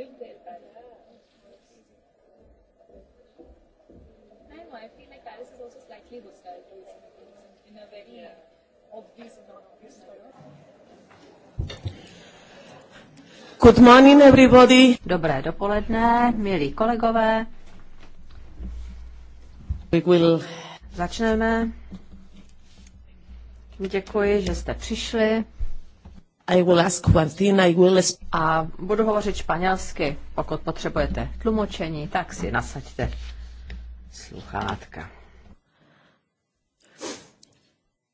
birthday Farah. I feel like Paris is also slightly hostile in a very yeah. obvious and obvious Good morning, everybody. Dobré dopoledne, milí kolegové. We will... Začneme. Děkuji, že jste přišli. I will ask Martina, I will... A budu hovořit španělsky. Pokud potřebujete tlumočení, tak si nasaďte sluchátka.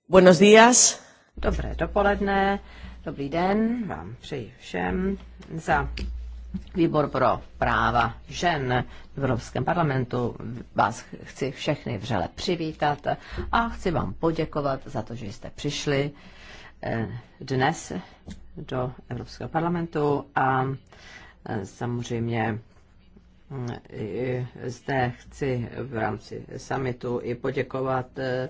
Buenos días. Dobré dopoledne, dobrý den vám přeji všem za Výbor pro práva žen v Evropském parlamentu. Vás chci všechny vřele přivítat a chci vám poděkovat za to, že jste přišli. Eh, dnes do Evropského parlamentu a eh, samozřejmě mm, zde chci v rámci summitu i poděkovat eh,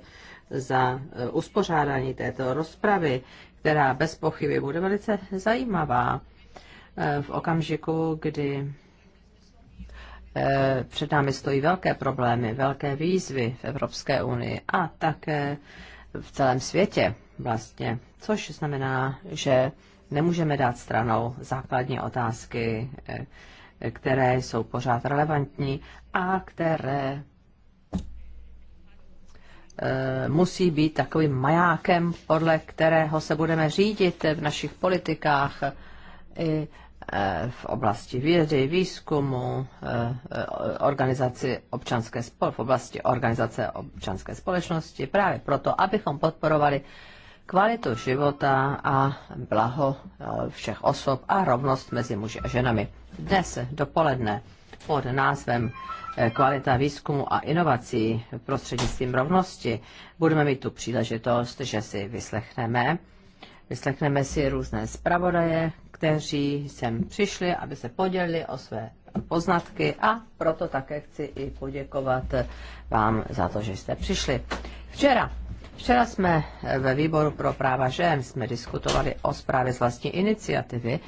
za uspořádání této rozpravy, která bez pochyby bude velice zajímavá v okamžiku, kdy před námi stojí velké problémy, velké výzvy v Evropské unii a také v celém světě vlastně což znamená, že nemůžeme dát stranou základní otázky, eh, které jsou pořád relevantní a které eh, musí být takovým majákem, podle kterého se budeme řídit v našich politikách i eh, v oblasti vědy, výzkumu, organizaci občanské spol- v oblasti organizace občanské společnosti, právě proto, abychom podporovali kvalitu života a blaho e, všech osob a rovnost mezi muži a ženami. Dnes dopoledne pod názvem e, Kvalita výzkumu a inovací prostřednictvím rovnosti budeme mít tu příležitost, že si vyslechneme. Vyslechneme si různé zpravodaje, kteří sem přišli, aby se podělili o své poznatky a proto také chci i poděkovat vám za to, že jste přišli. Včera Včera jsme ve výboru pro práva žen jsme diskutovali o zprávě z vlastní iniciativy,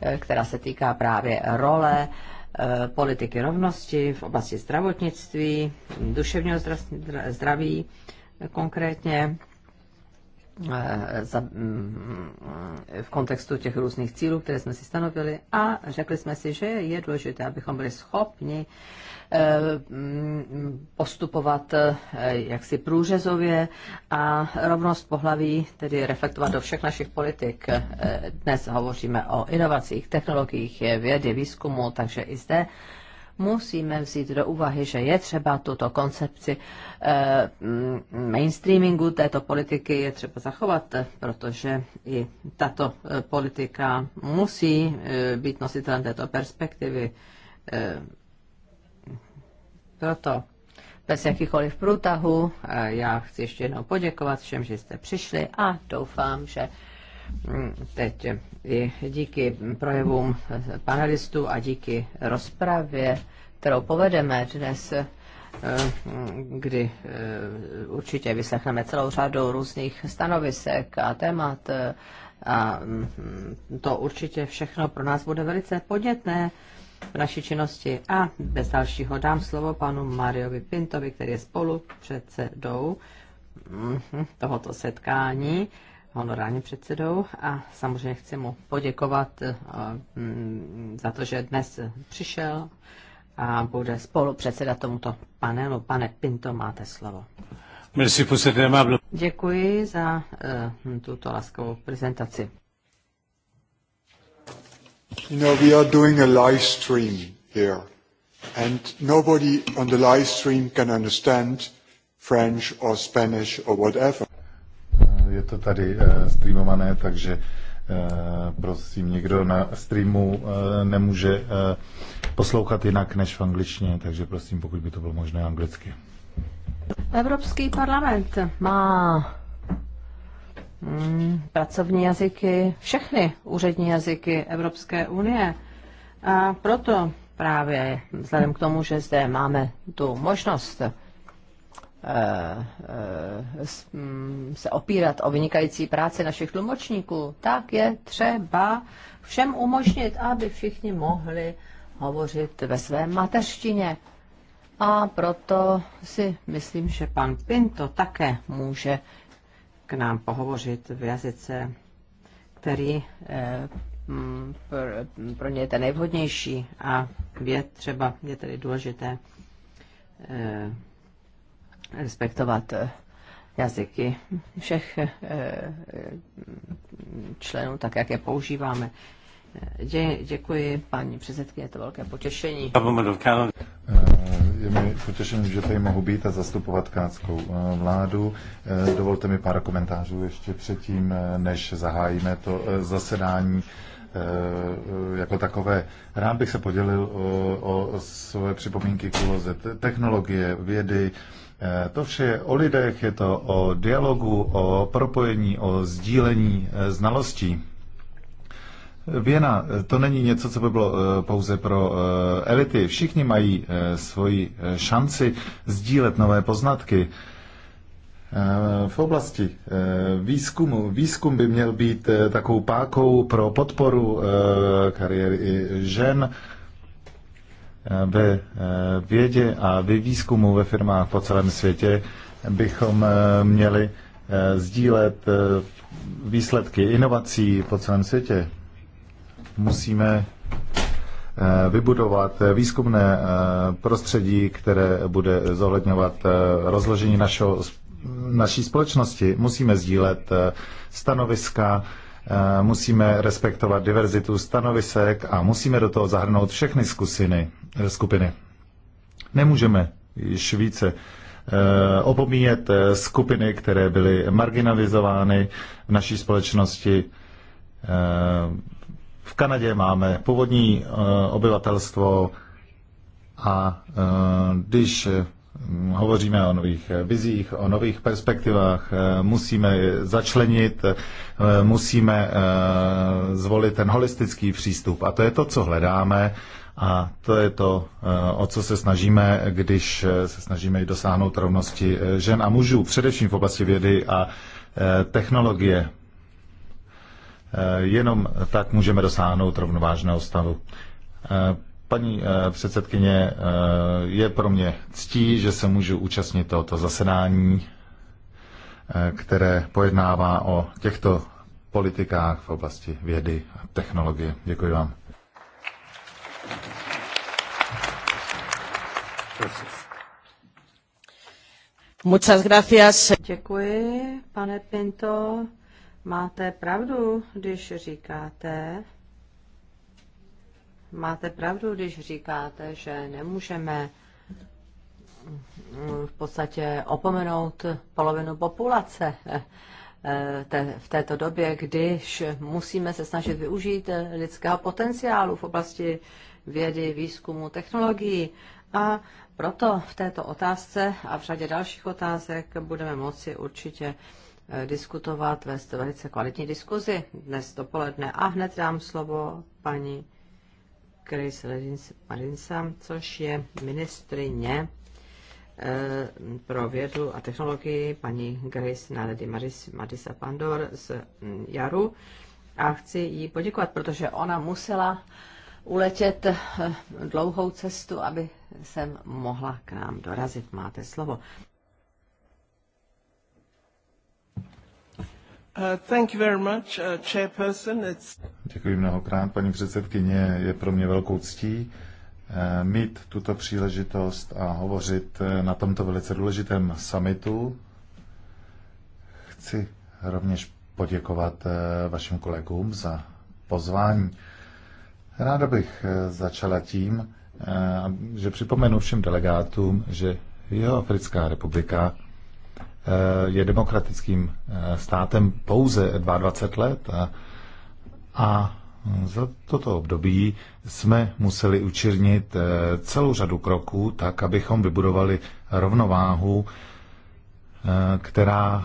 eh, která se týká právě role eh, politiky rovnosti v oblasti zdravotnictví, duševního zdraví konkrétně Eh, mm, v kontextu těch různých cílů, které jsme si stanovili a řekli jsme si, že je důležité, abychom byli schopni eh, mm, postupovat eh, jaksi průřezově a rovnost pohlaví, tedy reflektovat do všech našich politik. Dnes hovoříme o inovacích, technologiích, vědě výzkumu, takže i zde musíme vzít do úvahy, že je třeba tuto koncepci eh, mainstreamingu této politiky je třeba zachovat, protože i tato eh, politika musí eh, být nositelem této perspektivy. proto bez jakýchkoliv průtahu. Já chci ještě jednou poděkovat všem, že jste přišli a doufám, že Mm, teď i díky projevům panelistů a díky rozpravě, kterou povedeme dnes, eh, mm, kdy eh, určitě vyslechneme celou řadu různých stanovisek a témat. Eh, a mm, to určitě všechno pro nás bude velice podnětné v naší činnosti. A bez dalšího dám slovo panu Mariovi Pintovi, který je spolu předsedou tohoto setkání honorálním předsedou a samozřejmě chci mu poděkovat eh, mm, za to, že dnes přišel a bude spolu předsedat tomuto panelu. Pane Pinto, máte slovo. Merci Děkuji za eh, tuto laskovou prezentaci. You know, we are doing a live stream here, and nobody on the live stream can understand French or Spanish or whatever je to tady eh, streamované, takže eh, prosím, někdo na streamu eh, nemůže poslouchat jinak než v angličtině, takže prosím, pokud by to bylo možné anglicky. Evropský parlament má mm, pracovní jazyky, všechny úřední jazyky Evropské unie. A proto právě vzhledem k tomu, že zde máme tu možnost Eh, eh, mm, se opírat o vynikající práci našich tlumočníků, tak je třeba všem umožnit, aby všichni mohli hovořit ve své mateřštině. A proto si myslím, že pan Pinto také může k nám pohovořit v jazyce, který eh, mm, pro ně je ten nejvhodnější a je třeba, je tedy důležité respektovat eh, jazyky všech eh, eh, členů, tak jak je používáme. Dě, děkuji, paní předsedkyně, je to velké potěšení. Je mi potěšení, že tady mohu být a zastupovat kanadskou vládu. Dovolte mi pár komentářů ještě předtím, než zahájíme to zasedání jako takové. Rád bych se podělil o, o své připomínky k úloze technologie, vědy, Eh, to vše je o lidech, je to o dialogu, o propojení, o sdílení eh, znalostí. Věna, eh, to není něco, co by bylo pouze pro elity. Všichni mají svoji šanci sdílet nové poznatky. V oblasti výzkumu. Výzkum by měl být takovou pákou pro podporu kariéry žen Eh, ve eh, vědě a ve výzkumu ve firmách po celém světě bychom eh, měli sdílet výsledky inovací po celém světě. Musíme vybudovat výzkumné prostředí, které bude zohledňovat rozložení našeho, naší společnosti. Musíme sdílet stanoviska, musíme respektovat diverzitu stanovisek a musíme do toho zahrnout všechny zkusiny. Eh, skupiny. Nemůžeme již více eh, opomíjet eh, skupiny, které byly marginalizovány v naší společnosti. V Kanadě máme původní obyvatelstvo a když hovoříme o nových vizích, o nových perspektivách, musíme začlenit, musíme zvolit ten holistický přístup. A to je to, co hledáme a to je to, eh, o co se snažíme, když eh, se snažíme dosáhnout rovnosti eh, žen a mužů, především v oblasti vědy a technologie. Jenom tak můžeme dosáhnout rovnovážného stavu. Paní předsedkyně, je pro mě ctí, že se můžu účastnit tohoto zasedání, které pojednává o těchto politikách v oblasti vědy a technologie. Děkuji vám. Gracias. Muchas gracias. Děkuji, pane Pinto. Máte pravdu, když říkáte, máte pravdu, když říkáte, že nemůžeme mm, v podstatě opomenout polovinu populace eh, v této době, když musíme se snažit využít lidského potenciálu v oblasti vědy, výzkumu, technologií. A proto v této otázce a v řadě dalších otázek budeme moci určitě eh, diskutovat, vést velice kvalitní diskuzi dnes dopoledne. A hned dám slovo paní Chris Marinsa, což je ministrině eh, pro vědu a technologii paní Grace Naledy Maris, Marisa Pandor z hm, Jaru. A chci jí poděkovat, protože ona musela uletět eh, dlouhou cestu, aby jsem mohla k nám dorazit. Máte slovo. Uh, thank you very much, uh, chairperson. It's... Děkuji mnohokrát, paní předsedkyně. Je pro mě velkou ctí eh, mít tuto příležitost a hovořit eh, na tomto velice důležitém summitu. Chci rovněž poděkovat vašim kolegům za pozvání. Ráda bych eh, začala tím, eh, že připomenu všem delegátům, že Jihoafrická republika eh, je demokratickým státem pouze 22 let a, a za toto období jsme museli učinit celou řadu kroků tak, abychom vybudovali rovnováhu, která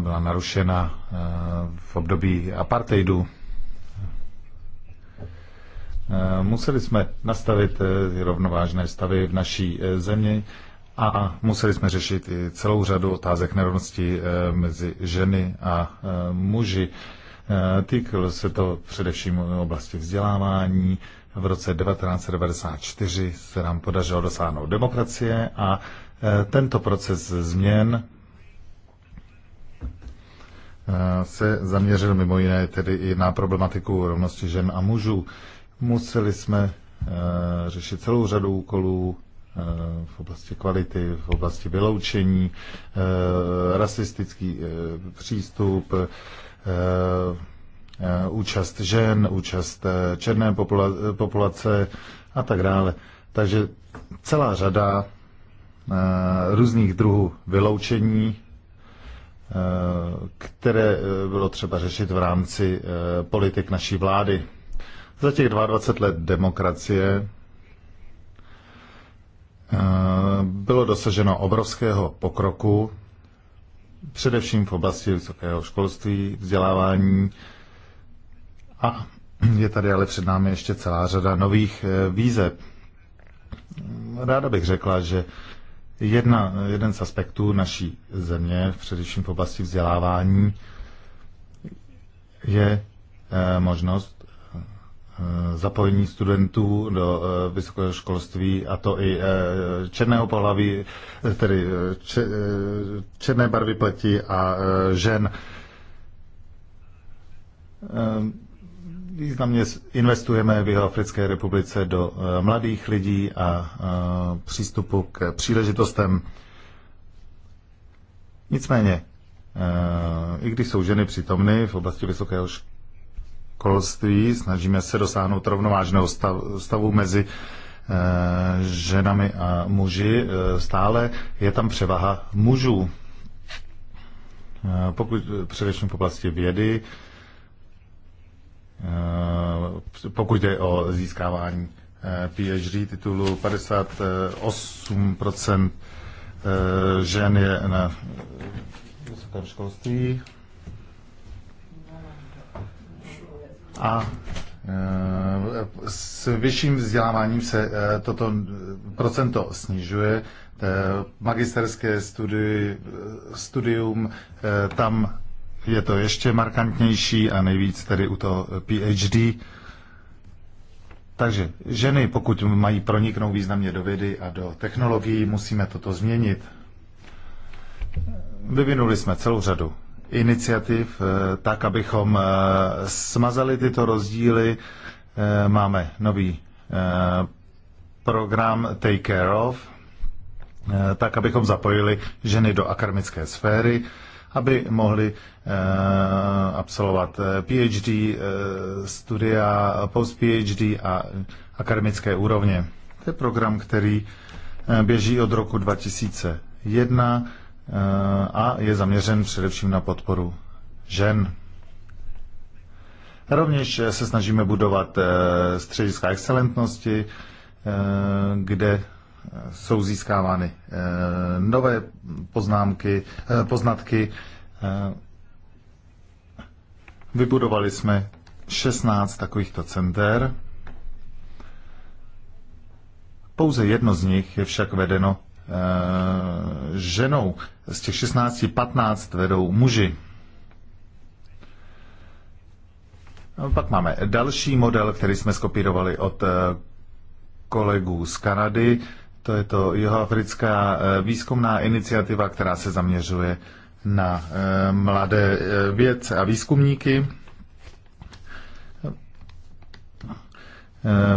byla narušena v období apartheidu Eh, museli jsme nastavit eh, rovnovážné stavy v naší eh, zemi a museli jsme řešit i celou řadu otázek nerovnosti mezi ženy a muži. Týkalo se to především oblasti vzdělávání. V roce 1994 se nám podařilo dosáhnout demokracie a tento proces změn se zaměřil mimo jiné tedy i na problematiku rovnosti žen a mužů. Museli jsme eh, řešit celou řadu úkolů eh, v oblasti kvality, v oblasti vyloučení, eh, rasistický přístup, účast žen, účast černé populace a tak dále. Takže celá řada různých druhů vyloučení, které bylo třeba řešit v rámci politik naší vlády. Za těch 22 let demokracie eh, bylo dosaženo obrovského pokroku, především v oblasti vysokého školství, vzdělávání a je tady ale před námi ještě celá řada nových eh, výzev. Ráda bych řekla, že jedna, jeden z aspektů naší země, především v oblasti vzdělávání, je eh, možnost Eh, zapojení studentů do eh, vysokého školství, a to i eh, černého pohlaví, tedy černé barvy pleti a žen. Významně investujeme v Africké republice do mladých lidí a přístupu k příležitostem. Nicméně, i když jsou ženy přítomny v oblasti vysokého školství, školství. Snažíme se dosáhnout rovnovážného stavu, stavu mezi eh, ženami a muži. Eh, stále je tam převaha mužů. Eh, pokud především v oblasti vědy, pokud jde o získávání PhD titulu, 58% žen je na vysokém školství. a eh, s vyšším vzděláváním se eh, toto eh, procento snižuje. Magisterské studi, studium, tam je to ještě markantnější a nejvíc tedy u toho PhD. Takže ženy, pokud mají proniknout významně do vědy a do technologií, musíme toto změnit. Vyvinuli jsme celou řadu iniciativ, eh, tak abychom eh, smazali tyto rozdíly. Eh, máme nový program Take Care of, tak abychom zapojili ženy do akademické sféry, aby mohli absolvovat PhD, studia post-PhD a akademické úrovně. To je program, který běží od roku 2001 Eh, a je zaměřen především na podporu žen. Rovněž eh, se snažíme budovat eh, střediska excelentnosti, kde jsou získávány nové poznámky, poznatky. Vybudovali jsme 16 takovýchto center. Pouze jedno z nich je však vedeno Eh, ženou. Z těch 16, 15 vedou muži. No, pak máme další model, který jsme skopírovali od eh, kolegů z Kanady. To je to jihoafrická eh, výzkumná iniciativa, která se zaměřuje na mladé vědce a výzkumníky.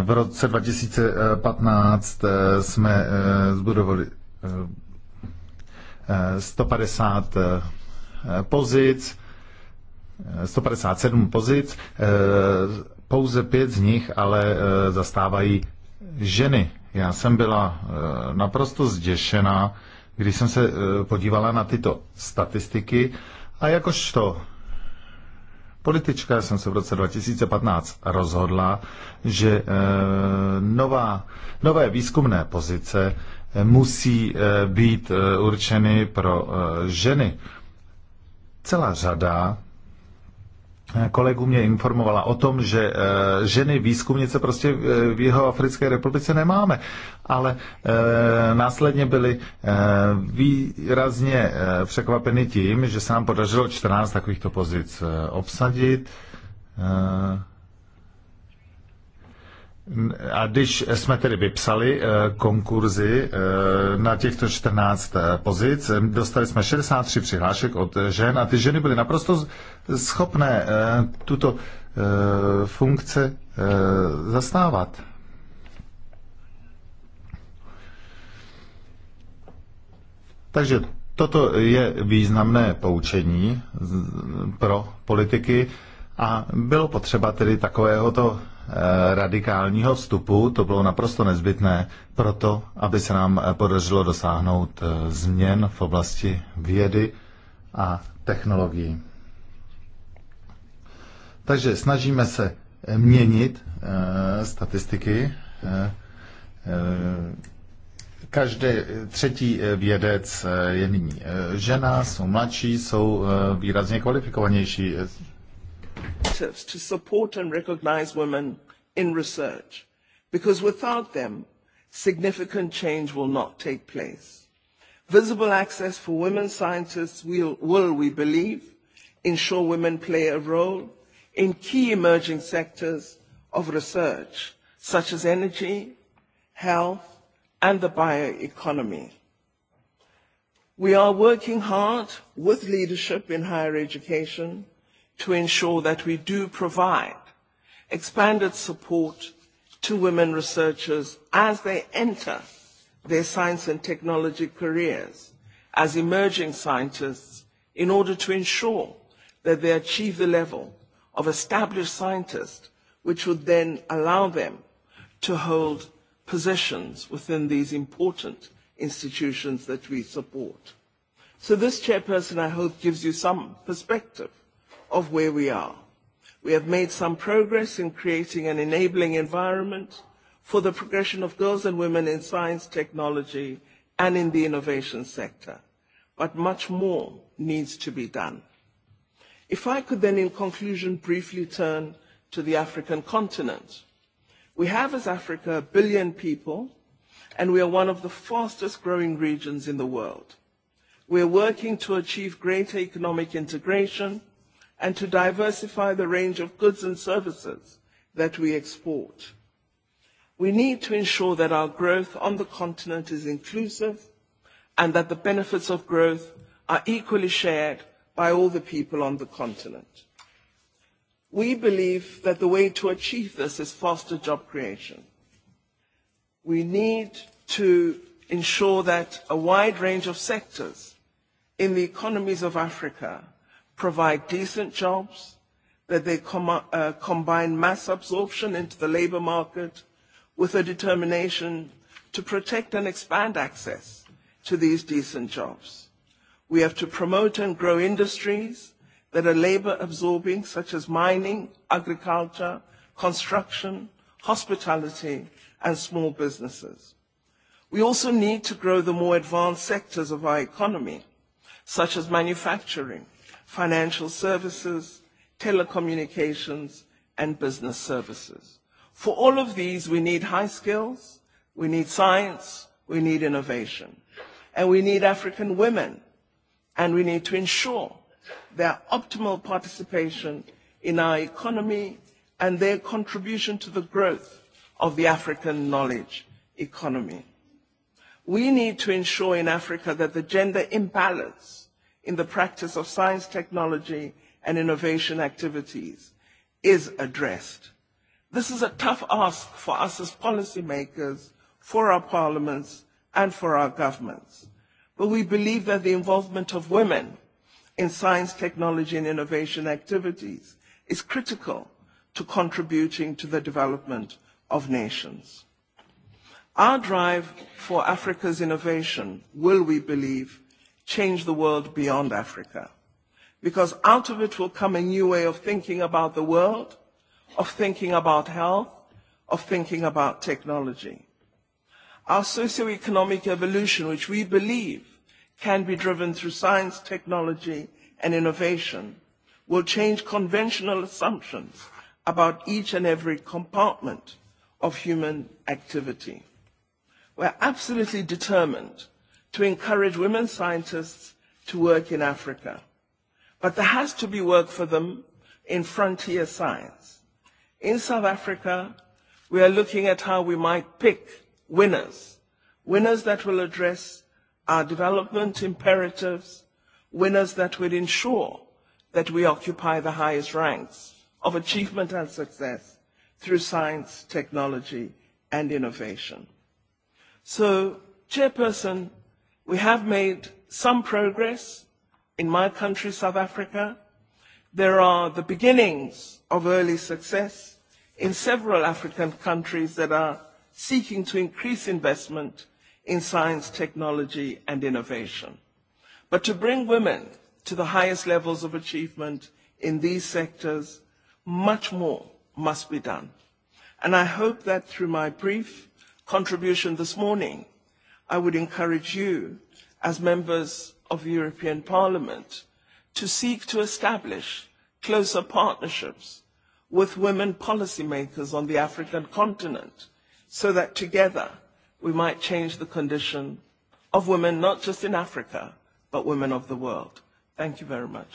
V roce 2015 jsme zbudovali 150 eh, eh, pozic, 157 eh, pozic, pouze pět z nich ale zastávají ženy. Já jsem byla naprosto zděšena, když jsem se podívala na tyto statistiky a jakožto politička jsem se v roce 2015 rozhodla, že nová, nové výzkumné pozice musí eh, být eh, určeny pro eh, ženy. Celá řada kolegů mě informovala o tom, že ženy výzkumnice prostě v jeho Africké republice nemáme, ale následně byly výrazně překvapeny tím, že se nám podařilo 14 takovýchto pozic obsadit. A když jsme tedy vypsali eh, konkurzy eh, na těchto 14 eh, pozic, dostali jsme 63 přihlášek od žen a ty ženy byly naprosto schopné tuto funkce zastávat. Takže toto je významné poučení pro politiky a bylo potřeba tedy takovéhoto Eh, radikálního vstupu, to bylo naprosto nezbytné proto, aby se nám podařilo dosáhnout eh, změn v oblasti vědy a technologií. Takže snažíme se měnit eh, statistiky. Každý třetí vědec je nyní žena, jsou mladší, jsou výrazně kvalifikovanější initiatives to support and recognize women in research, because without them, significant change will not take place. Visible access for women scientists will, will we believe, ensure women play a role in key emerging sectors of research, such as energy, health, and the bioeconomy. We are working hard with leadership in higher education to ensure that we do provide expanded support to women researchers as they enter their science and technology careers as emerging scientists in order to ensure that they achieve the level of established scientists, which would then allow them to hold positions within these important institutions that we support. So this, Chairperson, I hope gives you some perspective of where we are. We have made some progress in creating an enabling environment for the progression of girls and women in science, technology, and in the innovation sector, but much more needs to be done. If I could then, in conclusion, briefly turn to the African continent. We have, as Africa, a billion people, and we are one of the fastest growing regions in the world. We are working to achieve greater economic integration and to diversify the range of goods and services that we export. We need to ensure that our growth on the continent is inclusive and that the benefits of growth are equally shared by all the people on the continent. We believe that the way to achieve this is faster job creation. We need to ensure that a wide range of sectors in the economies of Africa provide decent jobs, that they com- uh, combine mass absorption into the labour market with a determination to protect and expand access to these decent jobs. We have to promote and grow industries that are labour absorbing, such as mining, agriculture, construction, hospitality, and small businesses. We also need to grow the more advanced sectors of our economy, such as manufacturing, financial services, telecommunications, and business services. For all of these, we need high skills, we need science, we need innovation, and we need African women, and we need to ensure their optimal participation in our economy and their contribution to the growth of the African knowledge economy. We need to ensure in Africa that the gender imbalance in the practice of science, technology, and innovation activities is addressed. This is a tough ask for us as policymakers, for our parliaments, and for our governments. But we believe that the involvement of women in science, technology, and innovation activities is critical to contributing to the development of nations. Our drive for Africa's innovation will, we believe, change the world beyond Africa. Because out of it will come a new way of thinking about the world, of thinking about health, of thinking about technology. Our socio-economic evolution, which we believe can be driven through science, technology, and innovation, will change conventional assumptions about each and every compartment of human activity. We're absolutely determined to encourage women scientists to work in Africa. But there has to be work for them in frontier science. In South Africa, we are looking at how we might pick winners, winners that will address our development imperatives, winners that will ensure that we occupy the highest ranks of achievement and success through science, technology, and innovation. So, Chairperson, We have made some progress in my country, South Africa. There are the beginnings of early success in several African countries that are seeking to increase investment in science, technology and innovation. But to bring women to the highest levels of achievement in these sectors, much more must be done. And I hope that through my brief contribution this morning, i would encourage you, as members of the European Parliament, to seek to establish closer partnerships with women policymakers on the African continent so that together we might change the condition of women, not just in Africa, but women of the world. Thank you very much.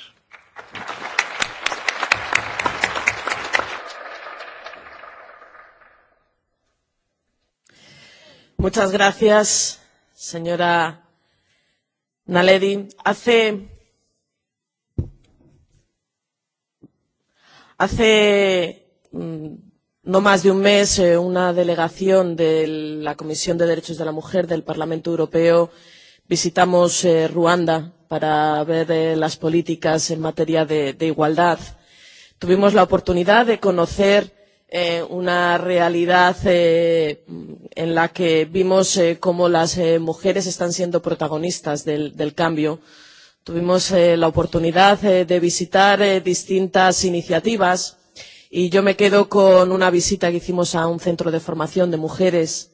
Muchas gracias señora Naledi. Hace, hace mm, no más de un mes eh, una delegación de la Comisión de Derechos de la Mujer del Parlamento Europeo visitamos eh, Ruanda para ver eh, las políticas en materia de, de igualdad. Tuvimos la oportunidad de conocer eh, una realidad eh, en la que vimos eh, cómo las eh, mujeres están siendo protagonistas del, del cambio. Tuvimos eh, la oportunidad eh, de visitar eh, distintas iniciativas y yo me quedo con una visita que hicimos a un centro de formación de mujeres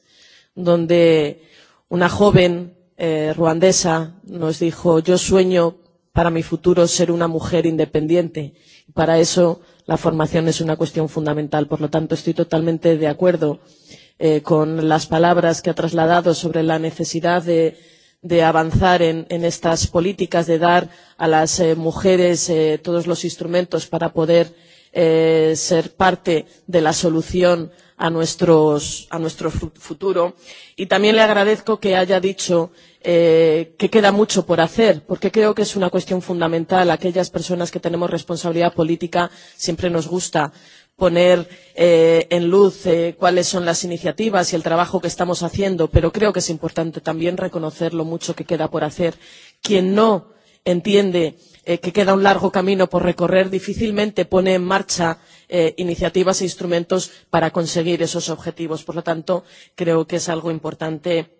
donde una joven eh, ruandesa nos dijo yo sueño para mi futuro ser una mujer independiente. Para eso la formación es una cuestión fundamental. Por lo tanto, estoy totalmente de acuerdo eh, con las palabras que ha trasladado sobre la necesidad de, de avanzar en, en estas políticas, de dar a las eh, mujeres eh, todos los instrumentos para poder eh, ser parte de la solución a, nuestros, a nuestro futuro. Y también le agradezco que haya dicho eh, que queda mucho por hacer, porque creo que es una cuestión fundamental. Aquellas personas que tenemos responsabilidad política siempre nos gusta poner eh, en luz eh, cuáles son las iniciativas y el trabajo que estamos haciendo, pero creo que es importante también reconocer lo mucho que queda por hacer. Quien no entiende eh, que queda un largo camino por recorrer difícilmente pone en marcha eh, eh, iniciativas e instrumentos para conseguir esos objetivos. Por lo tanto, creo que es algo importante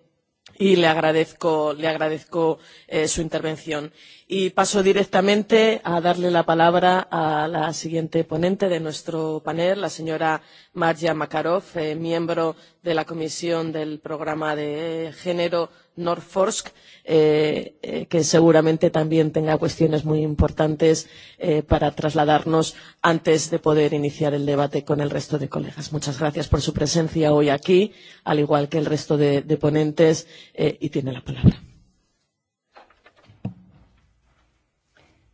y le agradezco, le agradezco eh, su intervención. Y paso directamente a darle la palabra a la siguiente ponente de nuestro panel, la señora Marja Makarov, eh, miembro de la Comisión del Programa de Género Norfolk, eh, eh, que seguramente también tenga cuestiones muy importantes eh, para trasladarnos antes de poder iniciar el debate con el resto de colegas. Muchas gracias por su presencia hoy aquí, al igual que el resto de, de ponentes, eh, y tiene la palabra.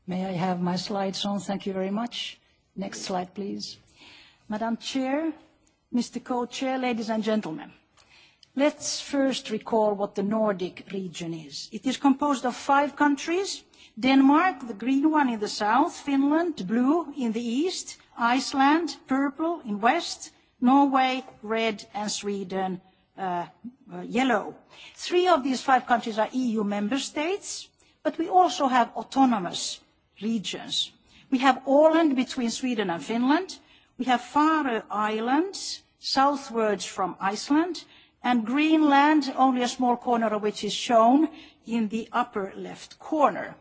May I have my slides on? Thank you very much. Next slide, please. Madam Chair, Mr. Co-Chair, ladies and gentlemen. Let's first recall what the Nordic region is. It is composed of five countries, Denmark, the green one in the south, Finland, blue in the east, Iceland, purple in west, Norway, red, and Sweden, uh, uh yellow. Three of these five countries are EU member states, but we also have autonomous regions. We have Åland between Sweden and Finland. We have Faroe Islands southwards from Iceland, and Greenland, only a small corner of which is shown in the upper left corner.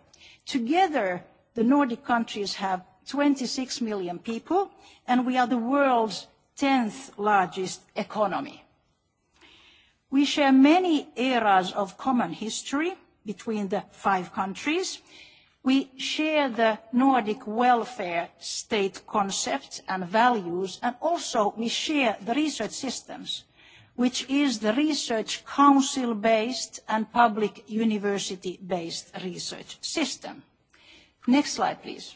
Together, the Nordic countries have 26 million people, and we are the world's 10th largest economy. We share many eras of common history between the five countries. We share the Nordic welfare state concept and values, and also we share the research systems which is the Research Council-based and public university-based research system. Next slide, please.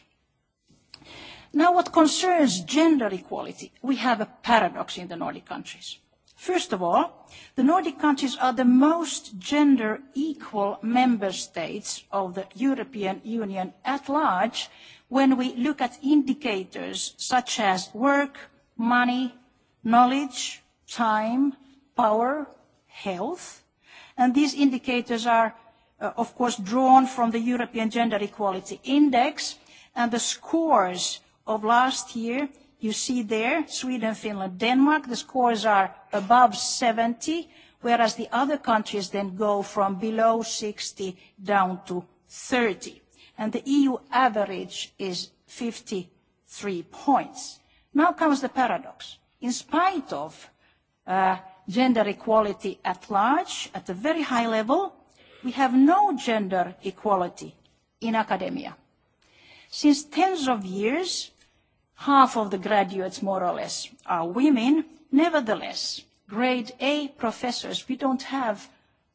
Now, what concerns gender equality, we have a paradox in the Nordic countries. First of all, the Nordic countries are the most gender equal member states of the European Union at large when we look at indicators such as work, money, knowledge, time, power, health, and these indicators are, uh, of course, drawn from the European Gender Equality Index, and the scores of last year, you see there, Sweden, Finland, Denmark, the scores are above 70, whereas the other countries then go from below 60 down to 30. And the EU average is 53 points. Now comes the paradox. In spite of uh, gender equality at large, at a very high level, we have no gender equality in academia. Since tens of years, half of the graduates, more or less, are women. Nevertheless, grade A professors, we don't have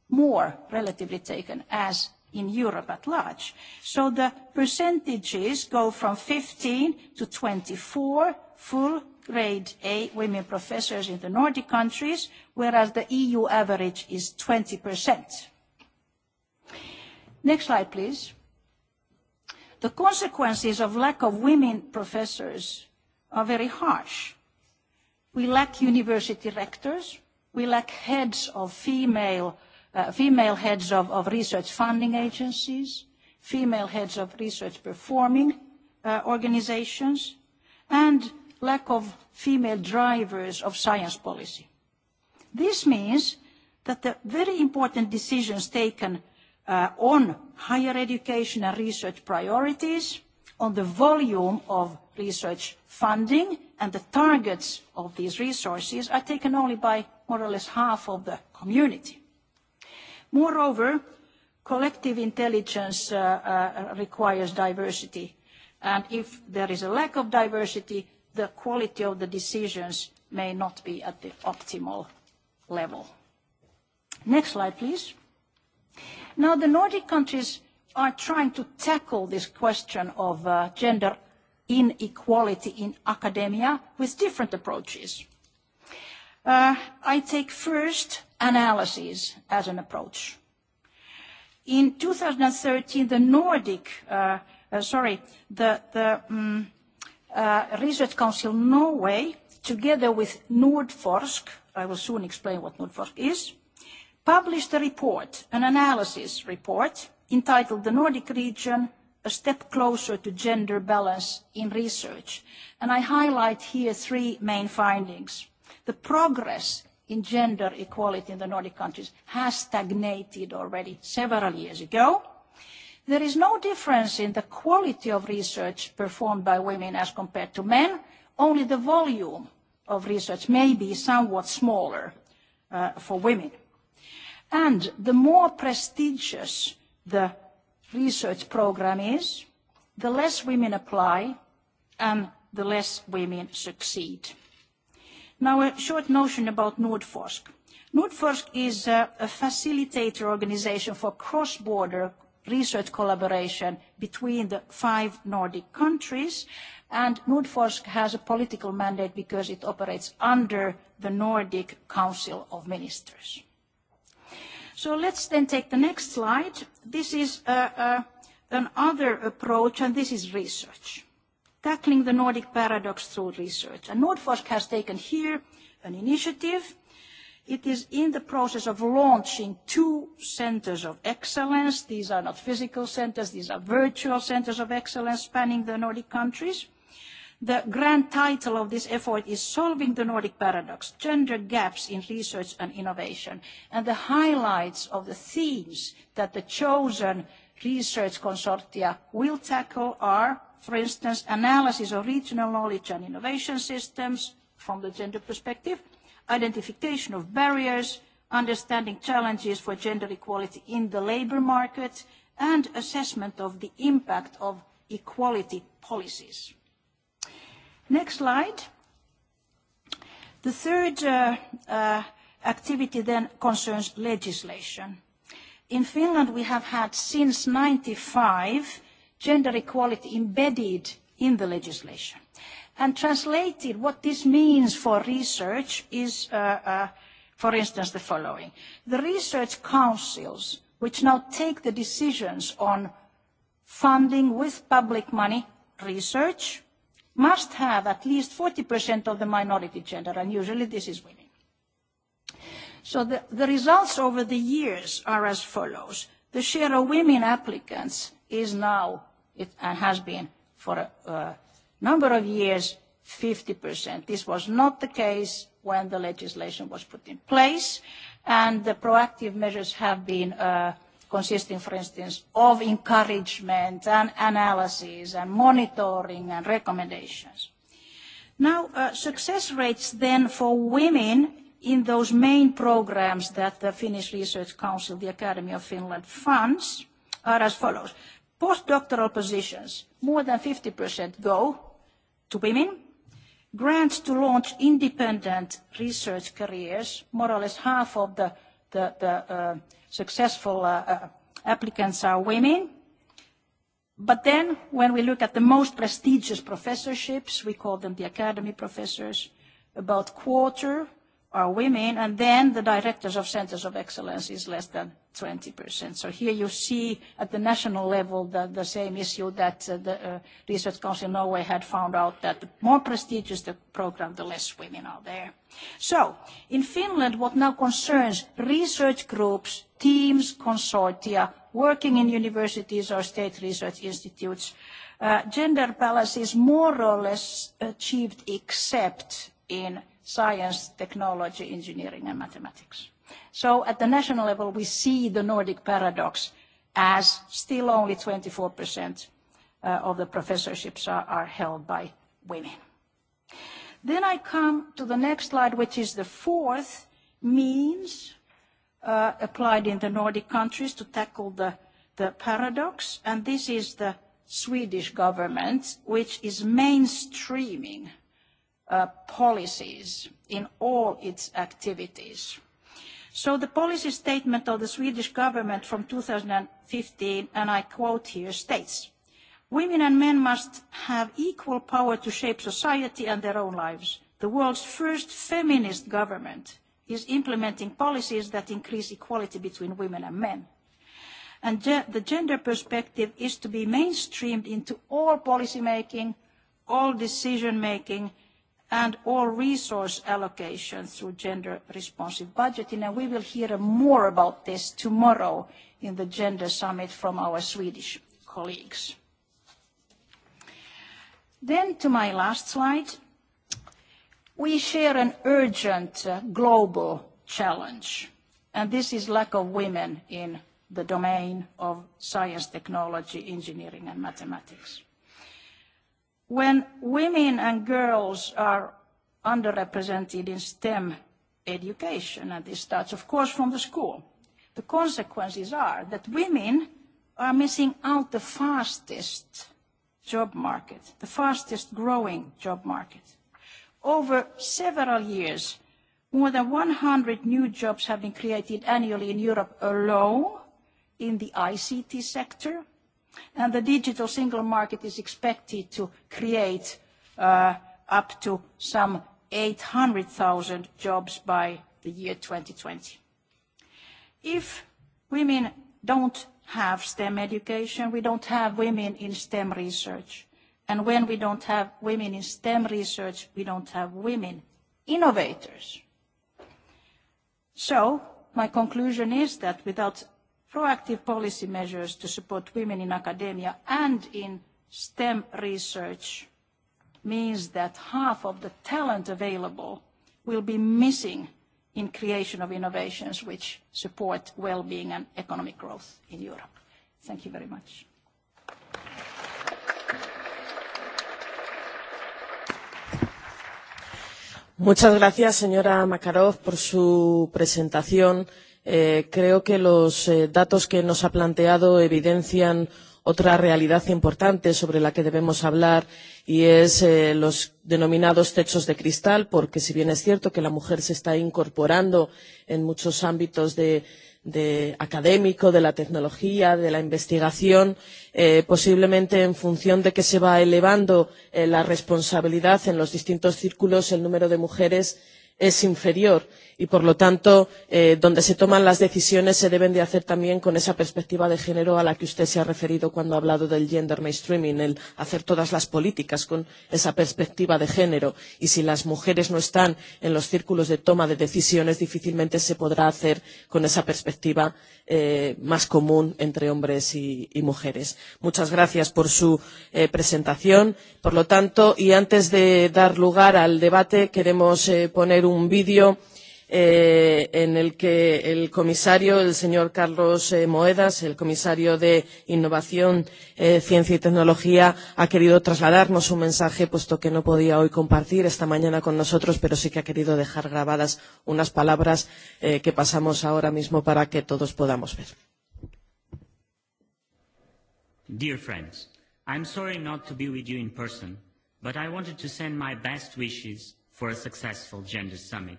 more, relatively taken, as in Europe at large. So the percentages go from 15 to 24 full grade A women professors in the Nordic countries, whereas the EU average is 20%. Next slide, please. The consequences of lack of women professors are very harsh. We lack university rectors. We lack heads of female, uh, female heads of, of research funding agencies, female heads of research performing uh, organizations, and lack of female drivers of science policy. This means that the very important decisions taken uh, on higher education and research priorities, on the volume of research funding and the targets of these resources are taken only by more or less half of the community. Moreover, collective intelligence uh, uh, requires diversity, and if there is a lack of diversity, the quality of the decisions may not be at the optimal level. Next slide, please. Now, the Nordic countries are trying to tackle this question of uh, gender inequality in academia with different approaches. Uh, I take first analysis as an approach. In 2013, the Nordic, uh, uh, sorry, the, the um, Uh, Research Council Norway, together with Nordforsk, I will soon explain what Nordforsk is, published a report, an analysis report, entitled The Nordic Region, A Step Closer to Gender Balance in Research. And I highlight here three main findings. The progress in gender equality in the Nordic countries has stagnated already several years ago there is no difference in the quality of research performed by women as compared to men, only the volume of research may be somewhat smaller uh, for women. And the more prestigious the research program is, the less women apply and the less women succeed. Now, a short notion about Nordforsk. Nordforsk is a, a facilitator organization for cross-border research collaboration between the five Nordic countries. And Nordforsk has a political mandate because it operates under the Nordic Council of Ministers. So let's then take the next slide. This is a, uh, uh another approach, and this is research. Tackling the Nordic paradox through research. And Nordforsk has taken here an initiative It is in the process of launching two centers of excellence. These are not physical centers, these are virtual centers of excellence spanning the Nordic countries. The grand title of this effort is Solving the Nordic Paradox, Gender Gaps in Research and Innovation. And the highlights of the themes that the chosen research consortia will tackle are, for instance, analysis of regional knowledge and innovation systems from the gender perspective, identification of barriers, understanding challenges for gender equality in the labour market, and assessment of the impact of equality policies. Next slide. The third uh, uh, activity then concerns legislation. In Finland, we have had since 1995 gender equality embedded in the legislation. And translated, what this means for research is, uh, uh, for instance, the following. The research councils, which now take the decisions on funding with public money research, must have at least 40% of the minority gender, and usually this is women. So the, the results over the years are as follows. The share of women applicants is now, it, and has been for a, uh, number of years, 50%. This was not the case when the legislation was put in place, and the proactive measures have been uh, consisting, for instance, of encouragement and analysis and monitoring and recommendations. Now, uh, success rates then for women in those main programs that the Finnish Research Council, the Academy of Finland funds are as follows. Postdoctoral positions, more than 50% go to women, grants to launch independent research careers, more or less half of the, the, the uh, successful uh, uh, applicants are women. But then when we look at the most prestigious professorships, we call them the academy professors, about quarter are women, and then the directors of centers of excellence is less than 20%. So here you see at the national level the, the same issue that uh, the uh, Research Council in Norway had found out that the more prestigious the program, the less women are there. So in Finland, what now concerns research groups, teams, consortia, working in universities or state research institutes, uh, gender balance is more or less achieved except in science, technology, engineering, and mathematics. So at the national level, we see the Nordic paradox as still only 24% uh, of the professorships are, are held by women. Then I come to the next slide, which is the fourth means uh, applied in the Nordic countries to tackle the, the paradox, and this is the Swedish government, which is mainstreaming Uh, policies in all its activities. So the policy statement of the Swedish government from 2015, and I quote here, states, Women and men must have equal power to shape society and their own lives. The world's first feminist government is implementing policies that increase equality between women and men. And ge the gender perspective is to be mainstreamed into all policy making, all decision making, and all resource allocations through gender-responsive budgeting. And we will hear more about this tomorrow in the Gender Summit from our Swedish colleagues. Then to my last slide. We share an urgent uh, global challenge, and this is lack of women in the domain of science, technology, engineering, and mathematics when women and girls are underrepresented in STEM education, and this starts, of course, from the school, the consequences are that women are missing out the fastest job market, the fastest growing job market. Over several years, more than 100 new jobs have been created annually in Europe alone in the ICT sector, And the digital single market is expected to create uh, up to some 800,000 jobs by the year 2020. If women don't have STEM education, we don't have women in STEM research. And when we don't have women in STEM research, we don't have women innovators. So my conclusion is that without proactive policy measures to support women in academia and in STEM research means that half of the talent available will be missing in creation of innovations which support well-being and economic growth in Europe. Thank you very much. Muchas gracias, señora Makarov, por su presentación Eh, creo que los eh, datos que nos ha planteado evidencian otra realidad importante sobre la que debemos hablar y es eh, los denominados techos de cristal, porque si bien es cierto que la mujer se está incorporando en muchos ámbitos de, de académico, de la tecnología, de la investigación, eh, posiblemente en función de que se va elevando eh, la responsabilidad en los distintos círculos, el número de mujeres es inferior y por lo tanto eh, donde se toman las decisiones se deben hacer también con esa perspectiva de género a la que usted se ha referido cuando ha hablado del gender mainstreaming, el hacer todas las políticas con esa perspectiva de género y si las mujeres no están en los círculos de toma de decisiones difícilmente se podrá hacer con esa perspectiva eh, más común entre hombres y, y mujeres. Muchas gracias por su eh, presentación. Por lo tanto, y antes de dar lugar al debate, queremos eh, poner un vídeo eh, en el que el comisario, el señor Carlos eh, Moedas, el comisario de Innovación, eh, Ciencia y Tecnología, ha querido trasladarnos un mensaje, puesto que no podía hoy compartir esta mañana con nosotros, pero sí que ha querido dejar grabadas unas palabras eh, que pasamos ahora mismo para que todos podamos ver. Dear friends, I'm sorry not to be with you in person, but I wanted to send my best wishes for a successful gender summit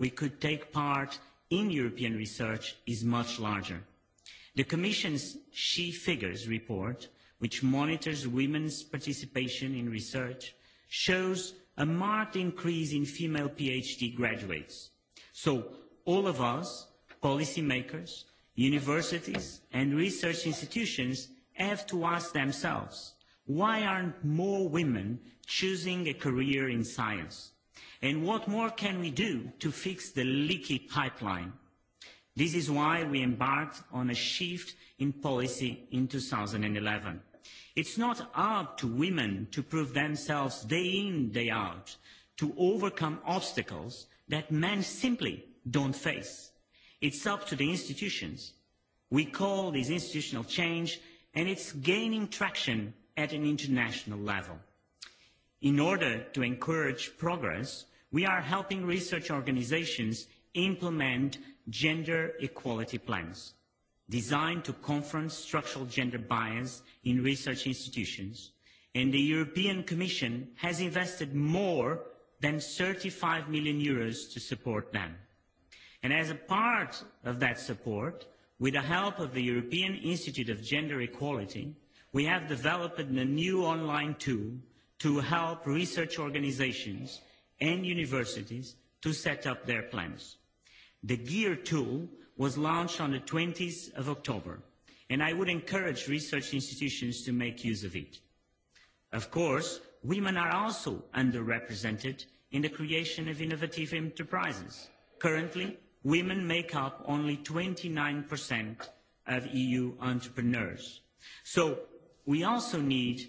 we could take part in European research is much larger. The Commission's She Figures report, which monitors women's participation in research, shows a marked increase in female PhD graduates. So all of us, policymakers, universities and research institutions have to ask themselves, why aren't more women choosing a career in science? And what more can we do to fix the leaky pipeline? This is why we embarked on a shift in policy in 2011. It's not up to women to prove themselves day in, day out, to overcome obstacles that men simply don't face. It's up to the institutions. We call this institutional change, and it's gaining traction at an international level. In order to encourage progress, we are helping research organisations implement gender equality plans designed to confront structural gender bias in research institutions, and the European Commission has invested more than 35 million euros to support them. And as a part of that support, with the help of the European Institute of Gender Equality, we have developed a new online tool to help research organisations and universities to set up their plans. The GEAR tool was launched on the 20th of October, and I would encourage research institutions to make use of it. Of course, women are also underrepresented in the creation of innovative enterprises. Currently, women make up only 29% of EU entrepreneurs. So we also need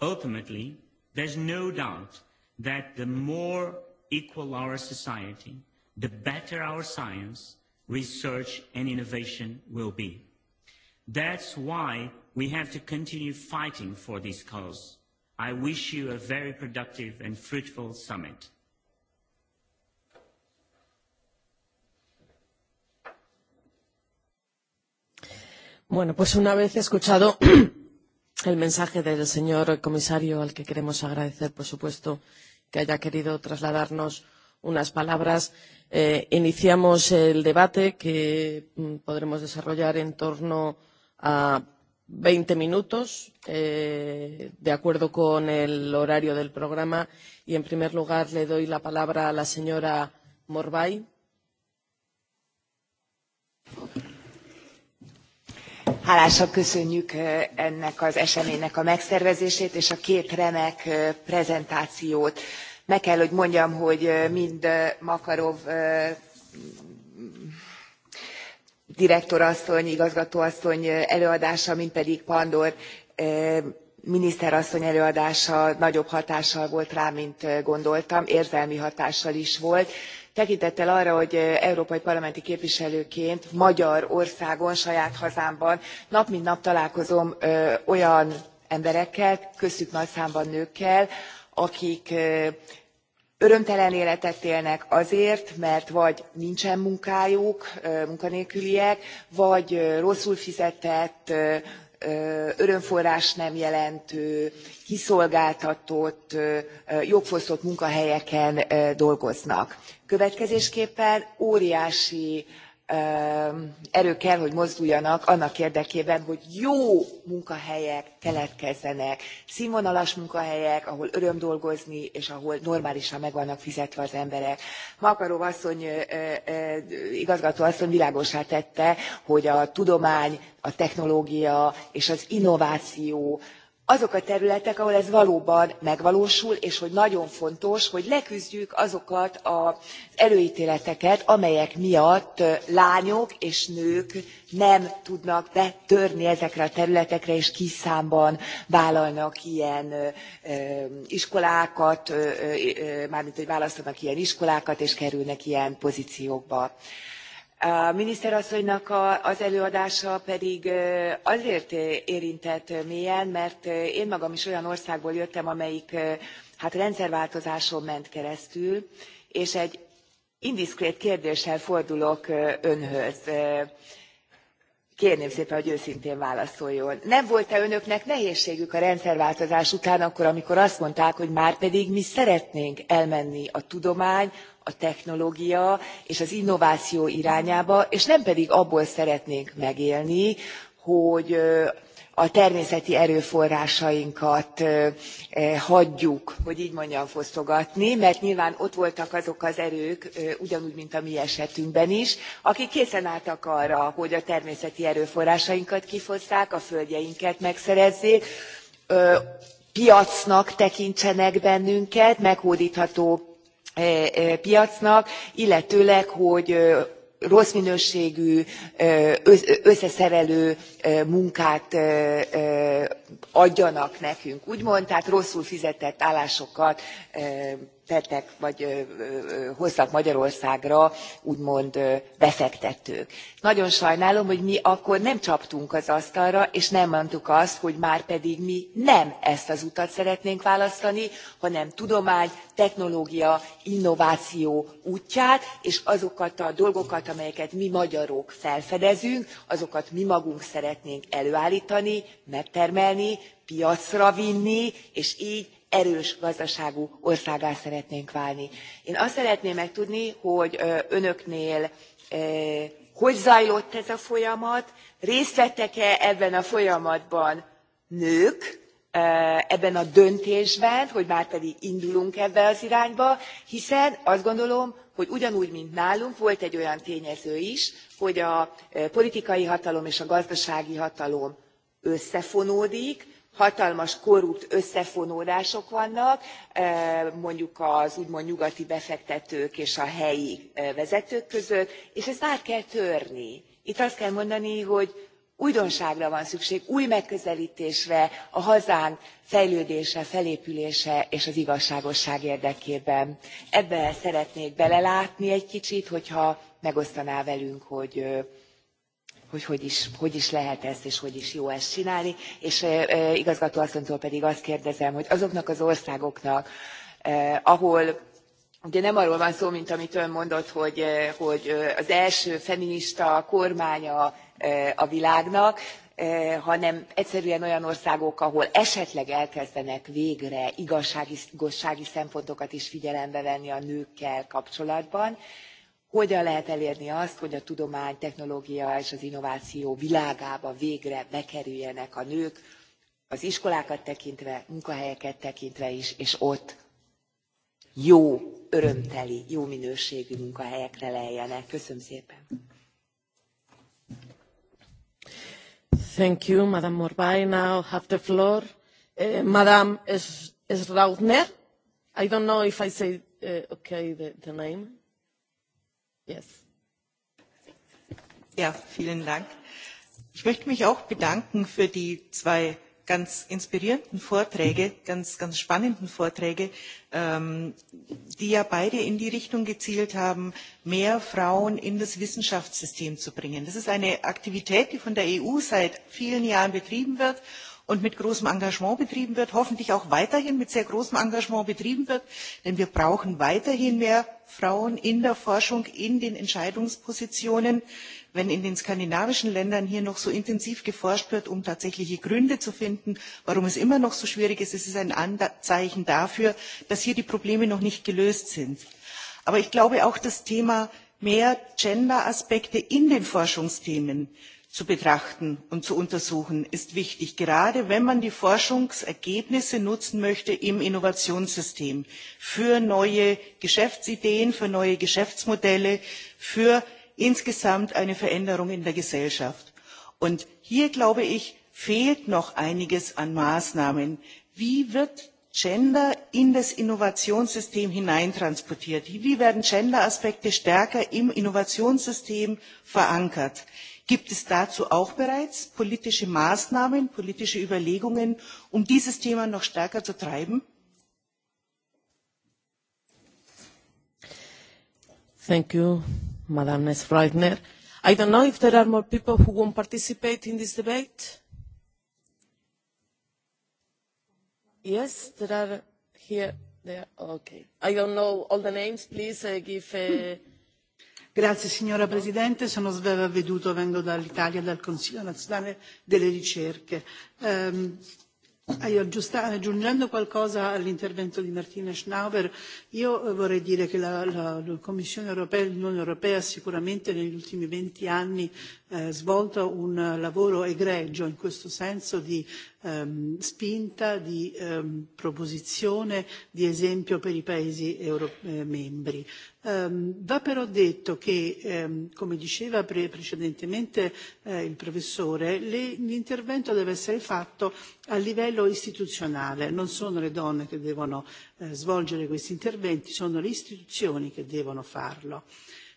ultimately, there's no doubt that the more equal our society, the better our science, research and innovation will be. That's why we have to continue fighting for this cause. I wish you a very productive and fruitful summit. Bueno, pues una vez escuchado el mensaje del señor comisario, al que queremos agradecer, por supuesto, que haya querido trasladarnos unas palabras. Eh, iniciamos el debate que mm, podremos desarrollar en torno a 20 minutos, eh, de acuerdo con el horario del programa. Y, en primer lugar, le doy la palabra a la señora Morvay hálásak köszönjük ennek az eseménynek a megszervezését és a két remek prezentációt. Meg kell, hogy mondjam, hogy mind Makarov direktor asszony igazgató asszony előadása, mind pedig Pandor asszony előadása nagyobb hatással volt rám, mint gondoltam, érzelmi hatással is volt tekintettel arra hogy európai parlamenti képviselőként magyarországon saját hazámban nap mint nap találkozom olyan emberekkel köztük nagy számban nőkkel akik örömtelen életet élnek azért mert vagy nincsen munkájuk munkanélküliek vagy rosszul fizetett örömforrást nem jelentő kiszolgáltatott jogfosztott munkahelyeken dolgoznak következésképpen óriási Erő kell hogy mozduljanak annak érdekében hogy jó munkahelyek keletkezzenek sznvonalas munkahelyek ahol öröm dolgozni és ahol normálisan meg vannak fizetve az emberek. makarov asszony igazgató asszony világossá tette hogy a tudomány a technológia és az innováció azok a területek ahol ez valóban megvalósul és hogy nagyon fontos hogy leküzdjük azokat az előtéleteket amelyek miatt lányok és nők nem tudnak betörni ezekre a területekre és kis számban vállalnak ilyen iskolákat mármint hogy választanak ilyen iskolákat és kerülnek ilyen pozciókba a miniszter asszonynak az előadása pedig azért érintett mélyen mert én magam is olyan országból jöttem amelyik hát rendszerváltozáson ment keresztül és egy indiszkrét kérdéssel fordulok önhöz kérném szépen hogy őszintén válaszoljon nem volt e önöknek nehézségük a rendszerváltozás után akkor amikor azt mondták hogy márpedig mi szeretnénk elmenni a tudomány a technológia és az innováció irányába és nem pedig abból szeretnénk megélni hogy a természeti erőforrásainkat hagyjuk hogy gy mondjam fosztogatni mert nyilván ott voltak azok az erők ugyanúgy mint a mi esetünkben is akik készen álltak arra hogy a természeti erőforrásainkat kifosszák a földjeinket megszerezzék piacnak tekintsenek bennünket meghódtható E, e, piacnak illetőleg hogy rossz minőségű összeszerelő munkát adjanak nekünk úgymond tehát rosszul fizetett állásokat tettek, vagy hoztak Magyarországra úgymond befektetők. Nagyon sajnálom, hogy mi akkor nem csaptunk az asztalra, és nem mondtuk azt, hogy már pedig mi nem ezt az utat szeretnénk választani, hanem tudomány, technológia, innováció útját, és azokat a dolgokat, amelyeket mi magyarok felfedezünk, azokat mi magunk szeretnénk előállítani, megtermelni, piacra vinni, és így erős gazdaságú országá szeretnénk válni. én azt szeretném megtudni hogy önöknél hogy zajlott ez a folyamat részt vettek e ebben a folyamatban nők ebben a döntésben hogy márpedig indulunk ebbe az irányba hiszen azt gondolom hogy ugyanúgy mint nálunk volt egy olyan tényező is hogy a politikai hatalom és a gazdasági hatalom összefonódik hatalmas korrupt összefonódások vannak e, mondjuk az úgymond nyugati befektetők és a helyi e, vezetők között és ezt át kell törni. itt azt kell mondani hogy újdonságra van szükség új megközeltésre a hazánk fejlődése felépülése és az igazságosság érdekében. ebbe szeretnék belelátni egy kicsit hogyha megosztaná velünk hogy hogy hogy is, hogy is lehet ezt, és hogy is jó ezt csinálni. És e, igazgató asszonytól pedig azt kérdezem, hogy azoknak az országoknak, e, ahol ugye nem arról van szó, mint amit ön mondott, hogy, hogy az első feminista kormánya a világnak, hanem egyszerűen olyan országok, ahol esetleg elkezdenek végre igazsági, igazsági szempontokat is figyelembe venni a nőkkel kapcsolatban, hogyan lehet elérni azt hogy a tudomány technológia és az innováció világába végre bekerüljenek a nők az iskolákat tekintve munkahelyeket tekintve is és ott jó örömteli jó minőségű munkahelyekre leljenek. köszönöm szépen! Thank you, Madam Morvai. Now have the floor. Uh, eh, Madam Schrautner. I don't know if I say uh, okay the, the name. Yes. Ja, vielen Dank. Ich möchte mich auch bedanken für die zwei ganz inspirierenden Vorträge, ganz, ganz spannenden Vorträge, ähm, die ja beide in die Richtung gezielt haben, mehr Frauen in das Wissenschaftssystem zu bringen. Das ist eine Aktivität, die von der EU seit vielen Jahren betrieben wird und mit großem Engagement betrieben wird, hoffentlich auch weiterhin mit sehr großem Engagement betrieben wird, denn wir brauchen weiterhin mehr Frauen in der Forschung, in den Entscheidungspositionen. Wenn in den skandinavischen Ländern hier noch so intensiv geforscht wird, um tatsächliche Gründe zu finden, warum es immer noch so schwierig ist, es ist ein Anzeichen dafür, dass hier die Probleme noch nicht gelöst sind. Aber ich glaube auch das Thema mehr Gender-Aspekte in den Forschungsthemen zu betrachten und zu untersuchen ist wichtig gerade wenn man die forschungsergebnisse nutzen möchte im innovationssystem für neue geschäftsideen für neue geschäftsmodelle für insgesamt eine veränderung in der gesellschaft. und hier glaube ich fehlt noch einiges an maßnahmen. wie wird gender in das innovationssystem hineintransportiert? wie werden gender aspekte stärker im innovationssystem verankert? Gibt es dazu auch bereits politische Maßnahmen, politische Überlegungen, um dieses Thema noch stärker zu treiben? Thank you, Madam I don't know if there are more people who won't participate in this debate. Yes, there are here, there. Okay. I don't know all the names. Please uh, give. Uh, Grazie signora Presidente, sono Sveva Veduto, vengo dall'Italia, dal Consiglio nazionale delle ricerche. Um, Aggiungendo qualcosa all'intervento di Martina Schnauber, io eh, vorrei dire che la, la, la Commissione europea, e l'Unione europea sicuramente negli ultimi venti anni eh, svolto un lavoro egregio in questo senso di ehm, spinta, di ehm, proposizione, di esempio per i Paesi euro, eh, membri. Ehm, va però detto che, um, come diceva pre- precedentemente eh, il professore, l'intervento deve essere fatto a livello istituzionale, non sono le donne che devono eh, svolgere questi interventi, sono le istituzioni che devono farlo.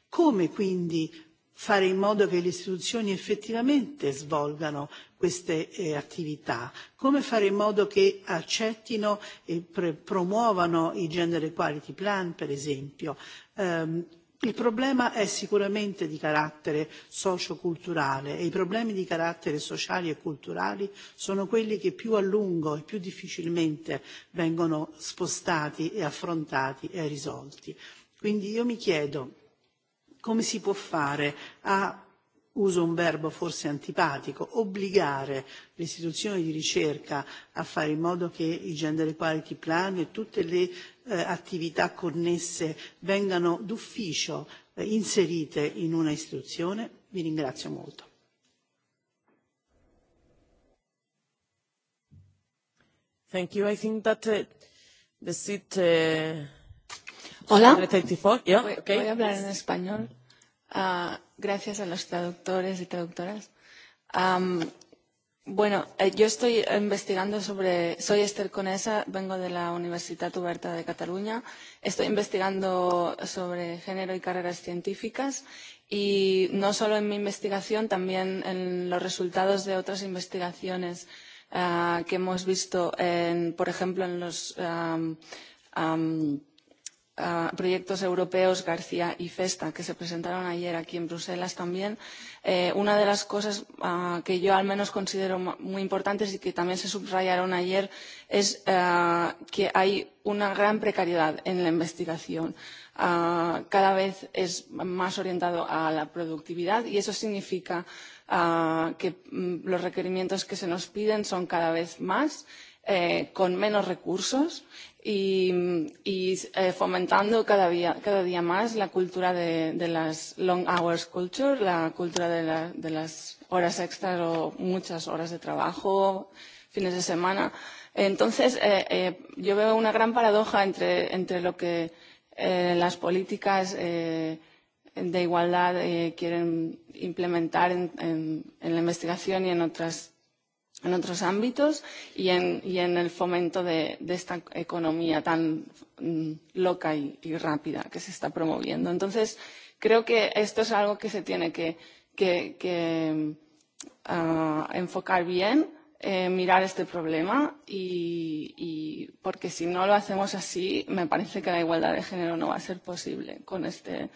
Come quindi fare in modo che le istituzioni effettivamente svolgano queste eh, attività, come fare in modo che accettino e pre- promuovano i gender equality plan, per esempio. Um, il problema è sicuramente di carattere socioculturale e i problemi di carattere sociali e culturali sono quelli che più a lungo e più difficilmente vengono spostati e affrontati e risolti. Quindi io mi chiedo come si può fare a uso un verbo forse antipatico, obbligare le istituzioni di ricerca a fare in modo che i gender equality plan e tutte le eh, attività connesse vengano d'ufficio eh, inserite in una istituzione? Vi ringrazio molto. Thank you. I think that uh, the seat, uh, Hola. Yeah, okay. Voy a hablar en español Uh, gracias a los traductores y traductoras. Um, bueno, eh, yo estoy investigando sobre. Soy Esther Conesa, vengo de la Universidad Huberta de Cataluña. Estoy investigando sobre género y carreras científicas y no solo en mi investigación, también en los resultados de otras investigaciones uh, que hemos visto, en, por ejemplo, en los. Um, um, uh, proyectos europeos García y Festa, que se presentaron ayer aquí en Bruselas también, eh, una de las cosas uh, que yo al menos considero muy importantes y que también se subrayaron ayer es uh, que hay una gran precariedad en la investigación. Uh, cada vez es más orientado a la productividad y eso significa uh, que mm, los requerimientos que se nos piden son cada vez más eh, con menos recursos y, y eh, fomentando cada día, cada día más la cultura de, de las long hours culture, la cultura de, la, de las horas extras o muchas horas de trabajo, fines de semana. Entonces, eh, eh, yo veo una gran paradoja entre, entre lo que eh, las políticas eh, de igualdad eh, quieren implementar en, en, en la investigación y en otras en otros ámbitos y en, y en el fomento de, de esta economía tan mm, loca y, y rápida que se está promoviendo. Entonces, creo que esto es algo que se tiene que, que, que uh, enfocar bien, eh, mirar este problema y, y porque si no lo hacemos así, me parece que la igualdad de género no va a ser posible con este,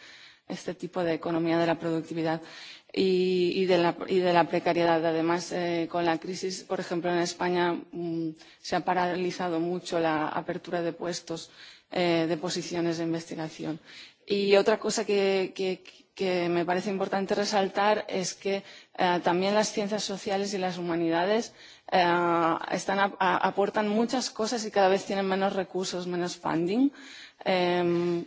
este tipo de economía de la productividad y, y, de, la, y de la precariedad. Además, eh, con la crisis, por ejemplo, en España mm, se ha paralizado mucho la apertura de puestos eh, de posiciones de investigación. Y otra cosa que, que, que me parece importante resaltar es que eh, también las ciencias sociales y las humanidades eh, están a, a, aportan muchas cosas y cada vez tienen menos recursos, menos funding. Eh,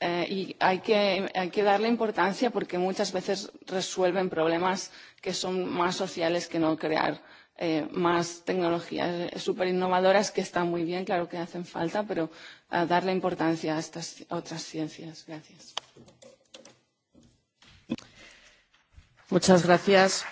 eh, y hay que, hay que darle importancia porque muchas veces resuelven problemas que son más sociales que no crear eh, más tecnologías eh, súper innovadoras que están muy bien, claro que hacen falta, pero a eh, darle importancia a estas otras ciencias. Gracias. Muchas gracias.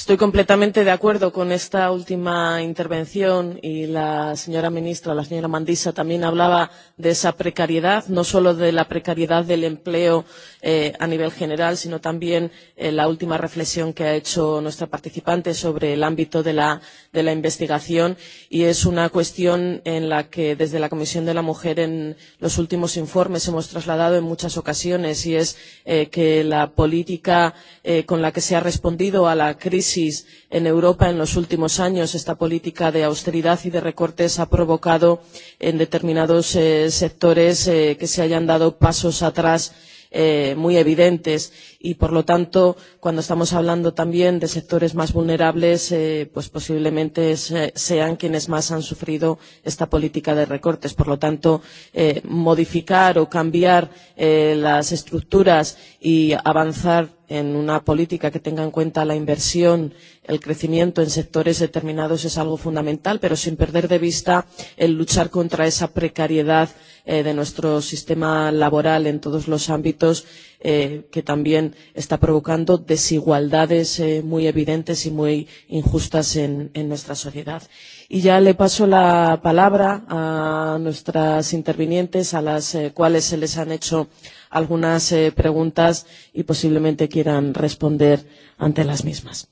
Estoy completamente de acuerdo con esta última intervención y la señora ministra, la señora Mandisa, también hablaba de esa precariedad, no solo de la precariedad del empleo eh, a nivel general, sino también eh, la última reflexión que ha hecho nuestra participante sobre el ámbito de la, de la investigación y es una cuestión en la que desde la Comisión de la Mujer en los últimos informes hemos trasladado en muchas ocasiones y es eh, que la política eh, con la que se ha respondido a la crisis crisis en Europa en los últimos años. Esta política de austeridad y de recortes ha provocado en determinados eh, sectores eh, que se hayan dado pasos atrás eh, muy evidentes y por lo tanto cuando estamos hablando también de sectores más vulnerables eh, pues posiblemente sean quienes más han sufrido esta política de recortes por lo tanto eh, modificar o cambiar eh, las estructuras y avanzar en una política que tenga en cuenta la inversión, el crecimiento en sectores determinados es algo fundamental, pero sin perder de vista el luchar contra esa precariedad eh, de nuestro sistema laboral en todos los ámbitos eh, que también está provocando desigualdades eh, muy evidentes y muy injustas en, en nuestra sociedad. Y ya le paso la palabra a nuestras intervinientes, a las eh, cuales se les han hecho algunas eh, preguntas y posiblemente quieran responder ante las mismas.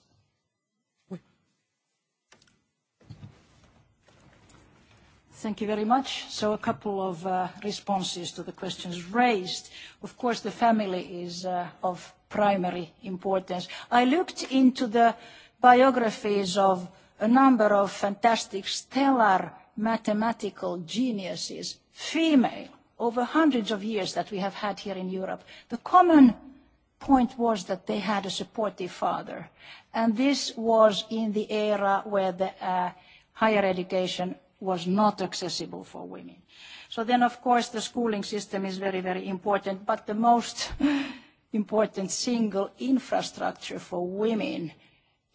Thank you very much. So a couple of uh, responses to the questions raised. Of course, the family is uh, of primary importance. I looked into the biographies of a number of fantastic, stellar mathematical geniuses, female, over hundreds of years that we have had here in Europe. The common point was that they had a supportive father. And this was in the era where the uh, higher education was not accessible for women. So then, of course, the schooling system is very, very important, but the most important single infrastructure for women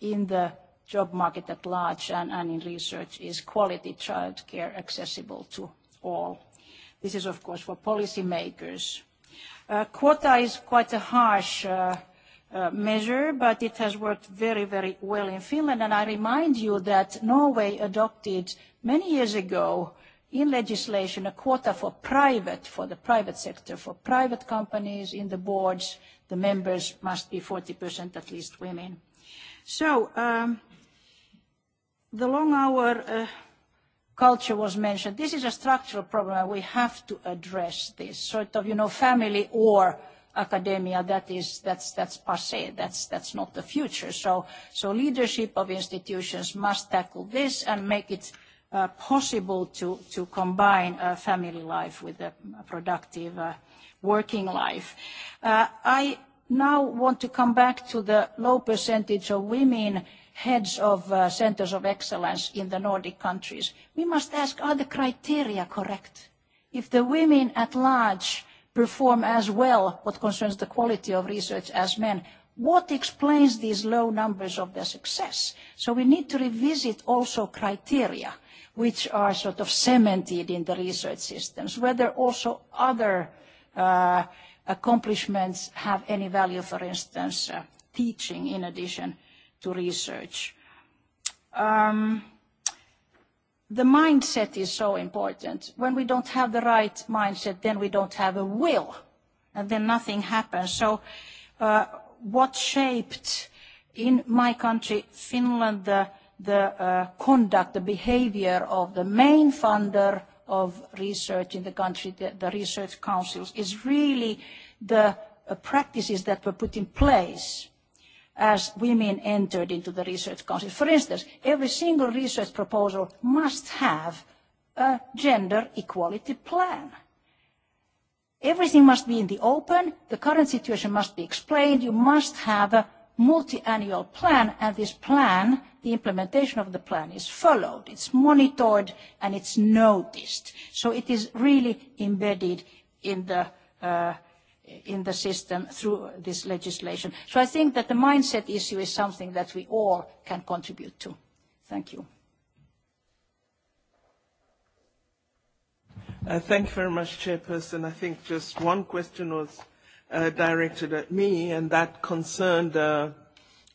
in the job market at large and, and in research is quality childcare accessible to all. This is, of course, for policymakers. Uh, quota is quite a harsh uh, Uh, measure, but it has worked very, very well in Finland. And I remind you that Norway adopted Many years ago, in legislation, a quota for private, for the private sector, for private companies in the boards, the members must be 40% at least women. So um, the long hour uh, culture was mentioned. This is a structural problem, and we have to address this sort of, you know, family or academia. That is, that's that's passé. That's that's not the future. So so leadership of institutions must tackle this and make it Uh, possible to, to combine uh, family life with a productive uh, working life. Uh, I now want to come back to the low percentage of women heads of uh, centers of excellence in the Nordic countries. We must ask, are the criteria correct? If the women at large perform as well what concerns the quality of research as men, what explains these low numbers of their success? So we need to revisit also criteria which are sort of cemented in the research systems, whether also other uh, accomplishments have any value, for instance, uh, teaching in addition to research. Um, the mindset is so important. When we don't have the right mindset, then we don't have a will, and then nothing happens. So uh, what shaped in my country, Finland, the the uh, conduct, the behavior of the main funder of research in the country, the, the research councils, is really the uh, practices that were put in place as women entered into the research councils. For instance, every single research proposal must have a gender equality plan. Everything must be in the open. The current situation must be explained. You must have a multi-annual plan, and this plan, the implementation of the plan is followed, it's monitored, and it's noticed. So it is really embedded in the, uh, system through this legislation. So I think that the mindset issue is something that we all can contribute to. Thank you. Uh, thank you very much, Chairperson. I think just one question was Uh, directed at me, and that concerned uh,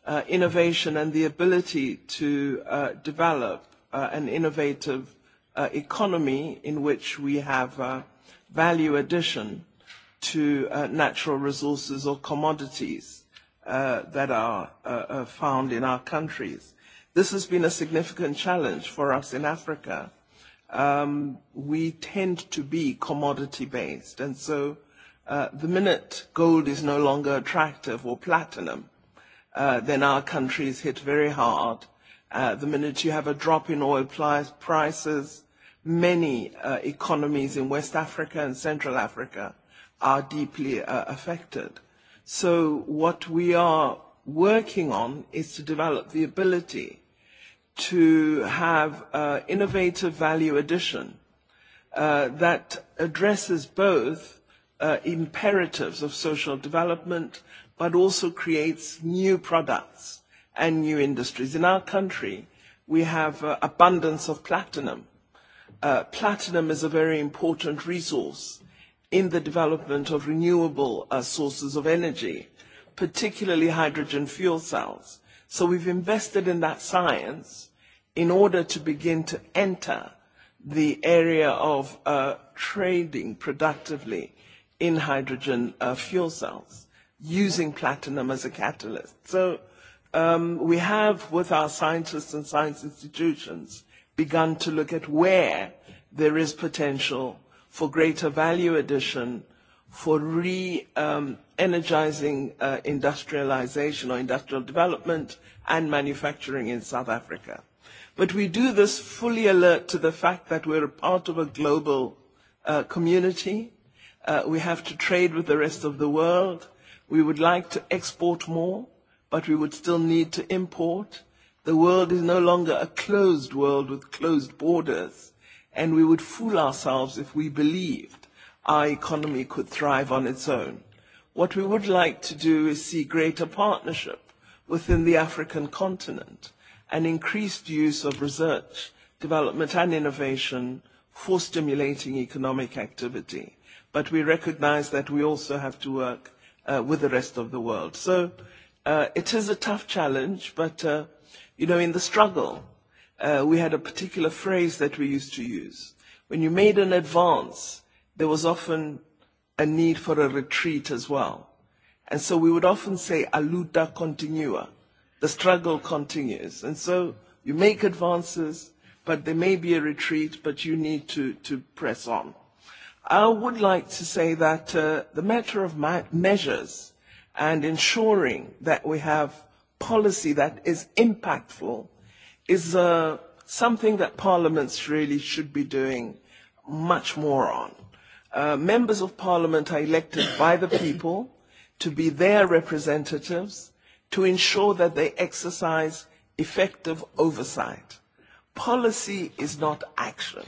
uh, innovation and the ability to uh, develop uh, an innovative uh, economy in which we have uh, value addition to uh, natural resources or commodities uh, that are uh, uh found in our countries. This has been a significant challenge for us in Africa. Um, we tend to be commodity based, and so Uh, the minute gold is no longer attractive or platinum, uh, then our country is hit very hard. Uh, the minute you have a drop in oil prices, many uh, economies in West Africa and Central Africa are deeply uh, affected. So what we are working on is to develop the ability to have uh, innovative value addition uh, that addresses both uh, imperatives of social development, but also creates new products and new industries. In our country, we have uh, abundance of platinum. Uh, platinum is a very important resource in the development of renewable uh, sources of energy, particularly hydrogen fuel cells. So we've invested in that science in order to begin to enter the area of uh, trading productively in hydrogen uh, fuel cells using platinum as a catalyst. So um, we have, with our scientists and science institutions, begun to look at where there is potential for greater value addition, for re-energizing um, uh, industrialization or industrial development and manufacturing in South Africa. But we do this fully alert to the fact that we're a part of a global uh, community, Uh, we have to trade with the rest of the world. We would like to export more, but we would still need to import. The world is no longer a closed world with closed borders, and we would fool ourselves if we believed our economy could thrive on its own. What we would like to do is see greater partnership within the African continent and increased use of research, development and innovation for stimulating economic activity but we recognize that we also have to work uh, with the rest of the world. So uh, it is a tough challenge, but, uh, you know, in the struggle, uh, we had a particular phrase that we used to use. When you made an advance, there was often a need for a retreat as well. And so we would often say, aluta continua, the struggle continues. And so you make advances, but there may be a retreat, but you need to, to press on. I would like to say that uh, the matter of my measures and ensuring that we have policy that is impactful is uh, something that parliaments really should be doing much more on. Uh, members of parliament are elected by the people to be their representatives to ensure that they exercise effective oversight. Policy is not action.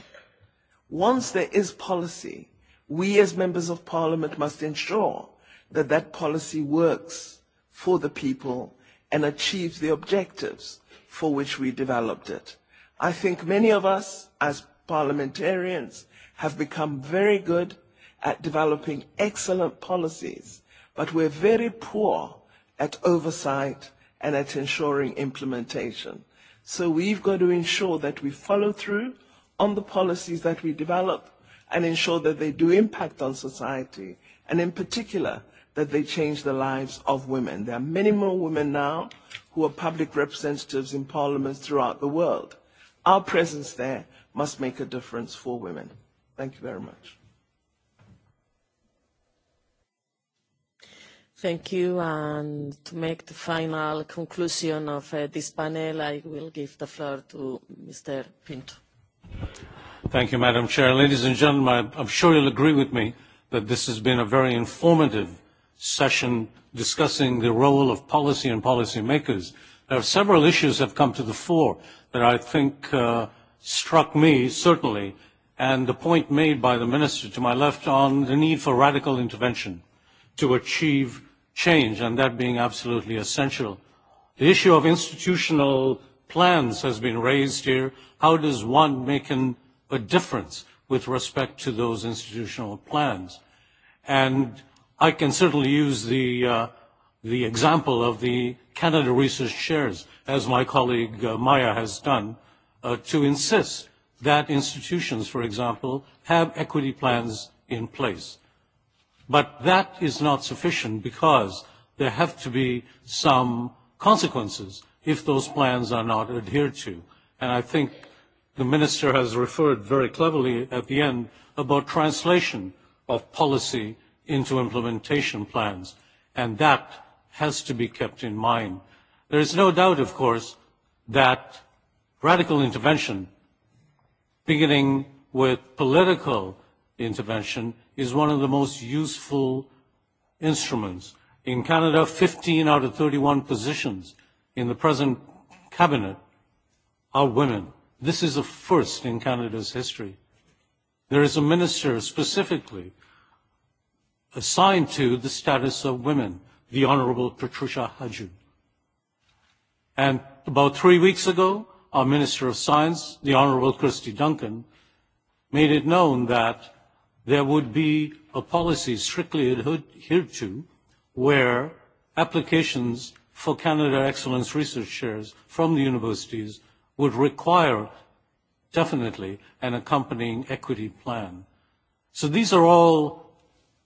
Once there is policy, we as members of parliament must ensure that that policy works for the people and achieves the objectives for which we developed it. I think many of us as parliamentarians have become very good at developing excellent policies, but we're very poor at oversight and at ensuring implementation. So we've got to ensure that we follow through on the policies that we develop and ensure that they do impact on society, and in particular, that they change the lives of women. There are many more women now who are public representatives in parliaments throughout the world. Our presence there must make a difference for women. Thank you very much. Thank you. And to make the final conclusion of uh, this panel, I will give the floor to Mr. Pinto. Thank you, Madam Chair. Ladies and gentlemen, I'm sure you'll agree with me that this has been a very informative session discussing the role of policy and policymakers. There are several issues that have come to the fore that I think uh, struck me, certainly, and the point made by the Minister to my left on the need for radical intervention to achieve change, and that being absolutely essential. The issue of institutional plans has been raised here. How does one make an a difference with respect to those institutional plans. And I can certainly use the, uh, the example of the Canada Research Shares, as my colleague uh, Maya has done, uh, to insist that institutions, for example, have equity plans in place. But that is not sufficient because there have to be some consequences if those plans are not adhered to. And I think the Minister has referred very cleverly at the end about translation of policy into implementation plans, and that has to be kept in mind. There is no doubt, of course, that radical intervention, beginning with political intervention, is one of the most useful instruments. In Canada, 15 out of 31 positions in the present cabinet are women. This is a first in Canada's history. There is a minister specifically assigned to the status of women, the Honorable Patricia Hajun. And about three weeks ago, our Minister of Science, the Honorable Christy Duncan, made it known that there would be a policy strictly adhered to where applications for Canada Excellence Research Chairs from the universities would require definitely an accompanying equity plan. So these are all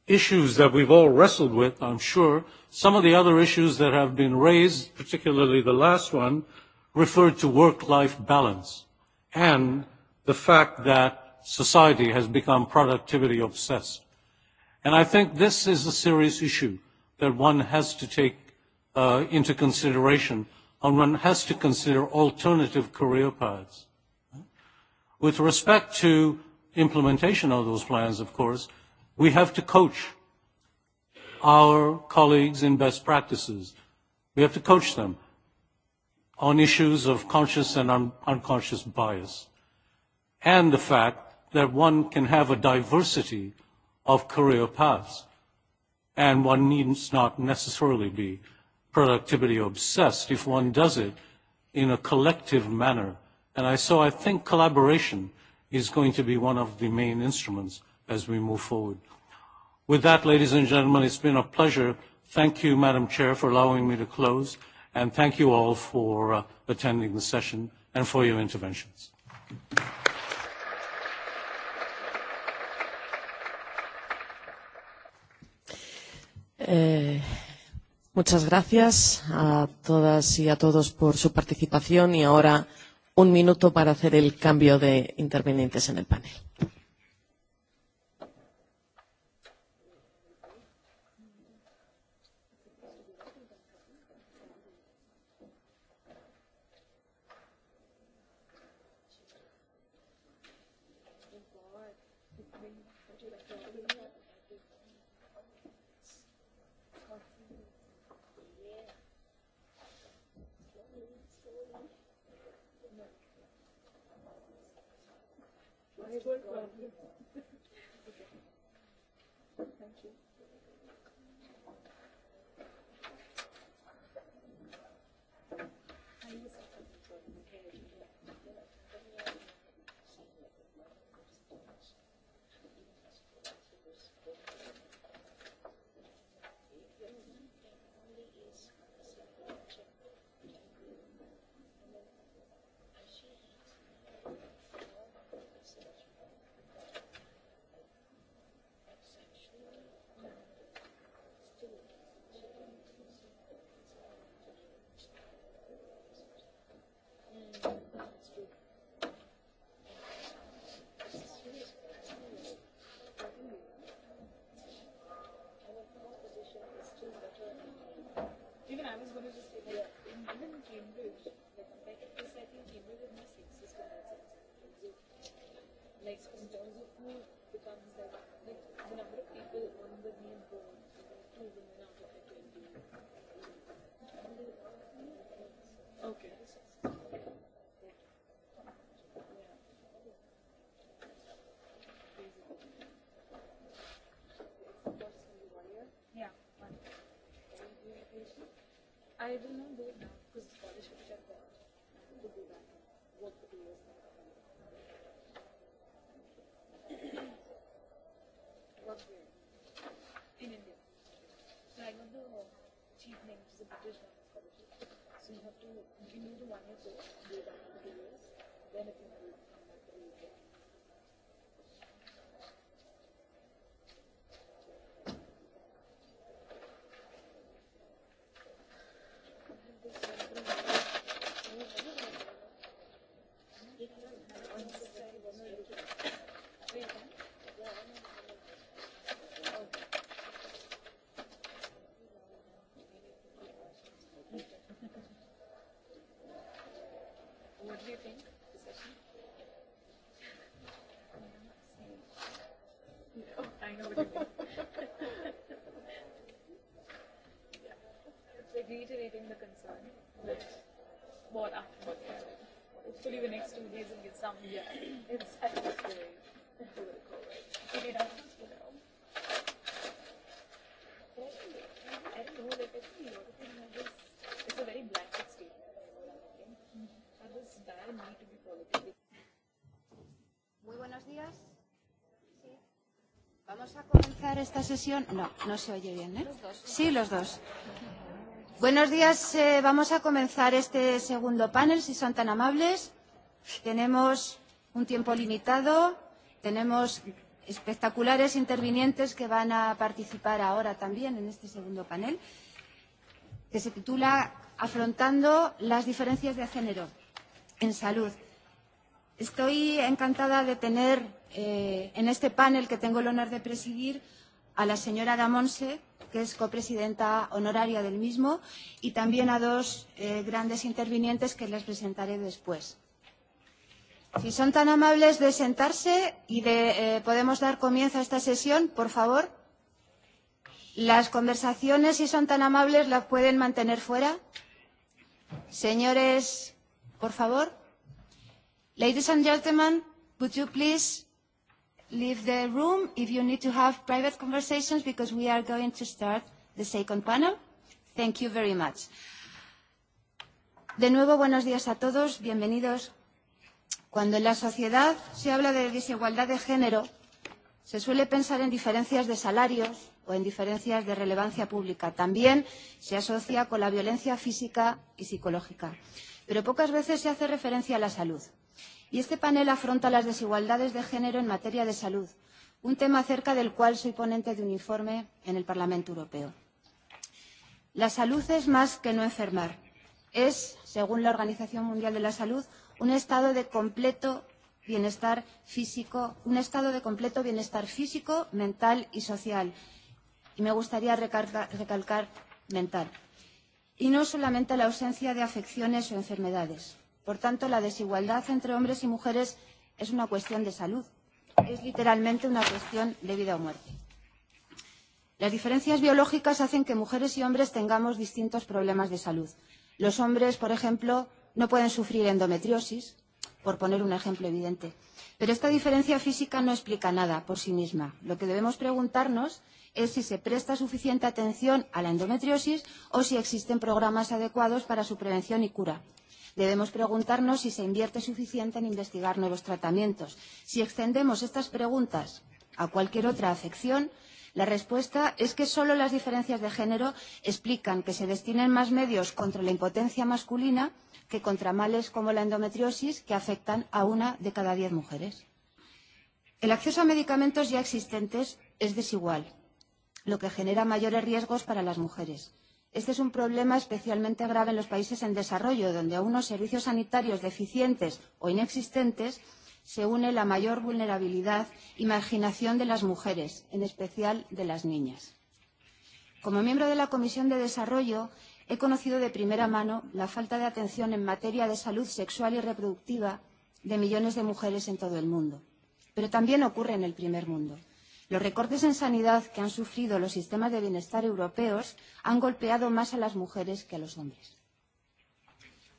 issues that we've all wrestled with, I'm sure. Some of the other issues that have been raised, particularly the last one, referred to work-life balance and the fact that society has become productivity obsessed. And I think this is a serious issue that one has to take uh, into consideration and one has to consider alternative career paths. With respect to implementation of those plans, of course, we have to coach our colleagues in best practices. We have to coach them on issues of conscious and un unconscious bias and the fact that one can have a diversity of career paths and one needs not necessarily be productivity obsessed if one does it in a collective manner. And I, so I think collaboration is going to be one of the main instruments as we move forward. With that, ladies and gentlemen, it's been a pleasure. Thank you, Madam Chair, for allowing me to close, and thank you all for uh, attending the session and for your interventions. Uh. Muchas gracias a todas y a todos por su participación y ahora un minuto para hacer el cambio de intervinientes en el panel. I don't know do now because the scholarship which I got to do that, work for years. What's here in India. So I got the cheap name, which is a British one So you have to, you the one year course, do that for two years, then esta sesión. No, no se oye bien, ¿eh? Sí, los dos. Buenos días. Eh, vamos a comenzar este segundo panel, si son tan amables. Tenemos un tiempo limitado. Tenemos espectaculares intervinientes que van a participar ahora también en este segundo panel, que se titula Afrontando las diferencias de género en salud. Estoy encantada de tener eh, en este panel que tengo el honor de presidir a la señora Damonse, que es copresidenta honoraria del mismo, y también a dos eh, grandes intervinientes que les presentaré después. Si son tan amables de sentarse y de, eh, podemos dar comienzo a esta sesión, por favor. Las conversaciones, si son tan amables, las pueden mantener fuera. Señores, por favor. Ladies and gentlemen, would you please leave the room if you need to have private conversations because we are going to start the second panel. Thank you very much. De nuevo, buenos días a todos. Bienvenidos. Cuando en la sociedad se habla de desigualdad de género, se suele pensar en diferencias de salarios o en diferencias de relevancia pública. También se asocia con la violencia física y psicológica. Pero pocas veces se hace referencia a la salud. Y este panel afronta las desigualdades de género en materia de salud, un tema acerca del cual soy ponente de un informe en el Parlamento Europeo. La salud es más que no enfermar. Es, según la Organización Mundial de la Salud, un estado de completo bienestar físico, un estado de completo bienestar físico, mental y social. Y me gustaría recalcar, recalcar mental. Y no solamente la ausencia de afecciones o enfermedades. Por tanto, la desigualdad entre hombres y mujeres es una cuestión de salud. Es literalmente una cuestión de vida o muerte. Las diferencias biológicas hacen que mujeres y hombres tengamos distintos problemas de salud. Los hombres, por ejemplo, no pueden sufrir endometriosis, por poner un ejemplo evidente. Pero esta diferencia física no explica nada por sí misma. Lo que debemos preguntarnos es si se presta suficiente atención a la endometriosis o si existen programas adecuados para su prevención y cura. Debemos preguntarnos si se invierte suficiente en investigar nuevos tratamientos. Si extendemos estas preguntas a cualquier otra afección, La respuesta es que solo las diferencias de género explican que se destinen más medios contra la impotencia masculina que contra males como la endometriosis, que afectan a una de cada diez mujeres. El acceso a medicamentos ya existentes es desigual, lo que genera mayores riesgos para las mujeres. Este es un problema especialmente grave en los países en desarrollo, donde a unos servicios sanitarios deficientes o inexistentes se une la mayor vulnerabilidad y marginación de las mujeres, en especial de las niñas. Como miembro de la Comisión de Desarrollo, he conocido de primera mano la falta de atención en materia de salud sexual y reproductiva de millones de mujeres en todo el mundo. Pero también ocurre en el primer mundo. Los recortes en sanidad que han sufrido los sistemas de bienestar europeos han golpeado más a las mujeres que a los hombres.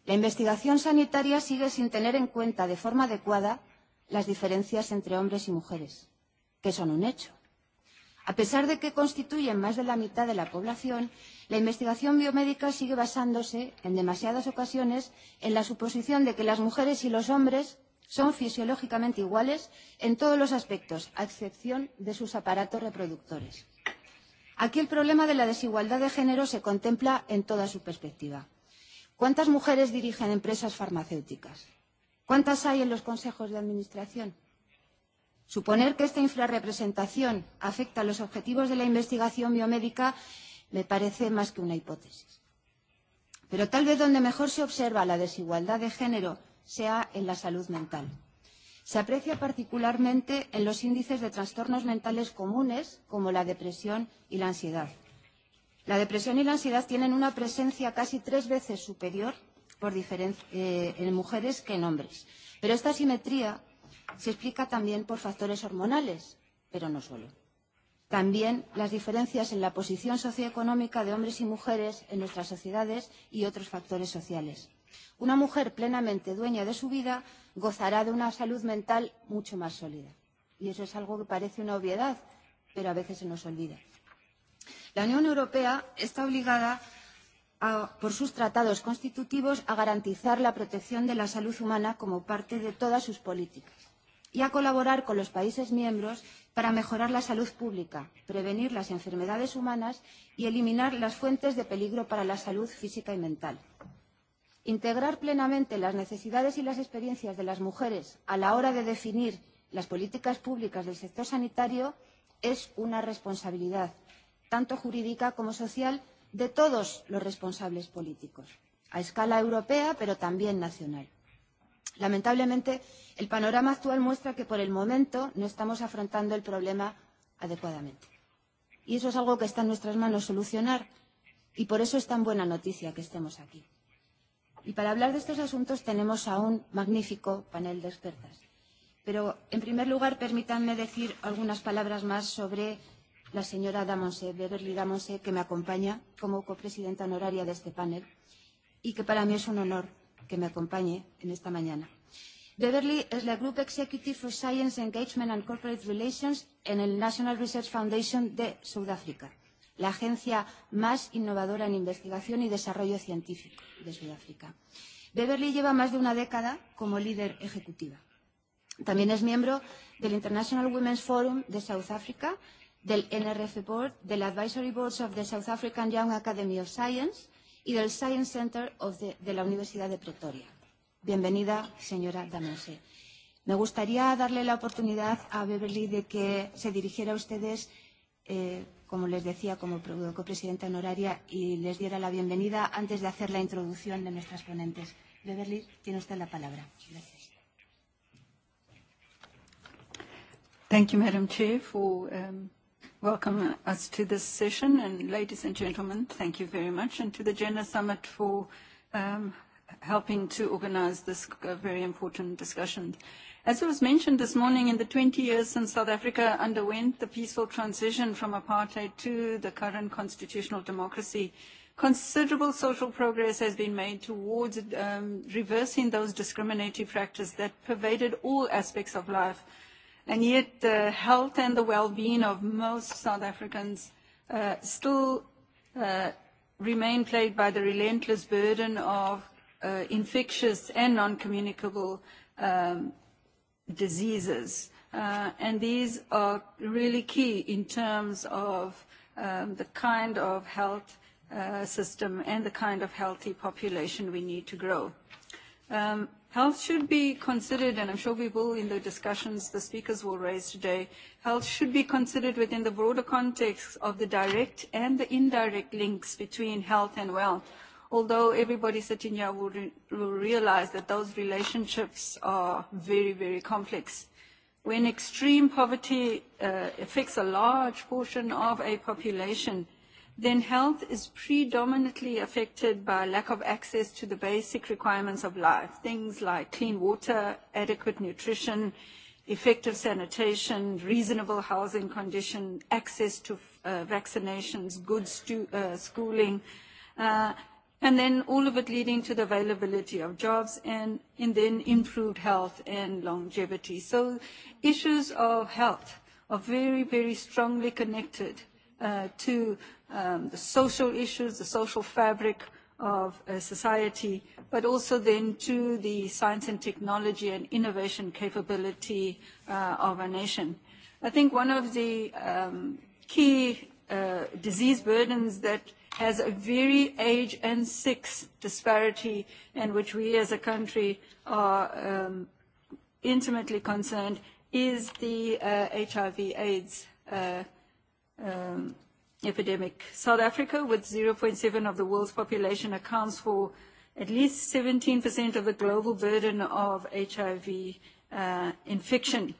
La investigación sanitaria sigue sin tener en cuenta de forma adecuada las diferencias entre hombres y mujeres, que son un hecho. A pesar de que constituyen más de la mitad de la población, la investigación biomédica sigue basándose en demasiadas ocasiones en la suposición de que las mujeres y los hombres son fisiológicamente iguales en todos los aspectos, a excepción de sus aparatos reproductores. Aquí el problema de la desigualdad de género se contempla en toda su perspectiva. ¿Cuántas mujeres dirigen empresas farmacéuticas? ¿Cuántas hay en los consejos de administración? Suponer que esta infrarrepresentación afecta a los objetivos de la investigación biomédica me parece más que una hipótesis. Pero tal vez donde mejor se observa la desigualdad de género sea en la salud mental. Se aprecia particularmente en los índices de trastornos mentales comunes, como la depresión y la ansiedad. La depresión y la ansiedad tienen una presencia casi tres veces superior por eh, en mujeres que en hombres. Pero esta simetría se explica también por factores hormonales, pero no solo. También las diferencias en la posición socioeconómica de hombres y mujeres en nuestras sociedades y otros factores sociales. Una mujer plenamente dueña de su vida gozará de una salud mental mucho más sólida. Y eso es algo que parece una obviedad, pero a veces se nos olvida. La Unión Europea está obligada a, por sus tratados constitutivos a garantizar la protección de la salud humana como parte de todas sus políticas y a colaborar con los países miembros para mejorar la salud pública, prevenir las enfermedades humanas y eliminar las fuentes de peligro para la salud física y mental. Integrar plenamente las necesidades y las experiencias de las mujeres a la hora de definir las políticas públicas del sector sanitario es una responsabilidad, tanto jurídica como social, de todos los responsables políticos, a escala europea, pero también nacional. Lamentablemente, el panorama actual muestra que por el momento no estamos afrontando el problema adecuadamente. Y eso es algo que está en nuestras manos solucionar, y por eso es tan buena noticia que estemos aquí. Y para hablar de estos asuntos tenemos a un magnífico panel de expertas. Pero, en primer lugar, permítanme decir algunas palabras más sobre la señora Damonse, Beverly Damonse, que me acompaña como copresidenta honoraria de este panel y que para mí es un honor que me acompañe en esta mañana. Beverly es la Group Executive for Science Engagement and Corporate Relations en el National Research Foundation de Sudáfrica la agencia más innovadora en investigación y desarrollo científico de Sudáfrica. Beverly lleva más de una década como líder ejecutiva. También es miembro del International Women's Forum de South Africa, del NRF Board, del Advisory Boards of the South African Young Academy of Science y del Science Center of the, de la Universidad de Pretoria. Bienvenida, señora Damose. Me gustaría darle la oportunidad a Beverly de que se dirigiera a ustedes eh, como les decía, como copresidenta honoraria y les diera la bienvenida antes de hacer la introducción de nuestras ponentes. Beverly, tiene usted la palabra. Gracias. Thank you, Madam Chair, for um, welcome us to this session. And ladies and gentlemen, thank you very much. And to the Gender Summit for um, helping to organize this uh, very important discussion. Uh, As was mentioned this morning, in the 20 years since South Africa underwent the peaceful transition from apartheid to the current constitutional democracy, considerable social progress has been made towards um, reversing those discriminatory practices that pervaded all aspects of life. And yet the health and the well-being of most South Africans uh, still uh, remain plagued by the relentless burden of uh, infectious and non-communicable um, diseases. Uh, and these are really key in terms of um, the kind of health uh, system and the kind of healthy population we need to grow. Um, health should be considered, and I'm sure we will in the discussions the speakers will raise today, health should be considered within the broader context of the direct and the indirect links between health and wealth although everybody sitting here will, re will realize that those relationships are very, very complex. When extreme poverty uh, affects a large portion of a population, then health is predominantly affected by lack of access to the basic requirements of life, things like clean water, adequate nutrition, effective sanitation, reasonable housing condition, access to uh, vaccinations, good stu- uh, schooling, uh, and then all of it leading to the availability of jobs and, and then improved health and longevity. So issues of health are very, very strongly connected uh, to um, the social issues, the social fabric of a society, but also then to the science and technology and innovation capability uh, of a nation. I think one of the um, key uh, disease burdens that has a very age and sex disparity in which we as a country are um, intimately concerned is the uh, HIV AIDS uh, um, epidemic. South Africa, with 0.7 of the world's population, accounts for at least 17% of the global burden of HIV uh, infection.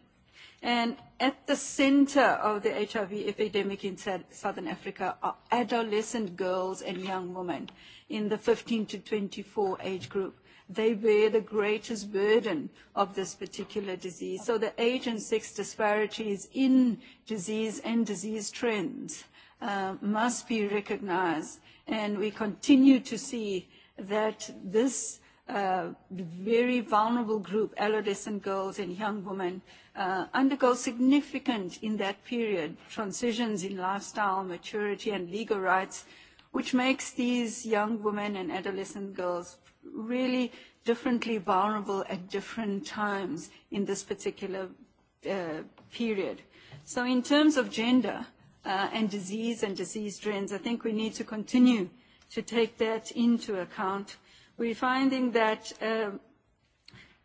And at the center of the HIV epidemic in Southern Africa are adolescent girls and young women in the 15 to 24 age group. They bear the greatest burden of this particular disease. So the age and sex disparities in disease and disease trends uh, must be recognized. And we continue to see that this uh, very vulnerable group, adolescent girls and young women, uh, undergo significant in that period transitions in lifestyle, maturity and legal rights, which makes these young women and adolescent girls really differently vulnerable at different times in this particular uh, period. So in terms of gender uh, and disease and disease trends, I think we need to continue to take that into account. We're finding that uh,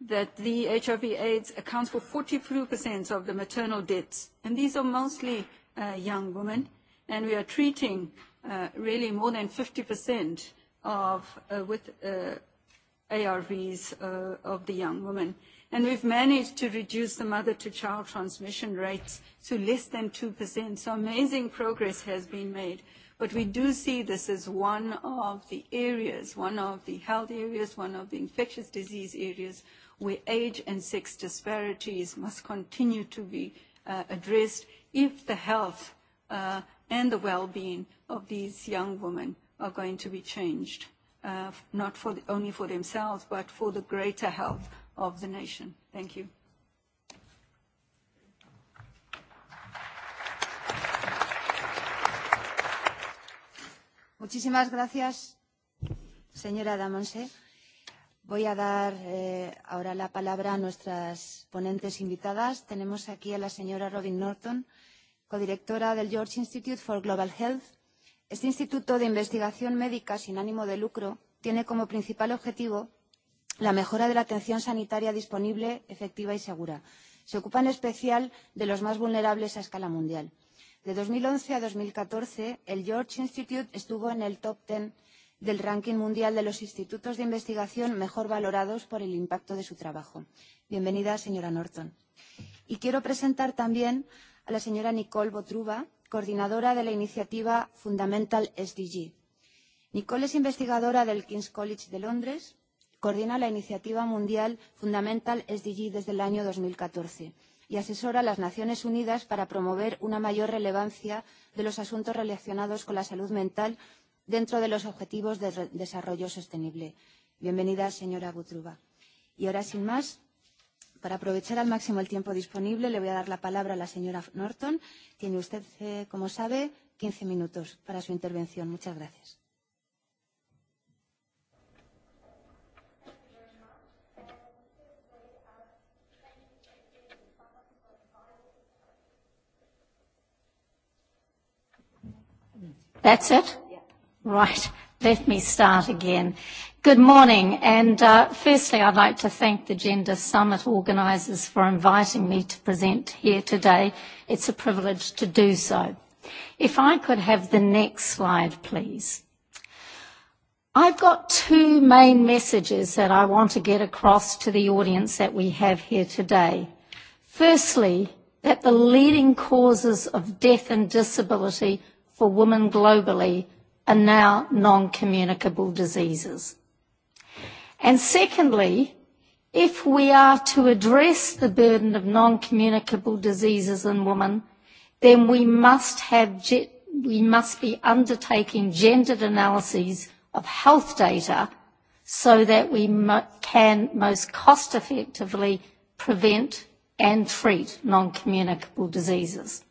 that the HIV/AIDS accounts for 42% of the maternal deaths, and these are mostly uh, young women, and we are treating uh, really more than 50% of uh, with uh, ARVs uh, of the young women. And we've managed to reduce the mother-to-child transmission rates to less than 2%, so amazing progress has been made. But we do see this as one of the areas, one of the health areas, one of the infectious disease areas with age and sex disparities must continue to be uh, addressed if the health uh, and the well-being of these young women are going to be changed, uh, not for the, only for themselves, but for the greater health of the nation. Thank you. Muchísimas gracias, señora Damonse. Voy a dar eh, ahora la palabra a nuestras ponentes invitadas. Tenemos aquí a la señora Robin Norton, codirectora del George Institute for Global Health. Este instituto de investigación médica sin ánimo de lucro tiene como principal objetivo la mejora de la atención sanitaria disponible, efectiva y segura. Se ocupa en especial de los más vulnerables a escala mundial. De 2011 a 2014, el George Institute estuvo en el top 10 del ranking mundial de los institutos de investigación mejor valorados por el impacto de su trabajo. Bienvenida, señora Norton. Y quiero presentar también a la señora Nicole Botruba, coordinadora de la iniciativa Fundamental SDG. Nicole es investigadora del King's College de Londres, coordina la iniciativa mundial Fundamental SDG desde el año 2014 y asesora a las Naciones Unidas para promover una mayor relevancia de los asuntos relacionados con la salud mental dentro de los Objetivos de Desarrollo Sostenible. Bienvenida, señora Butruba. Y ahora, sin más, para aprovechar al máximo el tiempo disponible, le voy a dar la palabra a la señora Norton. Tiene usted, eh, como sabe, 15 minutos para su intervención. Muchas gracias. That's it? Right, let me start again. Good morning, and uh, firstly, I'd like to thank the Gender Summit organisers for inviting me to present here today. It's a privilege to do so. If I could have the next slide, please. I've got two main messages that I want to get across to the audience that we have here today. Firstly, that the leading causes of death and disability for women globally are now non-communicable diseases. secondly, if we are to address the burden of non-communicable diseases in women, then we must be undertaking gendered analyses of health data so that we can most cost effectively prevent and treat non-communicable diseases.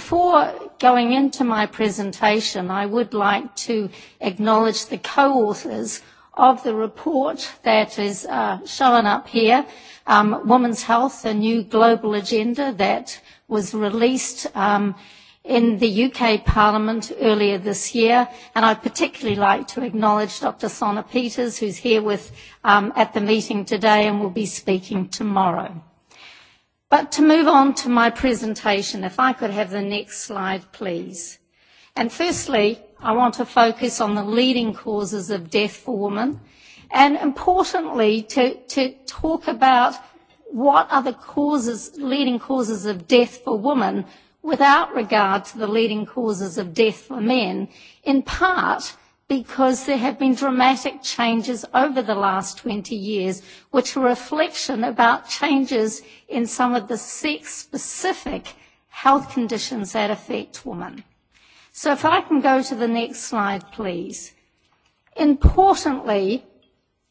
Before going into my presentation, I would like to acknowledge the co-authors of the report that is uh, shown up here, um, Women's Health, a New Global Agenda that was released um, in the UK Parliament earlier this year. And I'd particularly like to acknowledge Dr Sonna Peters, who's here with um, at the meeting today and will be speaking tomorrow to move on to my presentation, if I could have the next slide, please. firstly, I want to focus on the leading causes of death for women, and importantly, to, to talk about what are the causes, leading causes of death for women without regard to the leading causes of death for men, in part because there have been dramatic changes over the last 20 years, which are reflection about changes in some of the sex-specific health conditions that affect women. So if I can go to the next slide, please. Importantly,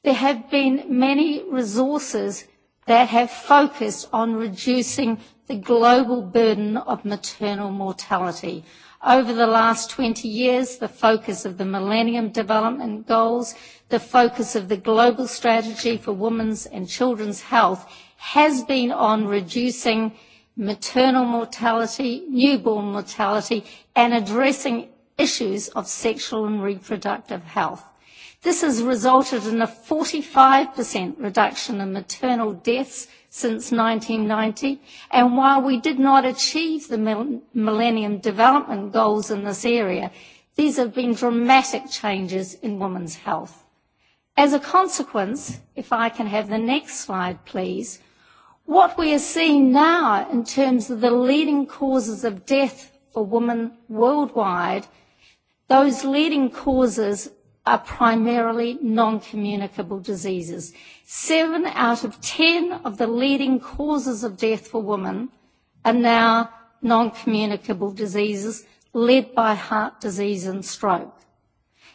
there have been many resources that have focused on reducing the global burden of maternal mortality. Over the last 20 years, the focus of the Millennium Development Goals, the focus of the Global Strategy for Women's and Children's Health has been on reducing maternal mortality, newborn mortality, and addressing issues of sexual and reproductive health. This has resulted in a 45% reduction in maternal deaths since 1990. And while we did not achieve the Millennium Development Goals in this area, these have been dramatic changes in women's health. As a consequence, if I can have the next slide, please, what we are seeing now in terms of the leading causes of death for women worldwide, those leading causes are primarily non-communicable diseases. Seven out of ten of the leading causes of death for women are now non-communicable diseases led by heart disease and stroke.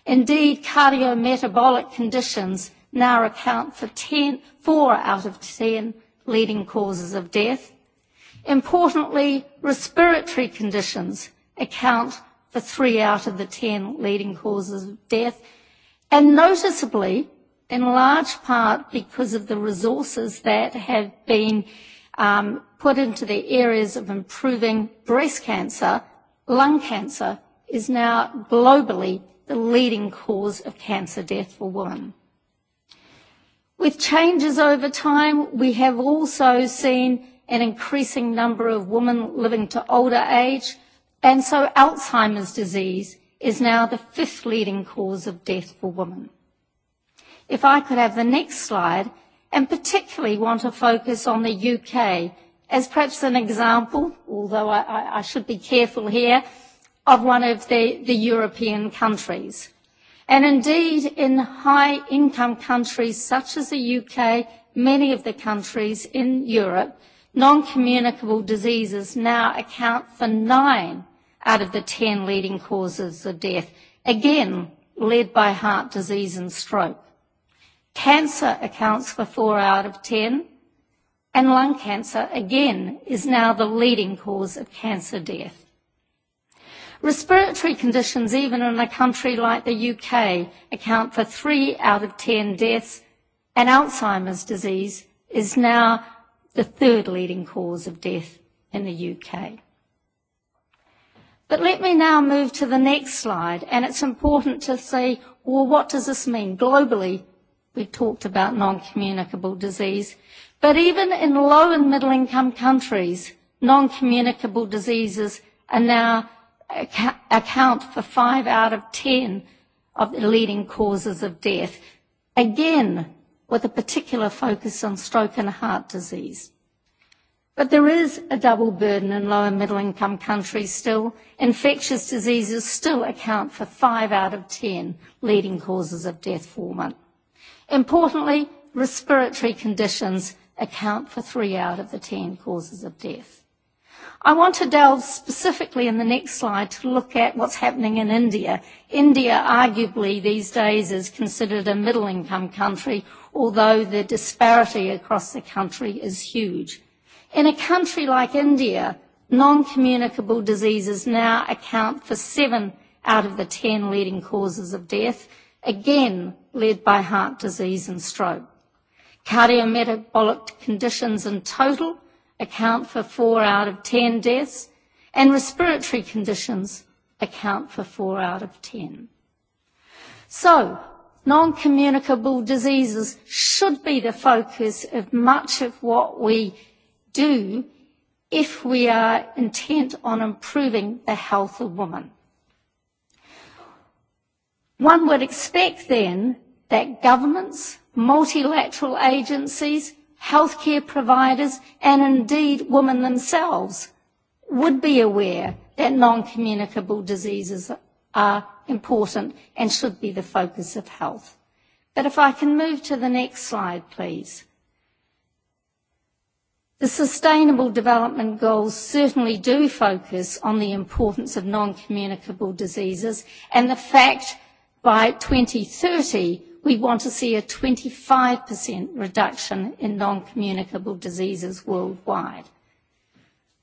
Indeed, cardiometabolic conditions now account for 10, four out of 10 leading causes of death. Importantly, respiratory conditions account for three out of the 10 leading causes of death, and noticeably in large part because of the resources that have been um, put into the areas of improving breast cancer, lung cancer is now globally the leading cause of cancer death for women. With changes over time, we have also seen an increasing number of women living to older age, and so Alzheimer's disease is now the fifth leading cause of death for women. If I could have the next slide, and particularly want to focus on the UK as perhaps an example, although I, I, should be careful here, of one of the, the European countries. And indeed, in high income countries such as the UK, many of the countries in Europe, non-communicable diseases now account for nine out of the 10 leading causes of death, again led by heart disease and stroke. Cancer accounts for 4 out of 10, and lung cancer again is now the leading cause of cancer death. Respiratory conditions, even in a country like the UK, account for 3 out of 10 deaths, and Alzheimer's disease is now the third leading cause of death in the UK. But let me now move to the next slide, and it's important to see, well, what does this mean? Globally, we've talked about non-communicable disease, but even in low and middle income countries, non-communicable diseases are now account for five out of ten of the leading causes of death. Again, with a particular focus on stroke and heart disease. But there is a double burden in low and middle income countries still. Infectious diseases still account for five out of ten leading causes of death for women. Importantly, respiratory conditions account for three out of the ten causes of death. I want to delve specifically in the next slide to look at what's happening in India. India arguably these days is considered a middle income country, although the disparity across the country is huge In a country like India, non-communicable diseases now account for seven out of the ten leading causes of death, again led by heart disease and stroke. Cardiometabolic conditions in total account for four out of ten deaths, and respiratory conditions account for four out of ten. So, non-communicable diseases should be the focus of much of what we do if we are intent on improving the health of women. One would expect then that governments, multilateral agencies, healthcare providers, and indeed women themselves would be aware that non-communicable diseases are important and should be the focus of health. But if I can move to the next slide, please. The Sustainable Development Goals certainly do focus on the importance of non-communicable diseases and the fact by 2030 we want to see a 25% reduction in non-communicable diseases worldwide.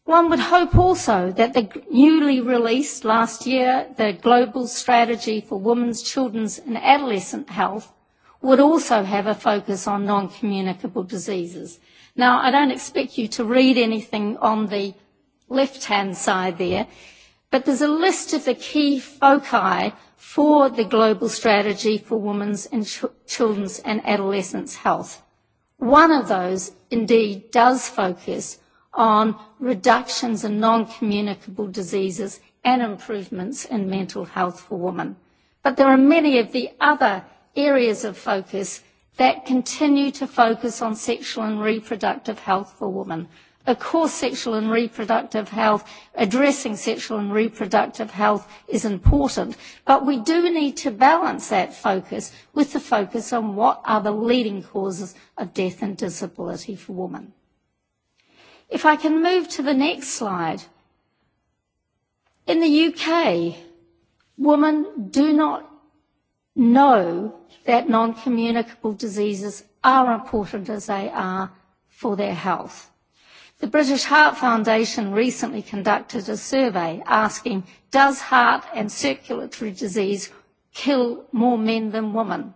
One would hope also that the newly released last year, the Global Strategy for Women's, Children's and Adolescent Health would also have a focus on non-communicable diseases – Now, I don't expect you to read anything on the left-hand side there, but there's a list of the key foci for the global strategy for women's and ch- children's and adolescents' health. One of those indeed does focus on reductions in non-communicable diseases and improvements in mental health for women. But there are many of the other areas of focus that continue to focus on sexual and reproductive health for women. Of course, sexual and reproductive health, addressing sexual and reproductive health is important, but we do need to balance that focus with the focus on what are the leading causes of death and disability for women. If I can move to the next slide. In the UK, women do not know that non-communicable diseases are important as they are for their health. The British Heart Foundation recently conducted a survey asking, does heart and circulatory disease kill more men than women?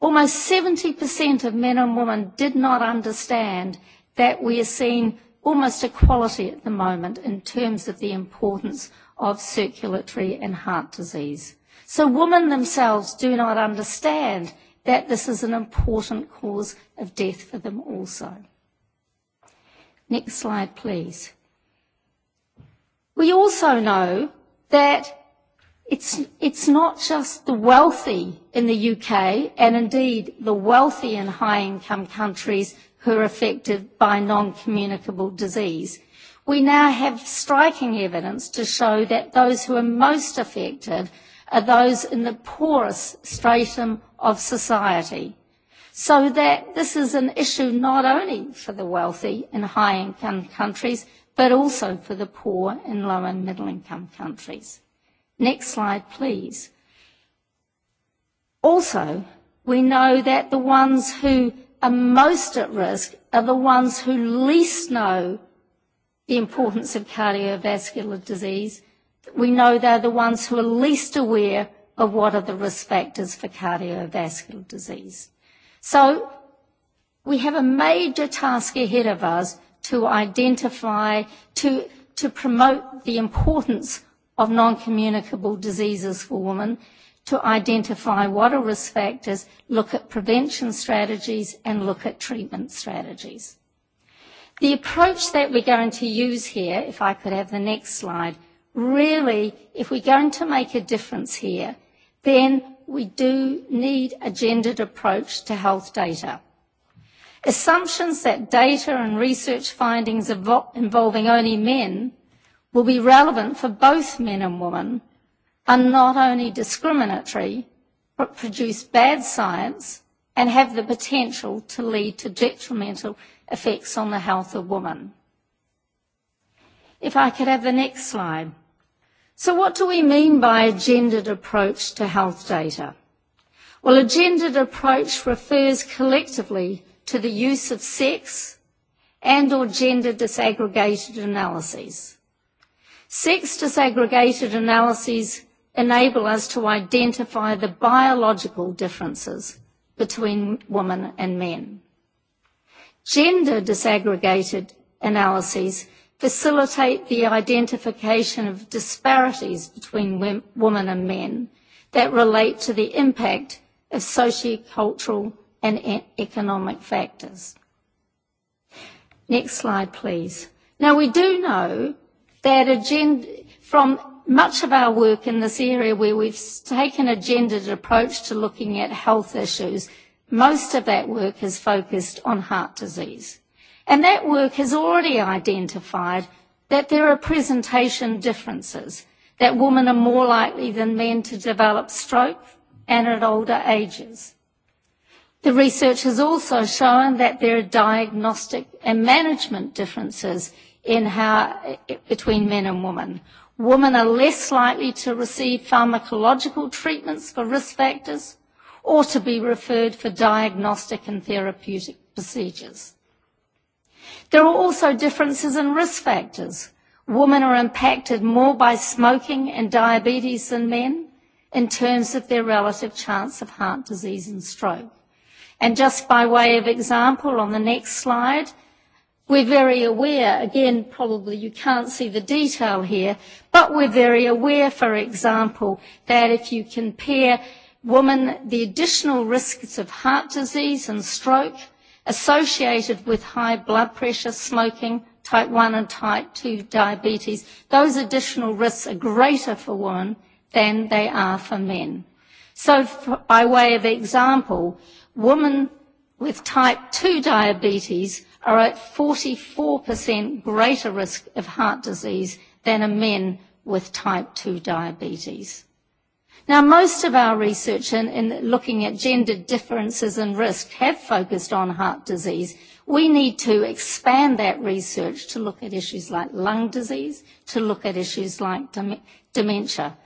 Almost 70% of men and women did not understand that we are seeing almost equality at the moment in terms of the importance of circulatory and heart disease. So women themselves do not understand that this is an important cause of death for them also. Next slide, please. We also know that it's, it's not just the wealthy in the UK and indeed the wealthy in high income countries who are affected by non-communicable disease. We now have striking evidence to show that those who are most affected are those in the poorest stratum of society. So that this is an issue not only for the wealthy in high income countries, but also for the poor in low and middle income countries. Next slide, please. Also, we know that the ones who are most at risk are the ones who least know the importance of cardiovascular disease we know they're the ones who are least aware of what are the risk factors for cardiovascular disease. So we have a major task ahead of us to identify, to, to promote the importance of non-communicable diseases for women, to identify what are risk factors, look at prevention strategies, and look at treatment strategies. The approach that we're going to use here, if I could have the next slide, really, if we're going to make a difference here, then we do need a gendered approach to health data. Assumptions that data and research findings involving only men will be relevant for both men and women are not only discriminatory, but produce bad science and have the potential to lead to detrimental effects on the health of women. If I could have the next slide. So what do we mean by a gendered approach to health data? Well, a gendered approach refers collectively to the use of sex and or gender disaggregated analyses. Sex disaggregated analyses enable us to identify the biological differences between women and men. Gender disaggregated analyses facilitate the identification of disparities between women, and men that relate to the impact of sociocultural and e-, economic factors. Next slide, please. Now, we do know that agenda, from much of our work in this area where we've taken a gendered approach to looking at health issues, most of that work has focused on heart disease. And that work has already identified that there are presentation differences, that women are more likely than men to develop stroke and at older ages. The research has also shown that there are diagnostic and management differences in how, between men and women. Women are less likely to receive pharmacological treatments for risk factors or to be referred for diagnostic and therapeutic procedures. There are also differences in risk factors. Women are impacted more by smoking and diabetes than men in terms of their relative chance of heart disease and stroke. And just by way of example, on the next slide, We're very aware, again, probably you can't see the detail here, but we're very aware, for example, that if you compare women, the additional risks of heart disease and stroke associated with high blood pressure, smoking, type 1 and type 2 diabetes. Those additional risks are greater for women than they are for men. So for, by way of example, women with type 2 diabetes are at 44% greater risk of heart disease than a men with type 2 diabetes. Now, most of our research in, in looking at gender differences and risk have focused on heart disease. We need to expand that research to look at issues like lung disease, to look at issues like dem- dementia.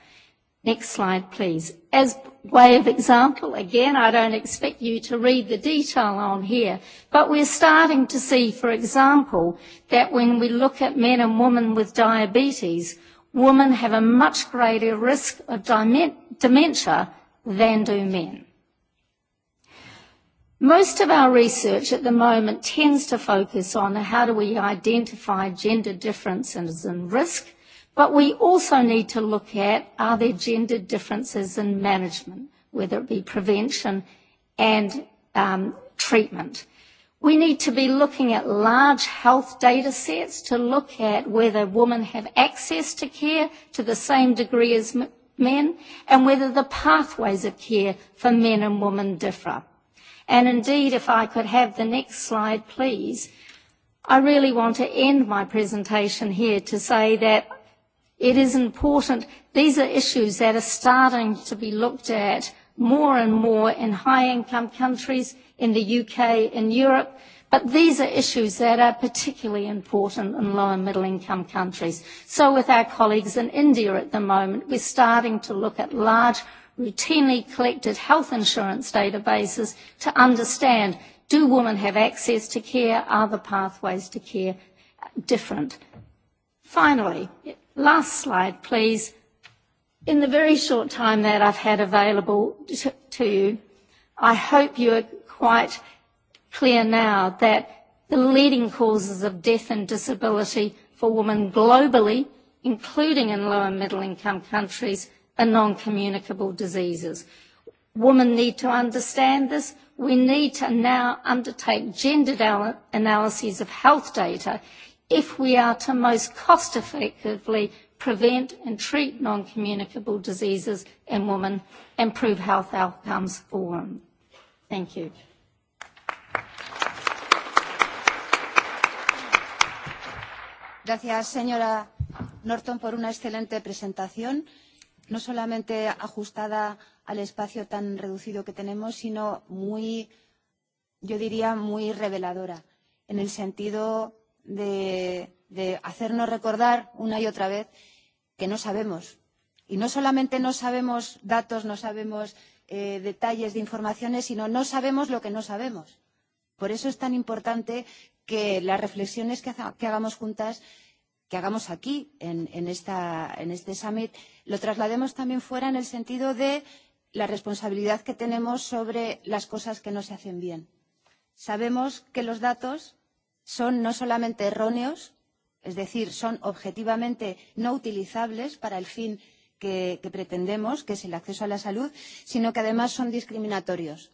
Next slide, please. As way of example, again, I don't expect you to read the detail on here, but we're starting to see, for example, that when we look at men and women with diabetes, women have a much greater risk of dementia than do men. Most of our research at the moment tends to focus on how do we identify gender differences in risk, but we also need to look at are there gender differences in management, whether it be prevention and um, treatment. We need to be looking at large health data sets to look at whether women have access to care to the same degree as men and whether the pathways of care for men and women differ. And indeed, if I could have the next slide, please, I really want to end my presentation here to say that it is important. These are issues that are starting to be looked at more and more in high-income countries, in the UK, in Europe. But these are issues that are particularly important in low and middle income countries. So with our colleagues in India at the moment, we're starting to look at large routinely collected health insurance databases to understand do women have access to care? Are the pathways to care different? Finally, last slide please in the very short time that I've had available to, you, I hope you are quite clear now that the leading causes of death and disability for women globally, including in low and middle income countries, are non-communicable diseases. Women need to understand this. We need to now undertake gendered al- analyses of health data if we are to most cost effectively prevent and treat non-communicable diseases in women, improve health outcomes for women. Thank you. Gracias, señora Norton, por una excelente presentación, no solamente ajustada al espacio tan reducido que tenemos, sino muy, yo diría, muy reveladora, en el sentido de, de hacernos recordar una y otra vez que no sabemos. Y no solamente no sabemos datos, no sabemos eh, detalles de informaciones, sino no sabemos lo que no sabemos. Por eso es tan importante que las reflexiones que, haga, que hagamos juntas, que hagamos aquí, en, en, esta, en este summit, lo traslademos también fuera en el sentido de la responsabilidad que tenemos sobre las cosas que no se hacen bien. Sabemos que los datos son no solamente erróneos, es decir, son objetivamente no utilizables para el fin que, que pretendemos, que es el acceso a la salud, sino que además son discriminatorios.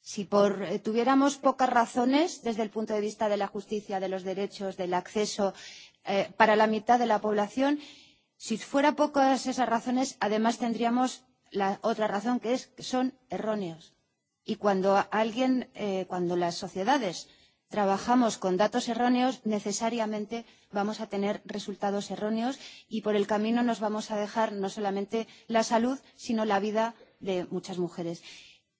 Si por, eh, tuviéramos pocas razones desde el punto de vista de la justicia, de los derechos, del acceso eh, para la mitad de la población, si fuera pocas esas razones, además tendríamos la otra razón, que es que son erróneos. Y cuando alguien, eh, cuando las sociedades trabajamos con datos erróneos, necesariamente vamos a tener resultados erróneos y por el camino nos vamos a dejar no solamente la salud, sino la vida de muchas mujeres.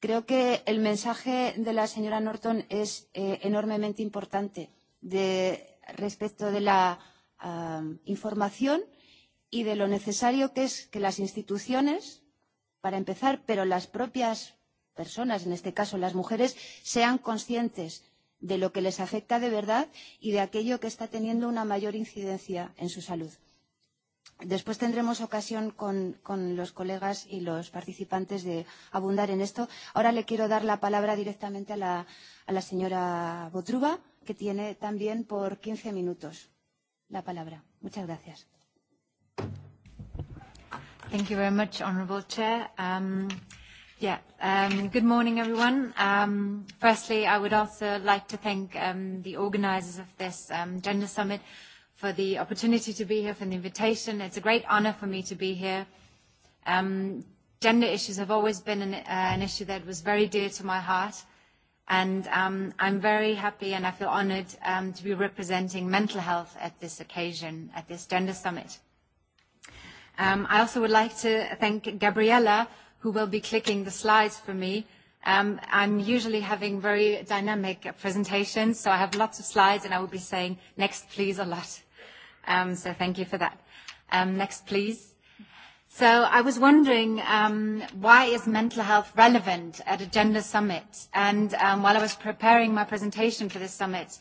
Creo que el mensaje de la señora Norton es eh, enormemente importante de, respecto de la uh, información y de lo necesario que es que las instituciones, para empezar, pero las propias personas, en este caso las mujeres, sean conscientes de lo que les afecta de verdad y de aquello que está teniendo una mayor incidencia en su salud. Después tendremos ocasión con, con los colegas y los participantes de abundar en esto. Ahora le quiero dar la palabra directamente a la, a la señora Botruba, que tiene también por 15 minutos la palabra. Muchas gracias. Thank you very much, Honourable Chair. Um, Yeah. Um, good morning, everyone. Um, firstly, I would also like to thank um, the organizers of this Gender Summit for the opportunity to be here, for the invitation. It's a great honor for me to be here. Gender issues have always been an, uh, an issue that was very dear to my heart, and I'm very happy, and I feel honored to be representing mental health at this occasion, at this Gender Summit. I also would like to thank Gabriella who will be clicking the slides for me. Um, I'm usually having very dynamic presentations, so I have lots of slides, and I will be saying, "Next, please," a lot. Um, so thank you for that. Um, next, please. So I was wondering, um, why is mental health relevant at a gender summit? And um, while I was preparing my presentation for this summit,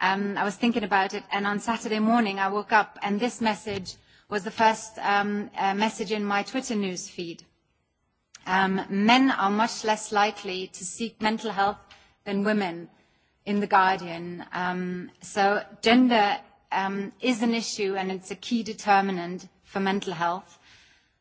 um, I was thinking about it, and on Saturday morning, I woke up, and this message was the first um, uh, message in my Twitter news feed. Um, men are much less likely to seek mental health than women in The Guardian. Um, so gender um, is an issue and it's a key determinant for mental health.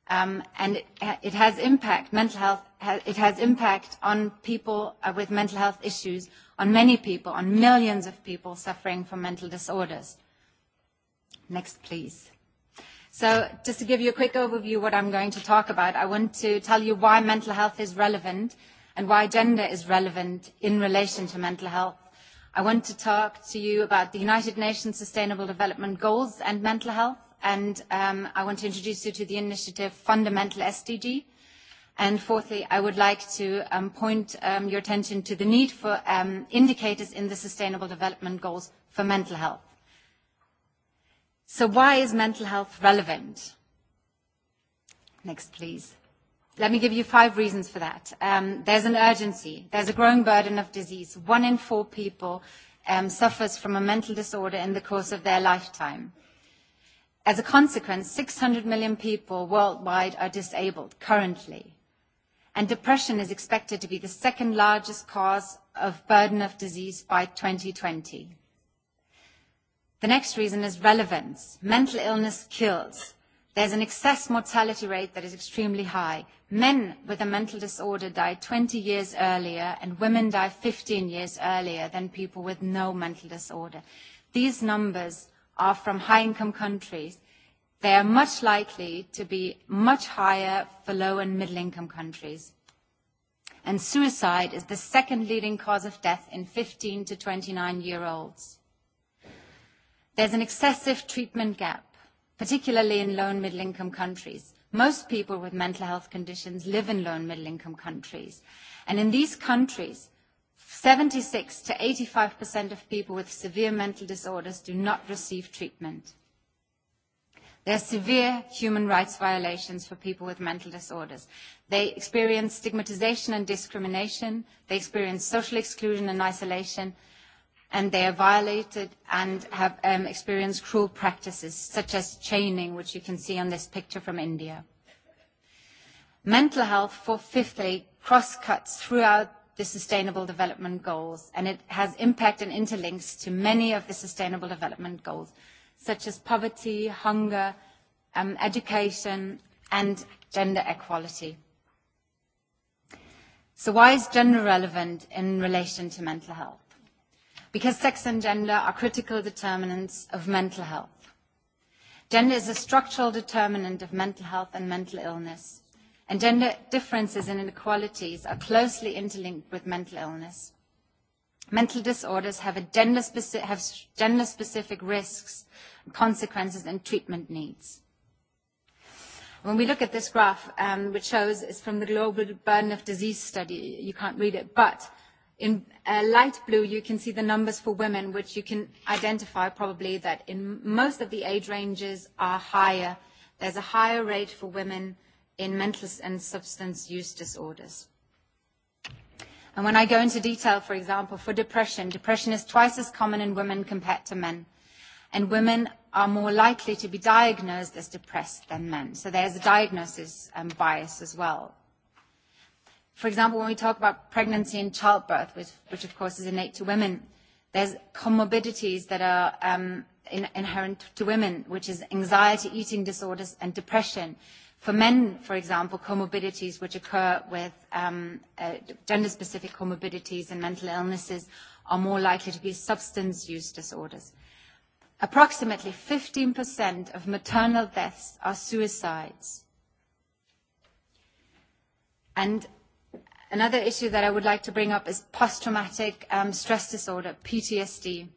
Um, and it, it has impact, mental health, it has impact on people uh, with mental health issues, on many people, on millions of people suffering from mental disorders. Next, please. So just to give you a quick overview of what I'm going to talk about, I want to tell you why mental health is relevant and why gender is relevant in relation to mental health. I want to talk to you about the United Nations Sustainable Development Goals and mental health, and um, I want to introduce you to the initiative Fundamental SDG. And fourthly, I would like to um, point um, your attention to the need for um, indicators in the Sustainable Development Goals for mental health. So why is mental health relevant? Next, please. Let me give you five reasons for that. Um, there's an urgency. There's a growing burden of disease. One in four people um, suffers from a mental disorder in the course of their lifetime. As a consequence, 600 million people worldwide are disabled currently. And depression is expected to be the second largest cause of burden of disease by 2020. The next reason is relevance. Mental illness kills. There's an excess mortality rate that is extremely high. Men with a mental disorder die 20 years earlier and women die 15 years earlier than people with no mental disorder. These numbers are from high-income countries. They are much likely to be much higher for low and middle-income countries. And suicide is the second leading cause of death in 15 to 29 year olds. There's an excessive treatment gap, particularly in low and middle income countries. Most people with mental health conditions live in low and middle income countries. And in these countries, 76 to 85% of people with severe mental disorders do not receive treatment. There are severe human rights violations for people with mental disorders. They experience stigmatization and discrimination. They experience social exclusion and isolation and they are violated and have um, experienced cruel practices such as chaining, which you can see on this picture from India. Mental health, for fifthly, cross-cuts throughout the Sustainable Development Goals, and it has impact and interlinks to many of the Sustainable Development Goals, such as poverty, hunger, um, education, and gender equality. So why is gender relevant in relation to mental health? because sex and gender are critical determinants of mental health. Gender is a structural determinant of mental health and mental illness, and gender differences and inequalities are closely interlinked with mental illness. Mental disorders have, a gender, speci- have gender specific risks, consequences, and treatment needs. When we look at this graph, um, which shows is from the Global Burden of Disease study, you can't read it, but In uh, light blue, you can see the numbers for women, which you can identify probably that in most of the age ranges are higher. There's a higher rate for women in mental and substance use disorders. And when I go into detail, for example, for depression, depression is twice as common in women compared to men. And women are more likely to be diagnosed as depressed than men. So there's a diagnosis um, bias as well. For example, when we talk about pregnancy and childbirth, which, which of course is innate to women, there's comorbidities that are um, in, inherent to women, which is anxiety, eating disorders, and depression. For men, for example, comorbidities which occur with um, uh, gender-specific comorbidities and mental illnesses are more likely to be substance use disorders. Approximately 15% of maternal deaths are suicides. And Another issue that I would like to bring up is post-traumatic um, stress disorder, PTSD.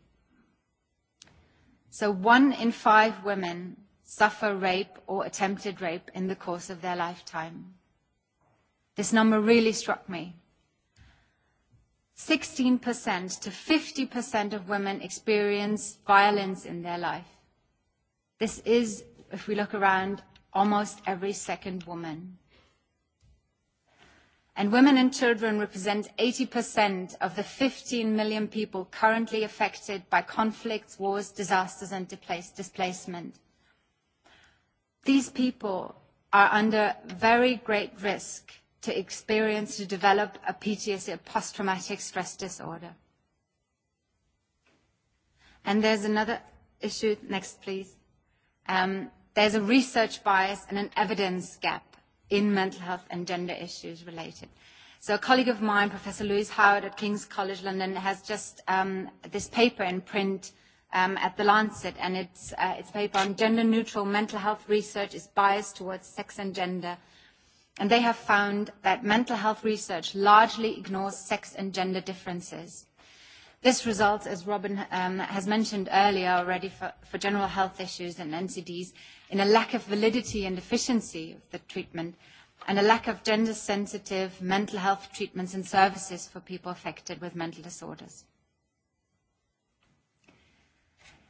So one in five women suffer rape or attempted rape in the course of their lifetime. This number really struck me. 16% to 50% of women experience violence in their life. This is, if we look around, almost every second woman and women and children represent 80% of the 15 million people currently affected by conflicts, wars, disasters, and displacement. These people are under very great risk to experience, to develop a PTSD, a post-traumatic stress disorder. And there's another issue, next please. Um, there's a research bias and an evidence gap in mental health and gender issues related. So a colleague of mine, Professor Louise Howard at King's College London, has just um, this paper in print um, at The Lancet, and it's, uh, it's paper on gender-neutral mental health research is biased towards sex and gender. And they have found that mental health research largely ignores sex and gender differences. This results, as Robin um, has mentioned earlier already, for, for general health issues and NCDs in a lack of validity and efficiency of the treatment and a lack of gender-sensitive mental health treatments and services for people affected with mental disorders.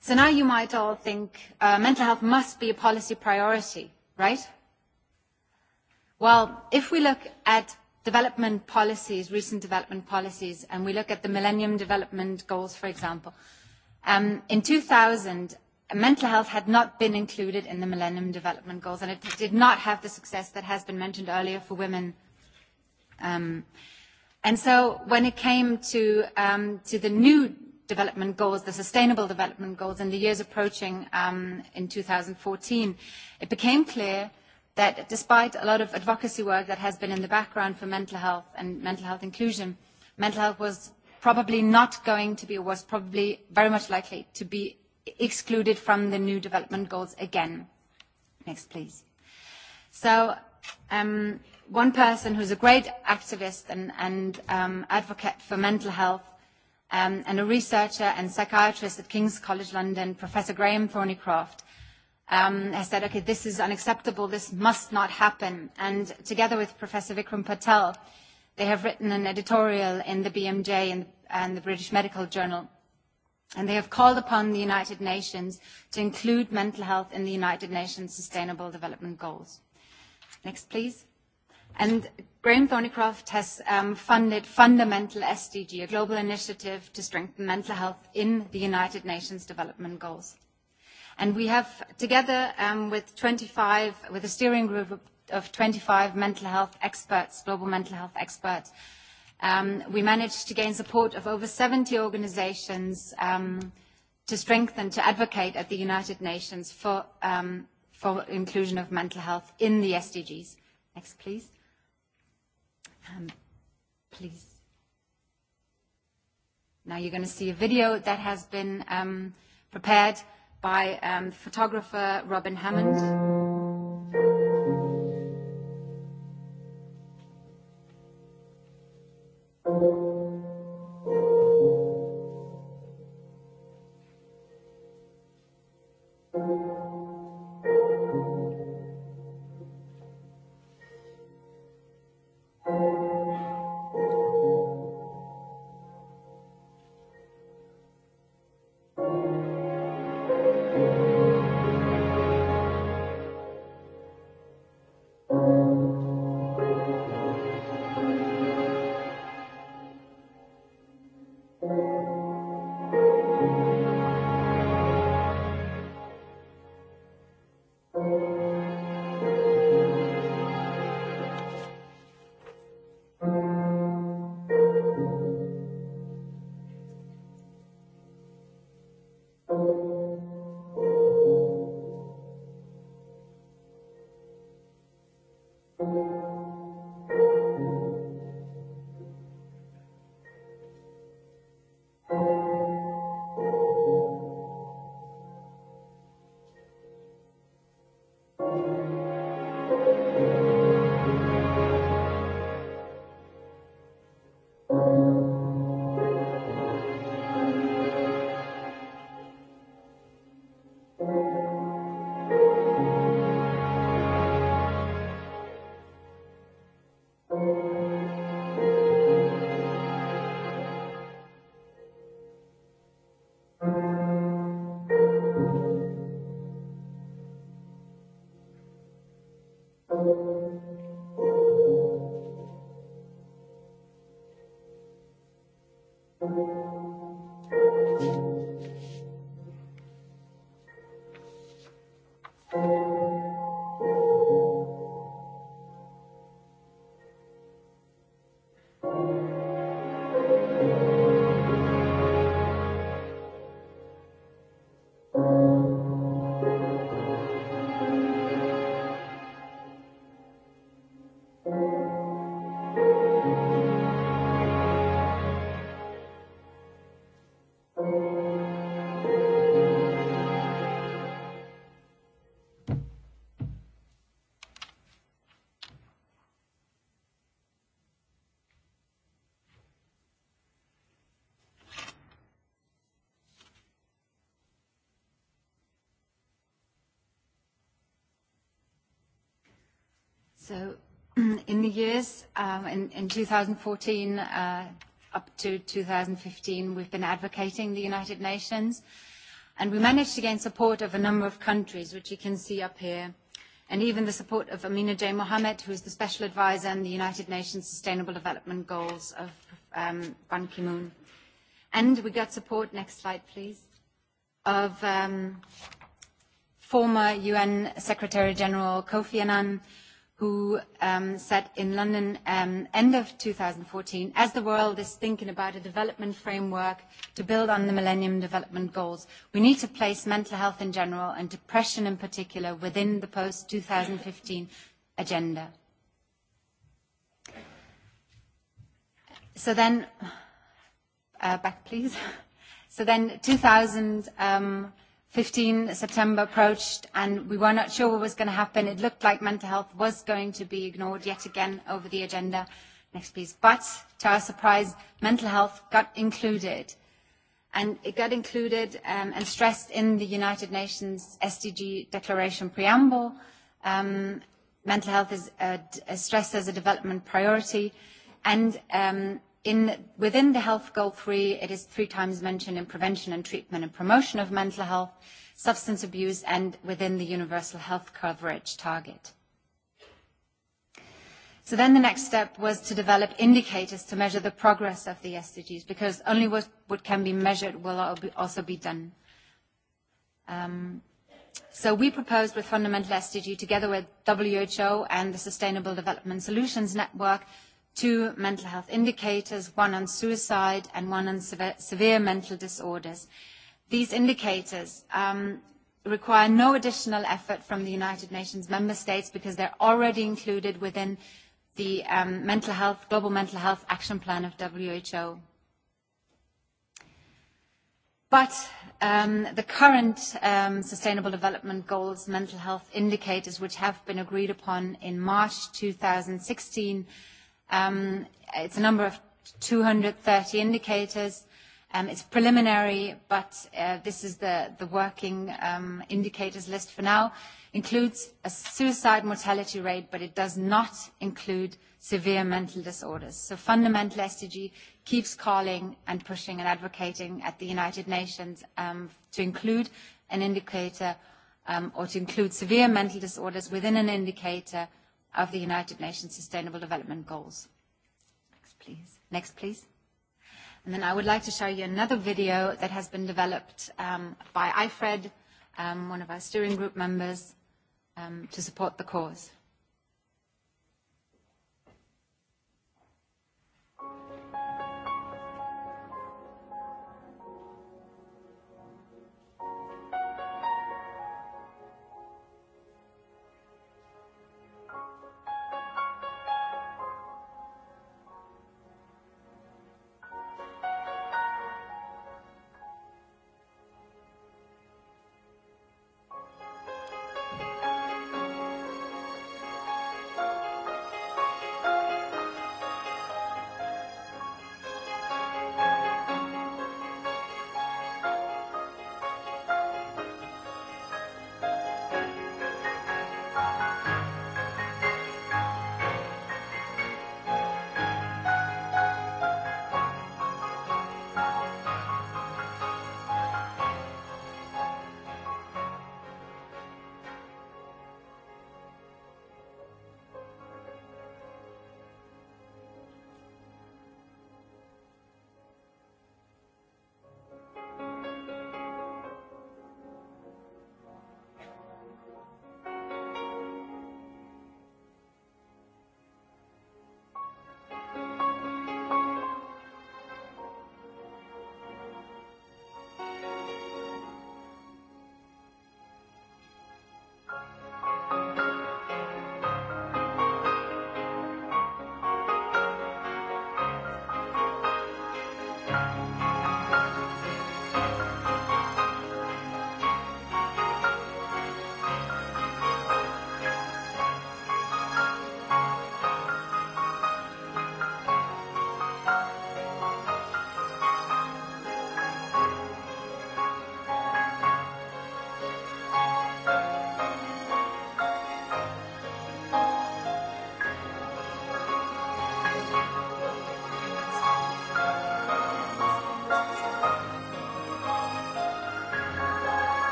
So now you might all think uh, mental health must be a policy priority, right? Well, if we look at development policies, recent development policies, and we look at the Millennium Development Goals, for example. Um, in 2000, mental health had not been included in the Millennium Development Goals, and it did not have the success that has been mentioned earlier for women. Um, and so when it came to, um, to the new development goals, the sustainable development goals in the years approaching um, in 2014, it became clear that despite a lot of advocacy work that has been in the background for mental health and mental health inclusion, mental health was probably not going to be, or was probably very much likely to be excluded from the new development goals again. Next, please. So um, one person who's a great activist and, and um, advocate for mental health um, and a researcher and psychiatrist at King's College London, Professor Graham Thornycroft, um, has said, okay, this is unacceptable, this must not happen. And together with Professor Vikram Patel, they have written an editorial in the BMJ and, and the British Medical Journal. And they have called upon the United Nations to include mental health in the United Nations Sustainable Development Goals. Next, please. And Graham Thornycroft has um, funded Fundamental SDG, a global initiative to strengthen mental health in the United Nations Development Goals. And we have, together um, with 25, with a steering group of 25 mental health experts, global mental health experts, um, we managed to gain support of over 70 organizations um, to strengthen, to advocate at the United Nations for, um, for inclusion of mental health in the SDGs. Next, please. Um, please. Now you're going to see a video that has been um, prepared by um, photographer Robin Hammond. So in the years um, in, in 2014 uh, up to 2015, we've been advocating the United Nations, and we managed to gain support of a number of countries, which you can see up here, and even the support of Amina J. Mohammed, who is the special advisor in the United Nations Sustainable Development Goals of um, Ban Ki-moon. And we got support, next slide please, of um, former UN Secretary General Kofi Annan, who um, said in London um, end of 2014, as the world is thinking about a development framework to build on the Millennium Development Goals, we need to place mental health in general and depression in particular within the post-2015 agenda. So then, uh, back please. So then 2000, um, 15 September approached and we were not sure what was going to happen. It looked like mental health was going to be ignored yet again over the agenda. Next, please. But to our surprise, mental health got included. And it got included um, and stressed in the United Nations SDG Declaration Preamble. Um, mental health is, uh, is stressed as a development priority. And um, In, within the health goal three, it is three times mentioned in prevention and treatment and promotion of mental health, substance abuse, and within the universal health coverage target. So then the next step was to develop indicators to measure the progress of the SDGs, because only what, what can be measured will also be done. Um, so we proposed with Fundamental SDG, together with WHO and the Sustainable Development Solutions Network, two mental health indicators, one on suicide and one on sever severe mental disorders. These indicators um, require no additional effort from the United Nations member states because they're already included within the um, mental health, Global Mental Health Action Plan of WHO. But um, the current um, Sustainable Development Goals mental health indicators, which have been agreed upon in March 2016, Um, it's a number of 230 indicators. Um, it's preliminary, but uh, this is the, the working um, indicators list for now. Includes a suicide mortality rate, but it does not include severe mental disorders. So fundamental SDG keeps calling and pushing and advocating at the United Nations um, to include an indicator um, or to include severe mental disorders within an indicator of the United Nations Sustainable Development Goals. Next, please. Next, please. And then I would like to show you another video that has been developed um, by IFRED, um, one of our steering group members, um, to support the cause.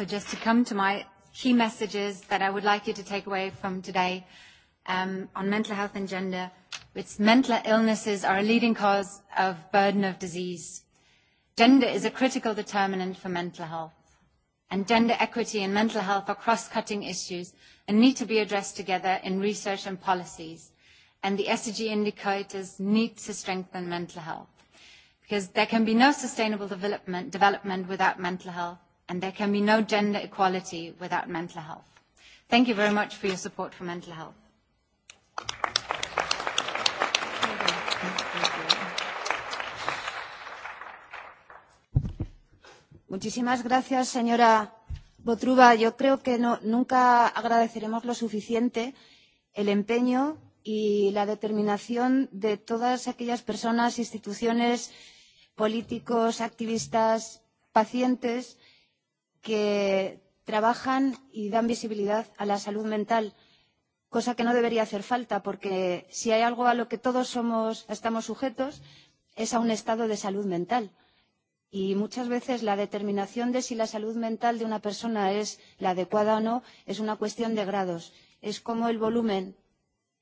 So just to come to my key messages that I would like you to take away from today um, on mental health and gender, which mental illnesses are a leading cause of burden of disease. Gender is a critical determinant for mental health. And gender equity and mental health are cross-cutting issues and need to be addressed together in research and policies. And the SDG indicators need to strengthen mental health because there can be no sustainable development, development without mental health and there can be no gender equality without mental health. Thank you very much for your support for mental health. Muchísimas gracias, señora Botruba. Yo creo que no, nunca agradeceremos lo suficiente el empeño y la determinación de todas aquellas personas, instituciones, políticos, activistas, pacientes que trabajan y dan visibilidad a la salud mental, cosa que no debería hacer falta, porque si hay algo a lo que todos somos, estamos sujetos es a un estado de salud mental. Y muchas veces la determinación de si la salud mental de una persona es la adecuada o no es una cuestión de grados. Es como el volumen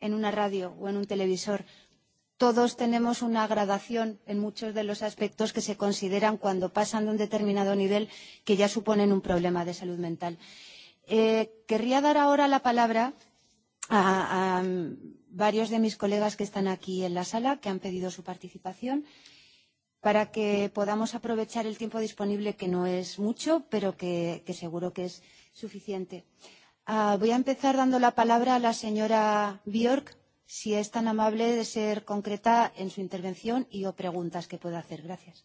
en una radio o en un televisor todos tenemos una gradación en muchos de los aspectos que se consideran cuando pasan de un determinado nivel que ya suponen un problema de salud mental. Eh, querría dar ahora la palabra a, a varios de mis colegas que están aquí en la sala, que han pedido su participación, para que podamos aprovechar el tiempo disponible, que no es mucho, pero que, que seguro que es suficiente. Uh, voy a empezar dando la palabra a la señora Bjork, si es tan amable de ser concreta en su intervención y o preguntas que pueda hacer. Gracias.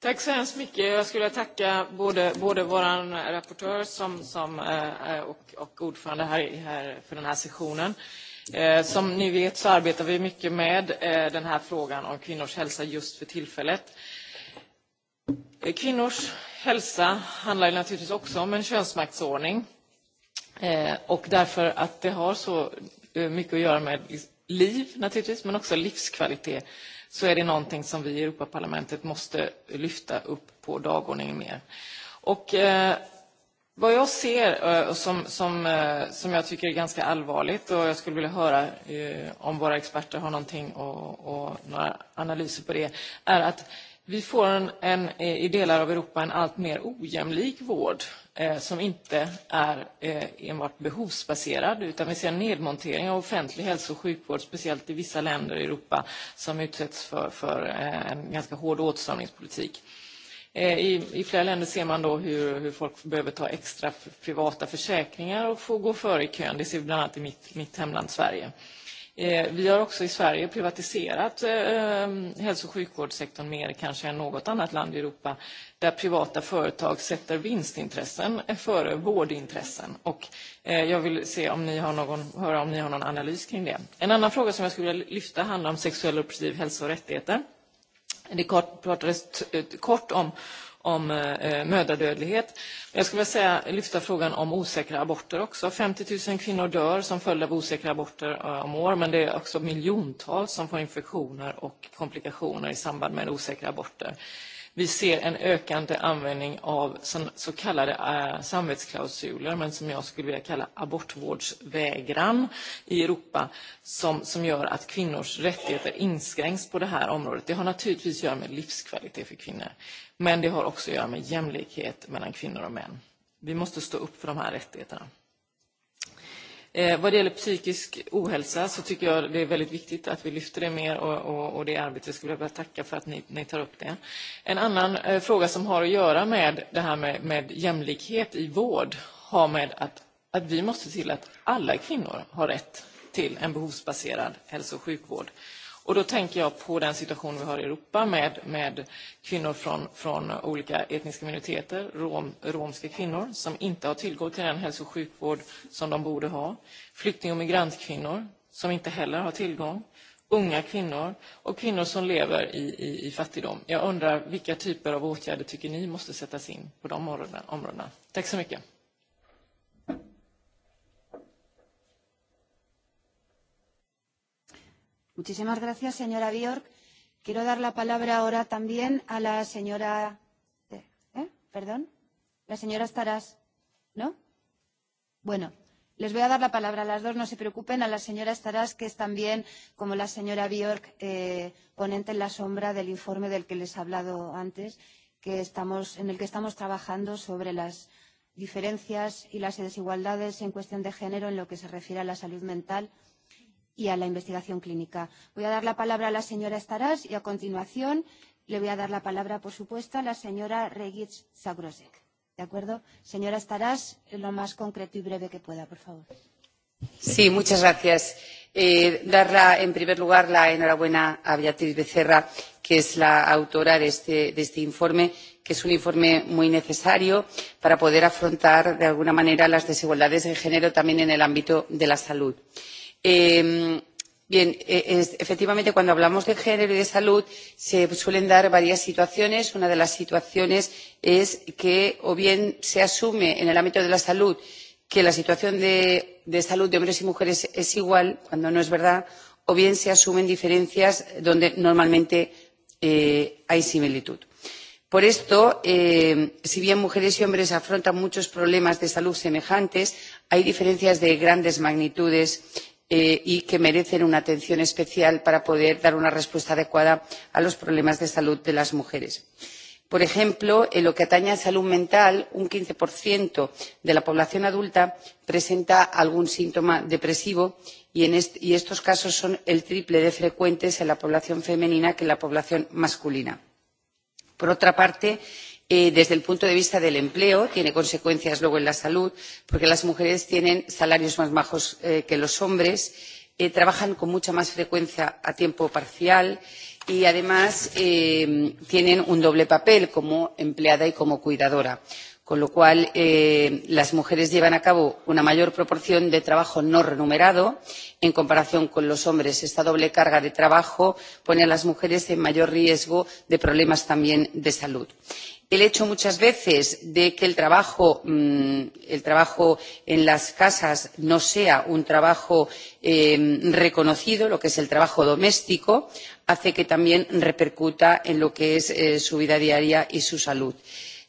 Tack så hemskt mycket. Jag skulle tacka både, både vår rapportör som, som, eh, eh, och, och ordförande här, här för den här sessionen. Eh, som ni vet så arbetar vi mycket med den här frågan om kvinnors hälsa just för tillfället. Kvinnors hälsa handlar naturligtvis också om en könsmaktsordning. Eh, och därför att det har så eh, mycket att göra med liv naturligtvis, men också livskvalitet, så är det någonting som vi i Europaparlamentet måste lyfta upp på dagordningen mer. Och eh, vad jag ser eh, som, som, eh, som jag tycker är ganska allvarligt, och jag skulle vilja höra eh, om våra experter har någonting och, och några analyser på det, är att eh, Vi får en, en, i delar av Europa en allt mer ojämlik vård eh, som inte är eh, enbart behovsbaserad utan vi ser en nedmontering av offentlig hälso och sjukvård, speciellt i vissa länder i Europa som utsätts för, för eh, en ganska hård åtstramningspolitik. Eh, I, I flera länder ser man då hur, hur folk behöver ta extra privata försäkringar och få gå före i kön. Det ser vi bland annat i mitt, mitt hemland Sverige. Eh, Eh, vi har också i Sverige privatiserat ehm, hälso och sjukvårdssektorn mer kanske än något annat land i Europa där privata företag sätter vinstintressen före vårdintressen. Och eh, jag vill se om ni har någon, höra om ni har någon analys kring det. En annan fråga som jag skulle vilja lyfta handlar om sexuell och reproduktiv hälsa och rättigheter. Det pratades eh, kort om om eh, mödradödlighet. Jag skulle vilja säga, lyfta frågan om osäkra aborter också. 50 000 kvinnor dör som följd av osäkra aborter eh, om år, men det är också miljontals som får infektioner och komplikationer i samband med osäkra aborter. Vi ser en ökande användning av så kallade eh, samvetsklausuler, men som jag skulle vilja kalla abortvårdsvägran i Europa, som, som gör att kvinnors rättigheter inskränks på det här området. Det har naturligtvis att göra med livskvalitet för kvinnor, men det har också att göra med jämlikhet mellan kvinnor och män. Vi måste stå upp för de här rättigheterna. Eh, vad det gäller psykisk ohälsa så tycker jag det är väldigt viktigt att vi lyfter det mer och, och, och det arbetet skulle jag vilja tacka för att ni, ni tar upp det. En annan eh, fråga som har att göra med det här med, med jämlikhet i vård har med att, att vi måste se till att alla kvinnor har rätt till en behovsbaserad hälso och sjukvård. Eh, Och då tänker jag på den situation vi har i Europa med, med kvinnor från, från olika etniska minoriteter, rom, romska kvinnor som inte har tillgång till den hälso och sjukvård som de borde ha, flykting och migrantkvinnor som inte heller har tillgång, unga kvinnor och kvinnor som lever i, i, i fattigdom. Jag undrar vilka typer av åtgärder tycker ni måste sättas in på de områdena? Tack så mycket. Muchísimas gracias, señora Bjork. Quiero dar la palabra ahora también a la señora. ¿Eh? ¿Perdón? La señora Estarás, ¿no? Bueno, les voy a dar la palabra a las dos, no se preocupen, a la señora Estarás, que es también, como la señora Bjork, eh, ponente en la sombra del informe del que les he hablado antes, que estamos, en el que estamos trabajando sobre las diferencias y las desigualdades en cuestión de género en lo que se refiere a la salud mental y a la investigación clínica. Voy a dar la palabra a la señora Estarás y a continuación le voy a dar la palabra, por supuesto, a la señora Regis Zagrosek. ¿De acuerdo? Señora Estarás, lo más concreto y breve que pueda, por favor. Sí, muchas gracias. Eh, darla, en primer lugar, la enhorabuena a Beatriz Becerra, que es la autora de este, de este informe, que es un informe muy necesario para poder afrontar, de alguna manera, las desigualdades de género también en el ámbito de la salud. Eh, E, efectivamente, cuando hablamos de género y de salud se suelen dar varias situaciones. Una de las situaciones es que o bien se asume en el ámbito de la salud que la situación de, salud de hombres y mujeres es igual, cuando no es verdad, o bien se asumen diferencias donde normalmente eh, hay similitud. Por esto, eh, si bien mujeres y hombres afrontan muchos problemas de salud semejantes, hay diferencias de grandes magnitudes Eh, y que merecen una atención especial para poder dar una respuesta adecuada a los problemas de salud de las mujeres. Por ejemplo, en lo que atañe a salud mental, un quince de la población adulta presenta algún síntoma depresivo y, y estos casos son el triple de frecuentes en la población femenina que en la población masculina. Por otra parte, desde el punto de vista del empleo, tiene consecuencias luego en la salud, porque las mujeres tienen salarios más bajos eh, que los hombres, eh, trabajan con mucha más frecuencia a tiempo parcial y además eh, tienen un doble papel como empleada y como cuidadora con lo cual las mujeres llevan a cabo una mayor proporción de trabajo no remunerado en comparación con los hombres. esta doble carga de trabajo pone a las mujeres en mayor riesgo de problemas también de salud el hecho muchas veces de que mm, el trabajo, en las casas no sea un trabajo reconocido, lo que es el trabajo doméstico, hace que también repercuta en lo que es eh, su vida diaria y su salud.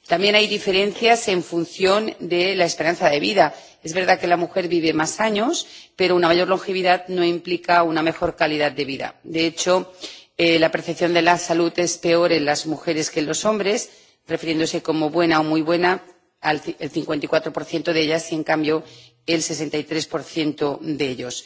También hay diferencias en función de la esperanza de vida. Es verdad que la mujer vive más años, pero una mayor longevidad no implica una mejor calidad de vida. De hecho, eh, la percepción de la salud es peor en las mujeres que en los hombres refiriéndose como buena o muy buena al y 54% de ellas y, en cambio, el 63% de ellos.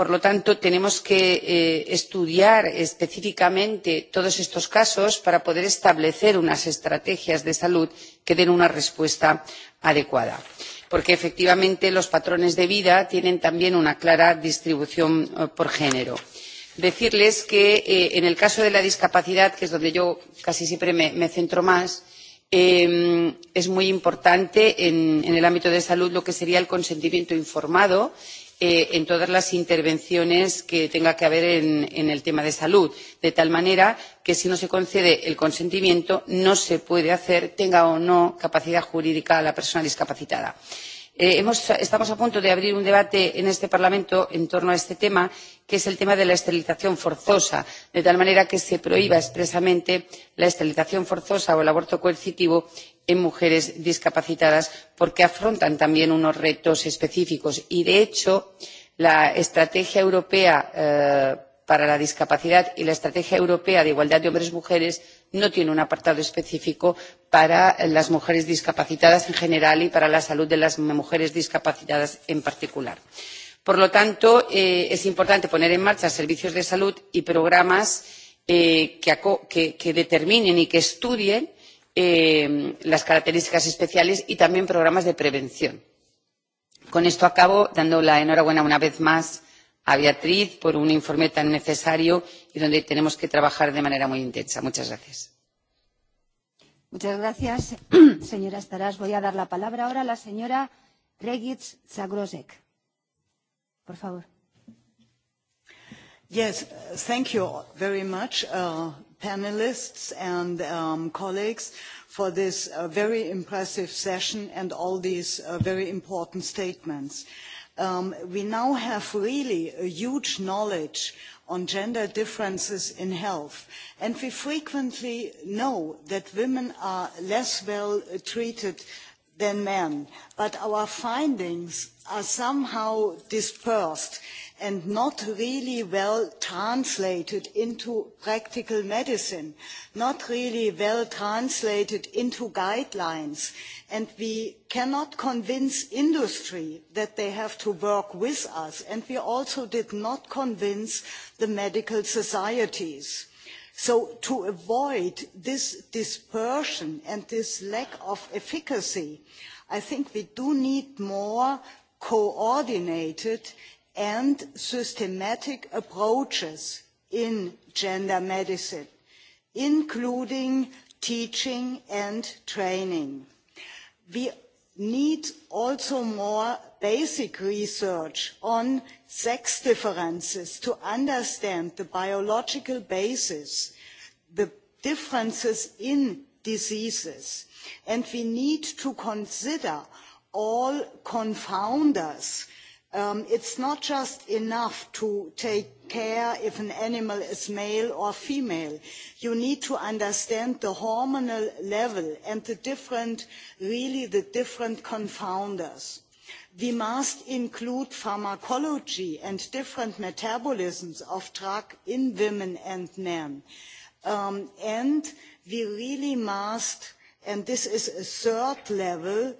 por lo tanto, tenemos que eh, estudiar específicamente todos estos casos para poder establecer unas estrategias de salud que den una respuesta adecuada porque efectivamente los patrones de vida tienen también una clara distribución eh, por género decirles que eh, en el caso de la discapacidad, que es donde yo casi siempre me, centro más, es muy importante en, el ámbito de salud lo que sería el consentimiento informado eh, en todas las intervenciones que tenga que haber en, en el tema de salud, de tal manera que si no se concede el consentimiento no se puede hacer, tenga o no capacidad jurídica a la persona discapacitada. Eh, Eh, hemos, estamos a punto de abrir un debate en este parlamento en torno a este tema que es el tema de la esterilización forzosa de tal manera que se prohíba expresamente la esterilización forzosa o el aborto coercitivo en mujeres discapacitadas porque afrontan también unos retos específicos y de hecho la estrategia europea eh, para la discapacidad y la estrategia europea de igualdad de hombres y mujeres no tiene un apartado específico para las mujeres discapacitadas en general y para la salud de las mujeres discapacitadas en particular. por lo tanto eh, es importante poner en marcha servicios de salud y programas eh, que, determinen y que estudien eh, las características especiales y también programas de prevención. con esto acabo dando la enhorabuena una vez más a Beatriz por un informe tan necesario y donde tenemos que trabajar de manera muy intensa. Muchas gracias. Muchas gracias, señora Estarás. Voy a dar la palabra ahora a la señora Regic Zagrozek. Por favor. Yes, thank you very much, uh, panelists and um, colleagues, for this uh, very impressive session and all these uh, very important statements. Uh, Um, we now have really a huge knowledge on gender differences in health. And we frequently know that women are less well uh, treated than men. But our findings are somehow dispersed and not really well translated into practical medicine, not really well translated into guidelines. And we cannot convince industry that they have to work with us. And we also did not convince the medical societies. So to avoid this dispersion and this lack of efficacy, I think we do need more coordinated and systematic approaches in gender medicine, including teaching and training. We need also more basic research on sex differences to understand the biological basis, the differences in diseases. And we need to consider all confounders it um, it's not just enough to take care if an animal is male or female. You need to understand the hormonal level and the different, really the different confounders. We must include pharmacology and different metabolisms of drug in women and men. Um, and we really must, and this is a third level,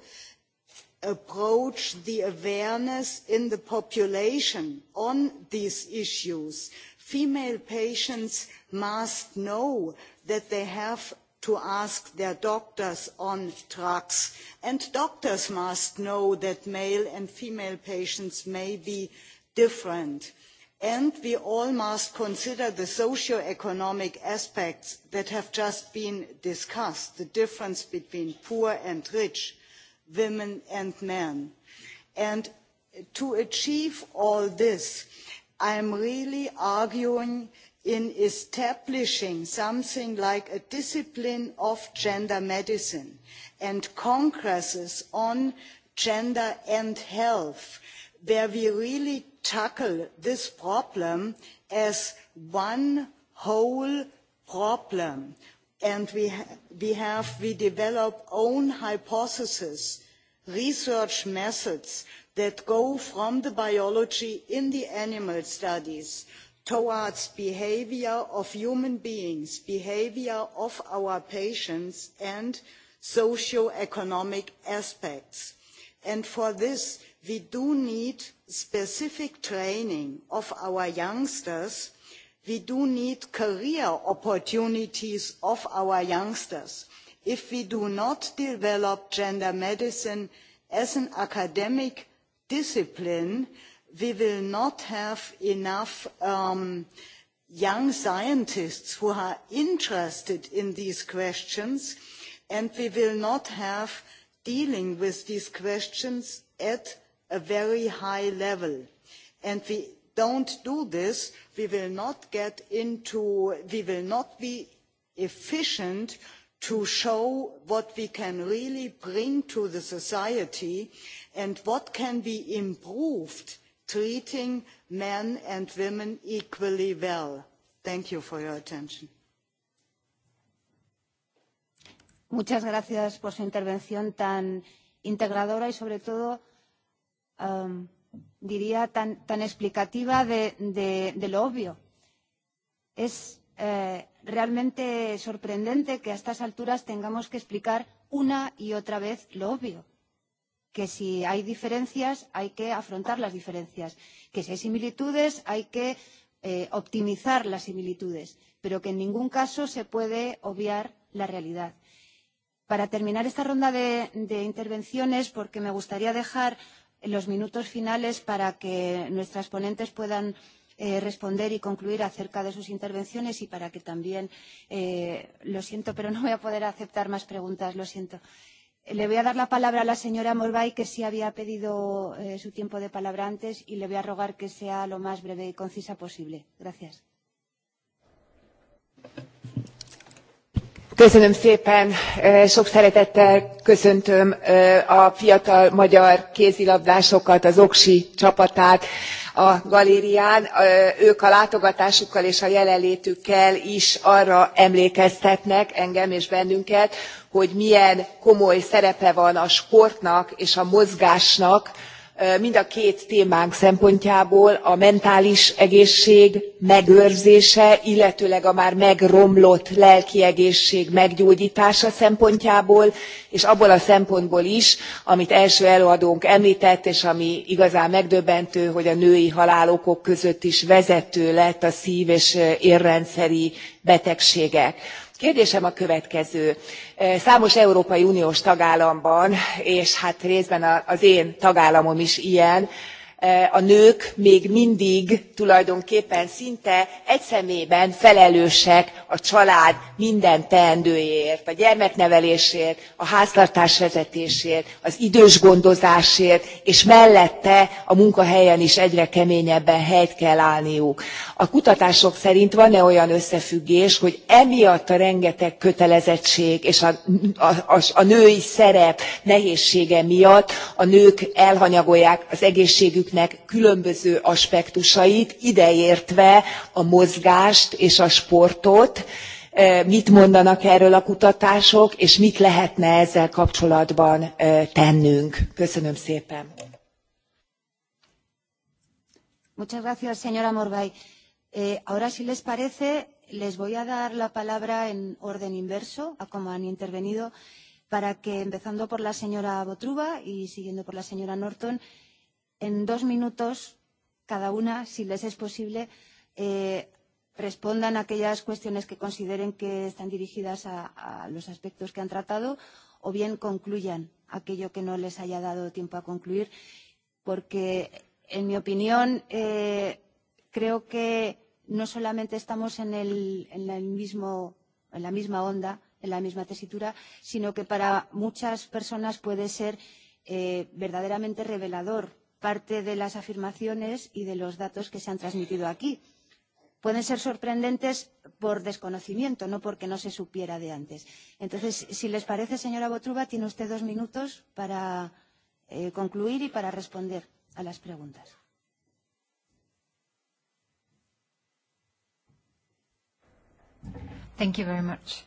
approach the awareness in the population on these issues. Female patients must know that they have to ask their doctors on drugs and doctors must know that male and female patients may be different and we all must consider the socio economic aspects that have just been discussed the difference between poor and rich women and men. And to achieve all this, I am really arguing in establishing something like a discipline of gender medicine and congresses on gender and health where we really tackle this problem as one whole problem and we, ha we have we develop own hypotheses research methods that go from the biology in the animal studies towards behaviour of human beings behaviour of our patients and socio economic aspects and for this we do need specific training of our youngsters we do need career opportunities of our youngsters. if we do not develop gender medicine as an academic discipline we will not have enough um, young scientists who are interested in these questions and we will not have dealing with these questions at a very high level. And we don't do this we will not get into we will not be efficient to show what we can really bring to the society and what can be improved treating men and women equally well. Thank you for your attention. Muchas gracias por su intervención tan integradora y sobre todo um, diría, tan, tan explicativa de, de, de lo obvio. Es eh, realmente sorprendente que a estas alturas tengamos que explicar una y otra vez lo obvio que si hay diferencias hay que afrontar las diferencias, que si hay similitudes hay que eh, optimizar las similitudes, pero que en ningún caso se puede obviar la realidad. Para terminar esta ronda de, de intervenciones, porque me gustaría dejar en los minutos finales para que nuestras ponentes puedan eh, responder y concluir acerca de sus intervenciones y para que también, eh, lo siento, pero no voy a poder aceptar más preguntas, lo siento. Le voy a dar la palabra a la señora Morbay, que sí había pedido eh, su tiempo de palabra antes, y le voy a rogar que sea lo más breve y concisa posible. Gracias. sok szeretettel köszöntöm a fiatal magyar kézilabdásokat, az Oksi csapatát a galérián. Ők a látogatásukkal és a jelenlétükkel is arra emlékeztetnek engem és bennünket, hogy milyen komoly szerepe van a sportnak és a mozgásnak a mind a két témánk szempontjából a mentális egészség megőrzése illetőleg a már megromlott lelki egészség meggyógytása szempontjából és abból a szempontból is amit első előadónk emltett és ami igazán megdöbbentő hogy a női halálokok között is vezető lett a szv és érrendszeri betegségek kérdésem a következő számos európai uniós tagállamban és hát részben az én tagállamom is ilyen Eh, a nők még mindig tulajdonképpen szinte egy személyben felelősek a család minden teendőjéért a gyermeknevelésért a háztartás vezetésért az idősgondozásért és mellette a munkahelyen is egyre keményebben helyt kell állniuk. a kutatások szerint van e olyan összefüggés hogy emiatt a rengeteg kötelezettség és a, női szerep nehézsége miatt a nők elhanyagolják az egészségüket együttnek különböző aspektusait ideértve a mozgást és a sportot mit mondanak erről a kutatások és mit lehetne ezzel kapcsolatban tennünk? köszönöm szépen. Muchas gracias, señora Morvay. Eh, ahora, si les parece, les voy a dar la palabra en orden inverso, a como han intervenido, para que, empezando por la señora Botruba y siguiendo por la señora Norton, eh, en dos minutos cada una, si les es posible, eh, respondan a aquellas cuestiones que consideren que están dirigidas a, a los aspectos que han tratado o bien concluyan aquello que no les haya dado tiempo a concluir, porque, en mi opinión, eh, creo que no solamente estamos en, el, en, el mismo, en la misma onda, en la misma tesitura, sino que para muchas personas puede ser eh, verdaderamente revelador parte de las afirmaciones y de los datos que se han transmitido aquí. Pueden ser sorprendentes por desconocimiento, no porque no se supiera de antes. Entonces, si les parece, señora Botruba, tiene usted dos minutos para eh, concluir y para responder a las preguntas. Thank you very much.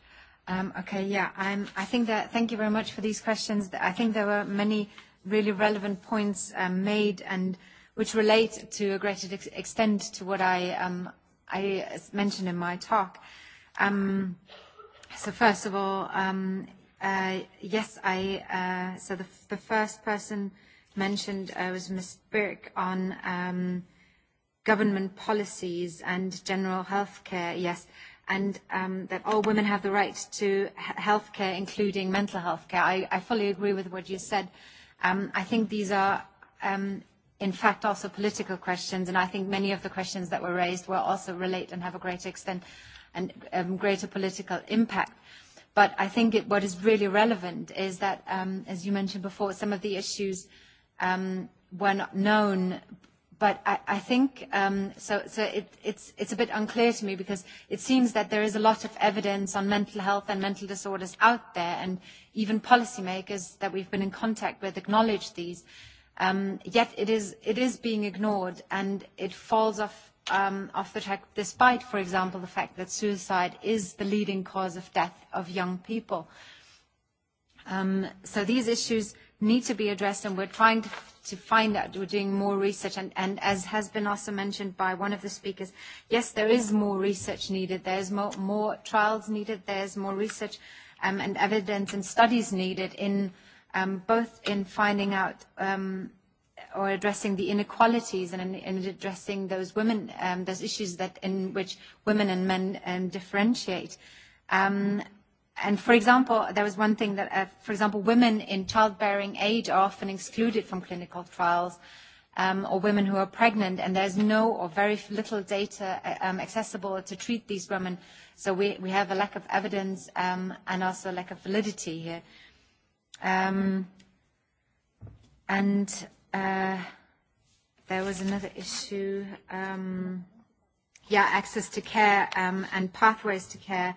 Um, okay, yeah, I'm, I think that thank you very much for these questions. I think there were many really relevant points um, made and which relate to a greater ex extent to what I, um, I mentioned in my talk. Um, so first of all, um, uh, yes, I, uh, so the, the first person mentioned uh, was Ms. Birk on um, government policies and general healthcare, yes, and um, that all women have the right to healthcare, including mental health care. I, I fully agree with what you said. Uh, Um, I think these are, um, in fact, also political questions, and I think many of the questions that were raised will also relate and have a greater extent and um, greater political impact. But I think it, what is really relevant is that, um, as you mentioned before, some of the issues um, were not known but I, I think um, so. So it, it's it's a bit unclear to me because it seems that there is a lot of evidence on mental health and mental disorders out there, and even policymakers that we've been in contact with acknowledge these. Um, yet it is it is being ignored, and it falls off um, off the track. Despite, for example, the fact that suicide is the leading cause of death of young people. Um, so these issues need to be addressed, and we're trying to, to find that. We're doing more research, and, and as has been also mentioned by one of the speakers, yes, there is more research needed. There's more, more trials needed. There's more research um, and evidence and studies needed in um, both in finding out um, or addressing the inequalities and in in addressing those women, um, those issues that in which women and men um, differentiate. Um, And for example, there was one thing that, uh, for example, women in childbearing age are often excluded from clinical trials, um, or women who are pregnant, and there's no or very little data uh, um, accessible to treat these women. So we, we have a lack of evidence um, and also a lack of validity here. Um, and uh, there was another issue, um, yeah, access to care um, and pathways to care.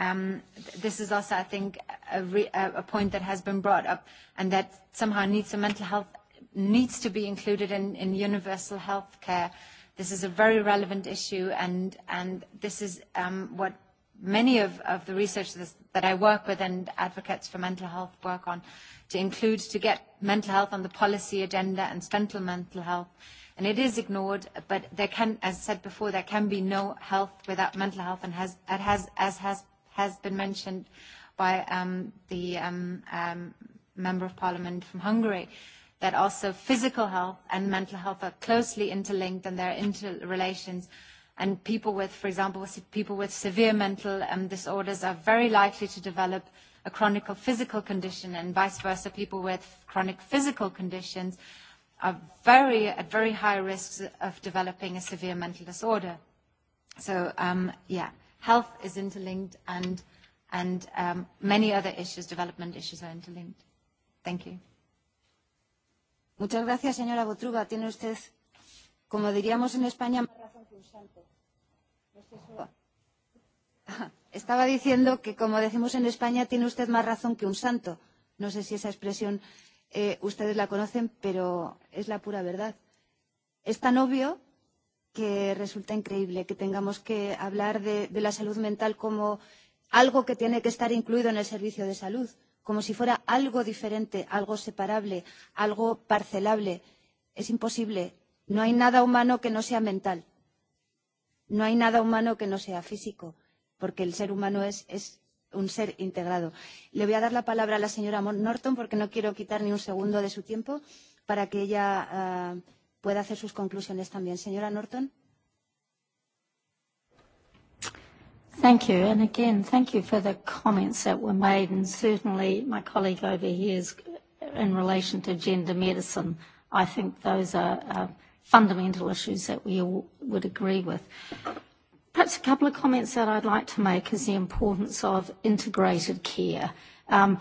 Um, this is also, I think, a, re, a point that has been brought up and that somehow needs to mental health needs to be included in, in universal health care. This is a very relevant issue and, and this is um, what many of, of the researchers that I work with and advocates for mental health work on to include to get mental health on the policy agenda and strengthen mental health. And it is ignored, but there can, as I said before, there can be no health without mental health and has, it has, as has has been mentioned by um, the um, um, Member of Parliament from Hungary, that also physical health and mental health are closely interlinked and there are interrelations. And people with, for example, people with severe mental um, disorders are very likely to develop a chronic physical condition and vice versa. People with chronic physical conditions are very, at very high risks of developing a severe mental disorder. So, um, yeah health is interlinked and, and um, many other issues, development issues are interlinked. Thank you. Muchas gracias, señora Botruga. Tiene usted, como diríamos en España, más razón que un santo. No sé eso... Estaba diciendo que, como decimos en España, tiene usted más razón que un santo. No sé si esa expresión eh, ustedes la conocen, pero es la pura verdad. Es tan obvio que resulta increíble que tengamos que hablar de, de la salud mental como algo que tiene que estar incluido en el servicio de salud, como si fuera algo diferente, algo separable, algo parcelable. Es imposible. No hay nada humano que no sea mental. No hay nada humano que no sea físico, porque el ser humano es, es un ser integrado. Le voy a dar la palabra a la señora Norton porque no quiero quitar ni un segundo de su tiempo para que ella. Uh, pueda hacer sus conclusiones también. Señora Norton. Thank you. And again, thank you for the comments that were made. And certainly my colleague over here is in relation to gender medicine. I think those are uh, fundamental issues that we all would agree with. Perhaps a couple of comments that I'd like to make is the importance of integrated care. Um,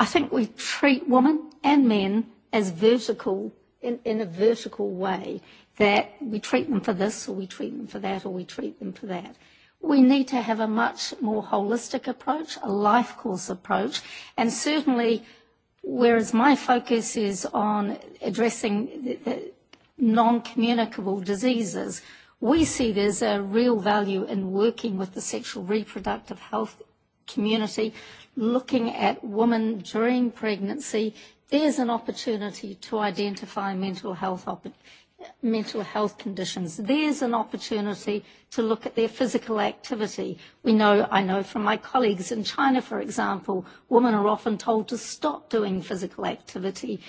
I think we treat women and men as vertical in, in a vertical way that we treat them for this or we treat them for that or we treat them for that. We need to have a much more holistic approach, a life course approach, and certainly whereas my focus is on addressing the, the non-communicable diseases, we see there's a real value in working with the sexual reproductive health community, looking at women during pregnancy there's an opportunity to identify mental health op- mental health conditions. There's an opportunity to look at their physical activity. We know, I know from my colleagues in China, for example, women are often told to stop doing physical activity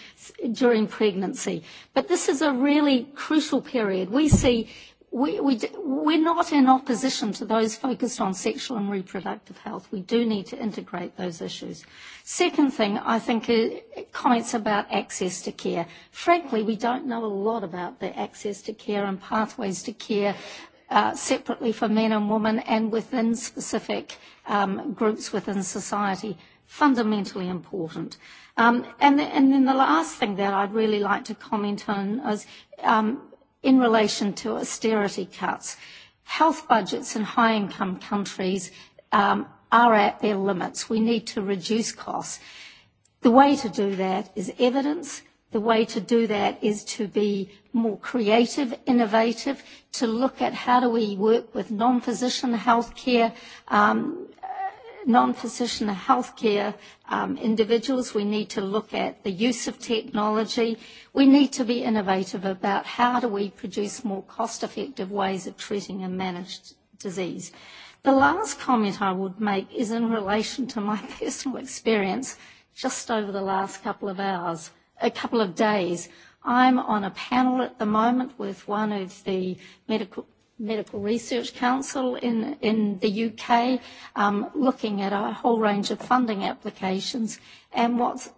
during pregnancy. But this is a really crucial period. We see we're not in opposition to those focused on sexual and reproductive health. We do need to integrate those issues. Second thing, I think, uh, comments about access to care. Frankly, we don't know a lot about the access to care and pathways to care uh, separately for men and women and within specific um, groups within society. Fundamentally important. Um, and, the, and then the last thing that I'd really like to comment on is um, in relation to austerity cuts. Health budgets in high-income countries um, are at their limits. We need to reduce costs. The way to do that is evidence. The way to do that is to be more creative, innovative, to look at how do we work with non-physician healthcare um, non-physician healthcare um, individuals. We need to look at the use of technology. We need to be innovative about how do we produce more cost-effective ways of treating and managed disease. The last comment I would make is in relation to my personal experience just over the last couple of hours, a couple of days. I'm on a panel at the moment with one of the medical Medical Research Council in, in the UK, um, looking at a whole range of funding applications. And what's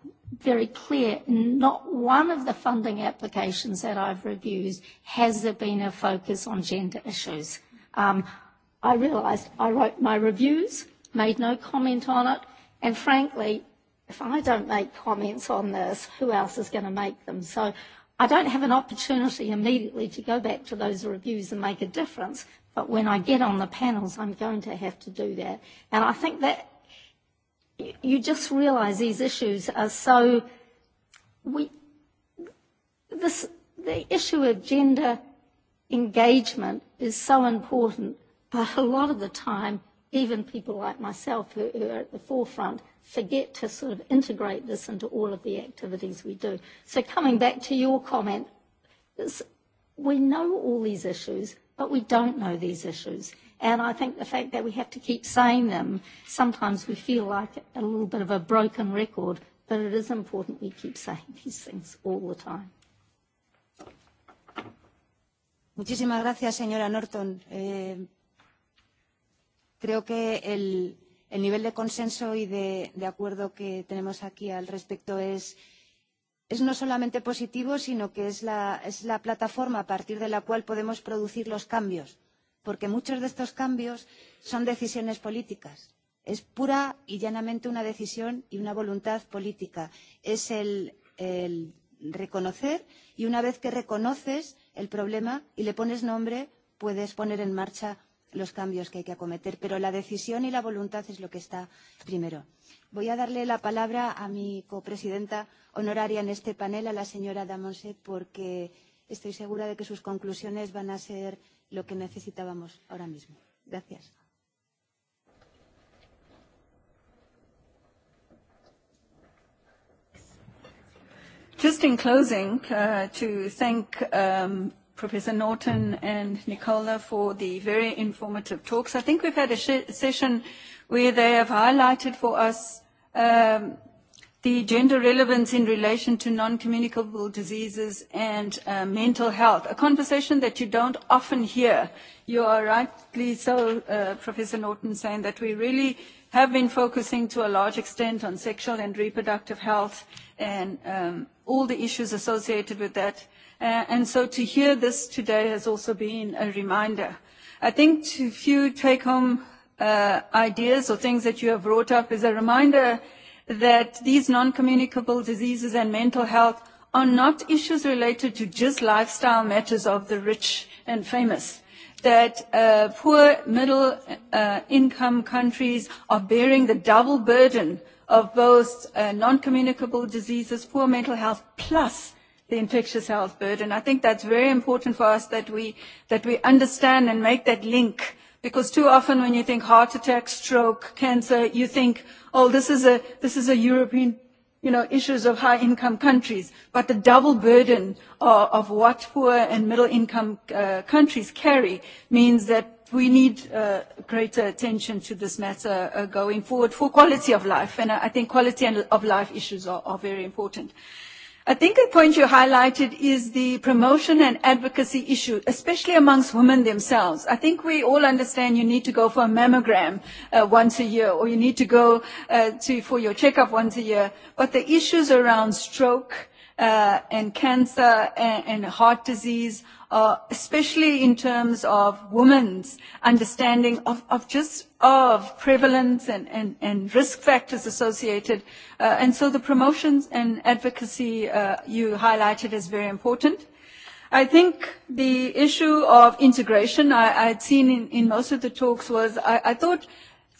very clear, not one of the funding applications that I've reviewed has there been a focus on gender issues. Um, I realised I wrote my reviews, made no comment on it, and frankly, if I don't make comments on this, who else is going to make them? So i don't have an opportunity immediately to go back to those reviews and make a difference, but when I get on the panels, I'm going to have to do that. And I think that you just realise these issues are so. We, this, the issue of gender engagement is so important, but a lot of the time, even people like myself who, who are at the forefront forget to sort of integrate this into all of the activities we do. So coming back to your comment, this, we know all these issues, but we don't know these issues. And I think the fact that we have to keep saying them, sometimes we feel like a little bit of a broken record, but it is important we keep saying these things all the time. Muchísimas gracias, señora Norton. Eh, creo que el, El nivel de consenso y de, de acuerdo que tenemos aquí al respecto es, es no solamente positivo, sino que es la, es la plataforma a partir de la cual podemos producir los cambios, porque muchos de estos cambios son decisiones políticas. Es pura y llanamente una decisión y una voluntad política. Es el, el reconocer y una vez que reconoces el problema y le pones nombre, puedes poner en marcha los cambios que hay que acometer, pero la decisión y la voluntad es lo que está primero. Voy a darle la palabra a mi copresidenta honoraria en este panel, a la señora Damonse, porque estoy segura de que sus conclusiones van a ser lo que necesitábamos ahora mismo. Gracias. Just in closing, uh, to thank um, Professor Norton and Nicola for the very informative talks. I think we've had a session where they have highlighted for us um, the gender relevance in relation to non-communicable diseases and uh, mental health, a conversation that you don't often hear. You are rightly so, uh, Professor Norton, saying that we really have been focusing to a large extent on sexual and reproductive health and um, all the issues associated with that Uh, and so to hear this today has also been a reminder. I think to few take-home uh, ideas or things that you have brought up is a reminder that these non-communicable diseases and mental health are not issues related to just lifestyle matters of the rich and famous that uh, poor middle uh, income countries are bearing the double burden of both uh, non-communicable diseases, poor mental health, plus the infectious health burden. I think that's very important for us that we, that we understand and make that link because too often when you think heart attack, stroke, cancer, you think, oh, this is a, this is a European you know, issues of high income countries, but the double burden of, of what poor and middle income uh, countries carry means that we need uh, greater attention to this matter uh, going forward for quality of life. And I think quality of life issues are, are very important. Uh, i think a point you highlighted is the promotion and advocacy issue, especially amongst women themselves. I think we all understand you need to go for a mammogram uh, once a year, or you need to go uh, to, for your checkup once a year. But the issues around stroke uh, and cancer and, and heart disease, uh, especially in terms of women's understanding of, of just of prevalence and, and, and risk factors associated. Uh, and so the promotions and advocacy uh, you highlighted is very important. I think the issue of integration I, I'd had seen in, in most of the talks was I, I thought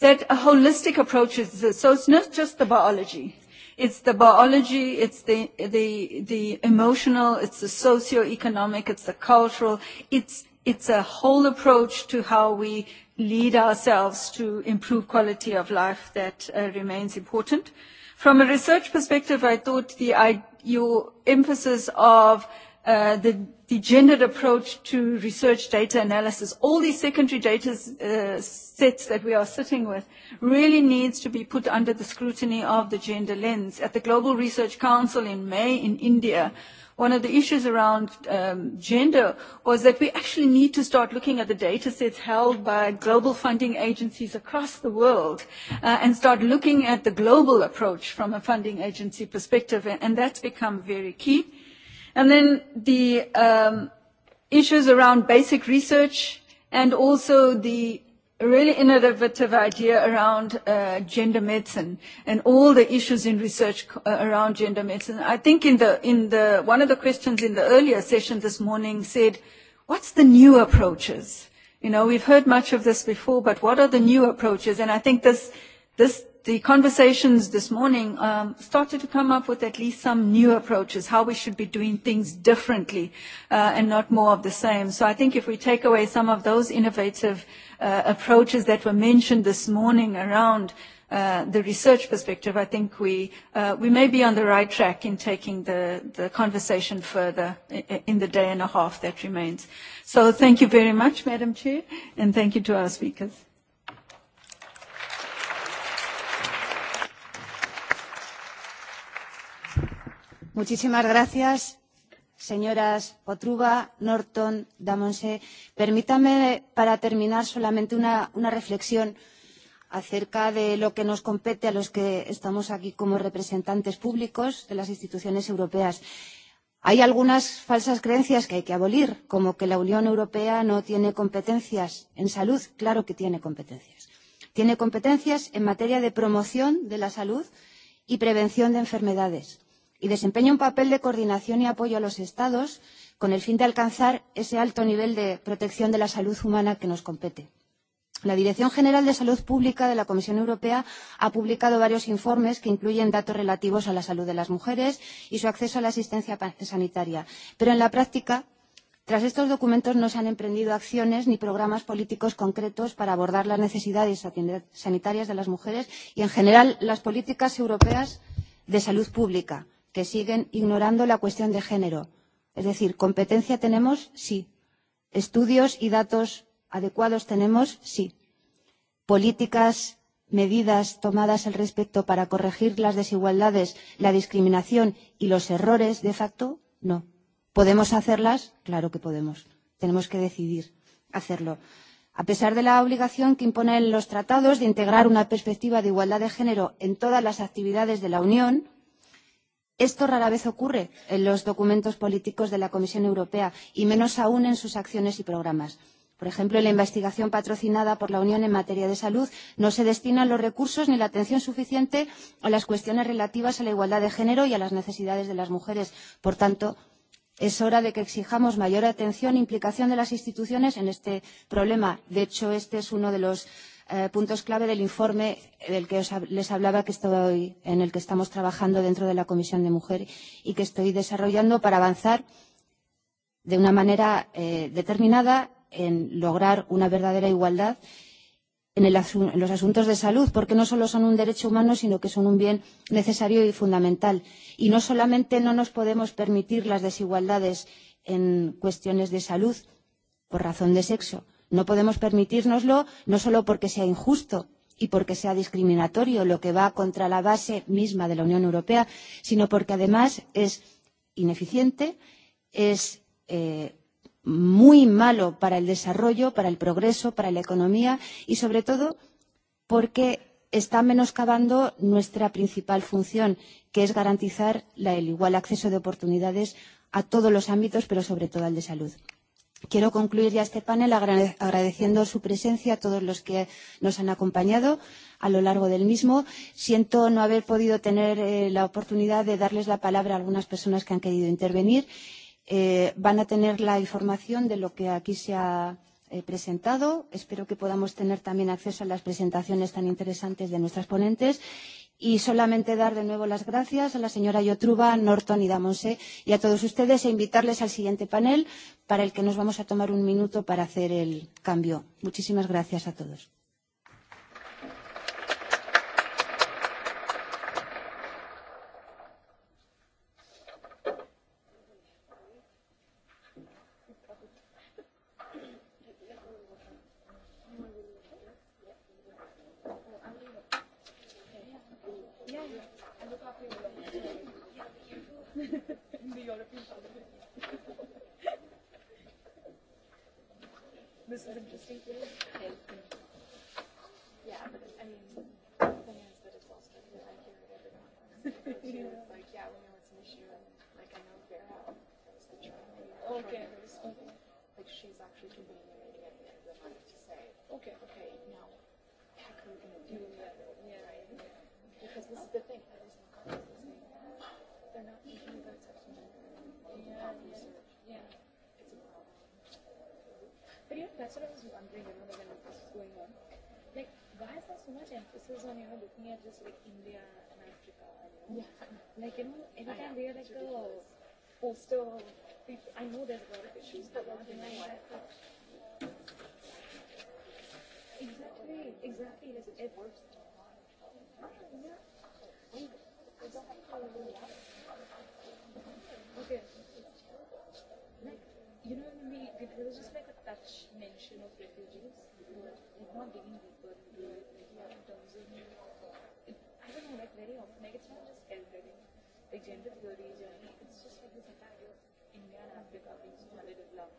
that a holistic approach is this. So it's not just the biology. It's the biology, it's the, the, the emotional, it's the socio-economic, it's the cultural, it's it's a whole approach to how we lead ourselves to improve quality of life that uh, remains important. From a research perspective, I thought the, I, your emphasis of uh, the the gendered approach to research data analysis, all these secondary data uh, sets that we are sitting with, really needs to be put under the scrutiny of the gender lens. At the Global Research Council in May in India, one of the issues around um, gender was that we actually need to start looking at the data sets held by global funding agencies across the world uh, and start looking at the global approach from a funding agency perspective. And, and that's become very key. And then the um, issues around basic research and also the a really innovative idea around uh, gender medicine and all the issues in research uh, around gender medicine. I think in the, in the, one of the questions in the earlier session this morning said, what's the new approaches? You know, we've heard much of this before, but what are the new approaches? And I think this, this, the conversations this morning um, started to come up with at least some new approaches, how we should be doing things differently uh, and not more of the same. So I think if we take away some of those innovative uh, uh, approaches that were mentioned this morning around uh, the research perspective, I think we, uh, we may be on the right track in taking the, the conversation further in the day and a half that remains. So thank you very much, Madam Chair, and thank you to our speakers. Muchísimas gracias señoras Potruga, Norton, Damonse, permítame para terminar solamente una, una reflexión acerca de lo que nos compete a los que estamos aquí como representantes públicos de las instituciones europeas. Hay algunas falsas creencias que hay que abolir, como que la Unión Europea no tiene competencias en salud. Claro que tiene competencias. Tiene competencias en materia de promoción de la salud y prevención de enfermedades y desempeña un papel de coordinación y apoyo a los Estados con el fin de alcanzar ese alto nivel de protección de la salud humana que nos compete. La Dirección General de Salud Pública de la Comisión Europea ha publicado varios informes que incluyen datos relativos a la salud de las mujeres y su acceso a la asistencia sanitaria. Pero en la práctica, tras estos documentos no se han emprendido acciones ni programas políticos concretos para abordar las necesidades sanitarias de las mujeres y, en general, las políticas europeas de salud pública que siguen ignorando la cuestión de género. Es decir, competencia tenemos, sí. Estudios y datos adecuados tenemos, sí. Políticas, medidas tomadas al respecto para corregir las desigualdades, la discriminación y los errores de facto, no. ¿Podemos hacerlas? Claro que podemos. Tenemos que decidir hacerlo. A pesar de la obligación que imponen los tratados de integrar una perspectiva de igualdad de género en todas las actividades de la Unión, Esto rara vez ocurre en los documentos políticos de la Comisión Europea y menos aún en sus acciones y programas. Por ejemplo, en la investigación patrocinada por la Unión en materia de salud no se destinan los recursos ni la atención suficiente a las cuestiones relativas a la igualdad de género y a las necesidades de las mujeres. Por tanto, es hora de que exijamos mayor atención e implicación de las instituciones en este problema. De hecho, este es uno de los eh, puntos clave del informe del que os, les hablaba que estoy, en el que estamos trabajando dentro de la Comisión de Mujer y que estoy desarrollando para avanzar de una manera eh, determinada en lograr una verdadera igualdad en, el en los asuntos de salud, porque no solo son un derecho humano, sino que son un bien necesario y fundamental. Y no solamente no nos podemos permitir las desigualdades en cuestiones de salud por razón de sexo, No podemos permitírnoslo no solo porque sea injusto y porque sea discriminatorio, lo que va contra la base misma de la Unión Europea, sino porque además es ineficiente, es eh, muy malo para el desarrollo, para el progreso, para la economía y, sobre todo, porque está menoscabando nuestra principal función, que es garantizar la, el igual acceso de oportunidades a todos los ámbitos, pero sobre todo al de salud. Quiero concluir ya este panel agradeciendo su presencia a todos los que nos han acompañado a lo largo del mismo. Siento no haber podido tener eh, la oportunidad de darles la palabra a algunas personas que han querido intervenir. Eh, van a tener la información de lo que aquí se ha eh, presentado. Espero que podamos tener también acceso a las presentaciones tan interesantes de nuestras ponentes Y solamente dar de nuevo las gracias a la señora Yotruba, Norton y Damonse y a todos ustedes e invitarles al siguiente panel para el que nos vamos a tomar un minuto para hacer el cambio. Muchísimas gracias a todos. so much emphasis on, you know, looking at just like India and Africa, Yeah. Like, you know, we are like a oh, poster, oh, I know there's a lot of issues, but not exactly, exactly. it works. Okay. Like, you know, we, there was just like a touch mention of refugees, like not digging deeper into it very often. Like it's not just Like gender theory, journey, it's just like this entire India and Africa being so underdeveloped.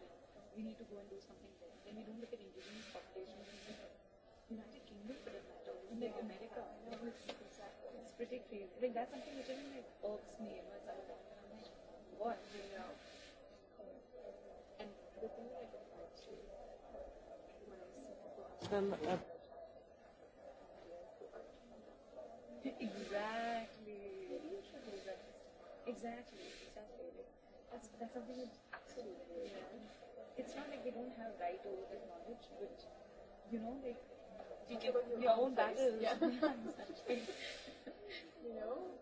We need to go and do something there. When we don't look at indigenous populations in the United Kingdom for that matter, even like America. it's, pretty crazy. Like that's something which even like irks me. You know, it's like, what? You know? And the thing that I don't like to when I see people um, uh, Exactly. Exactly. Exactly. That's that's something that's absolutely. You know? It's not like they don't have right over that knowledge, but you know, like you can your, your own battles. Yeah. you know,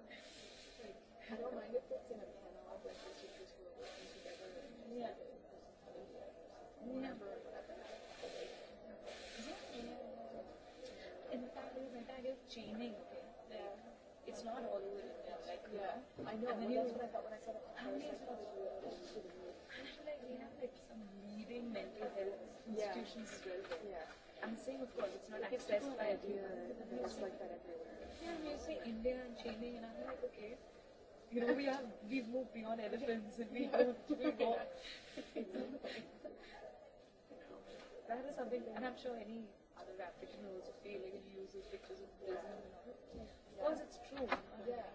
like I don't mind if it's in a panel, but it's just who are working together. yeah yeah. Whatever, whatever. Yeah. in the fact is, the fact is chaining it's not Hollywood. It's, like, yeah. I know. And then well, that's what I thought when I saw ah, it was really good. And I feel like have like some leading mental health yeah. as well. Yeah. I'm saying, of course, it's not like accessed it's by idea. Yeah, it's like that everywhere. Yeah, when you say India and Chennai, and I'm like, okay. You know, we have we've moved beyond elephants and we have we walk. that is something, and I'm sure any other African will also feel like he uses pictures of Buddhism yeah. and all. Yeah course it's true. Yeah.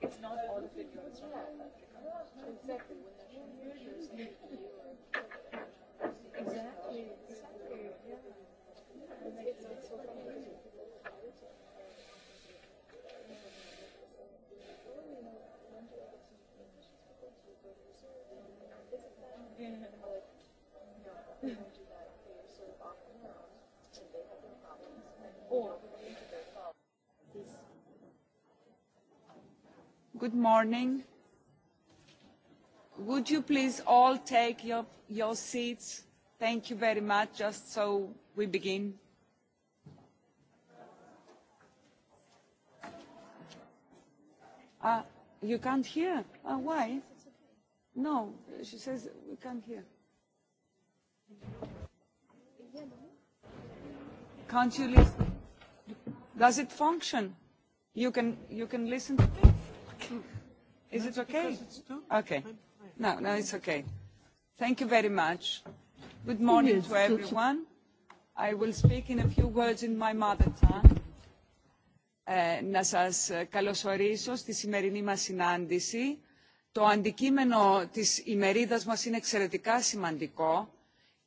It's not all the figures from Exactly. Exactly. Exactly. Yeah. And it's, it's so funny. Good morning. Would you please all take your, your seats? Thank you very much, just so we begin. Uh, you can't hear? Uh, why? No, she says we can't hear. Can't you listen? Does it function? You can, you can listen to Is no, it okay? Okay. No, no, it's okay. Thank you very much. Good morning to everyone. I will speak in a few words in my mother tongue. Ε, να σας καλωσορίσω στη σημερινή μας συνάντηση. Το αντικείμενο της ημερίδας μας είναι εξαιρετικά σημαντικό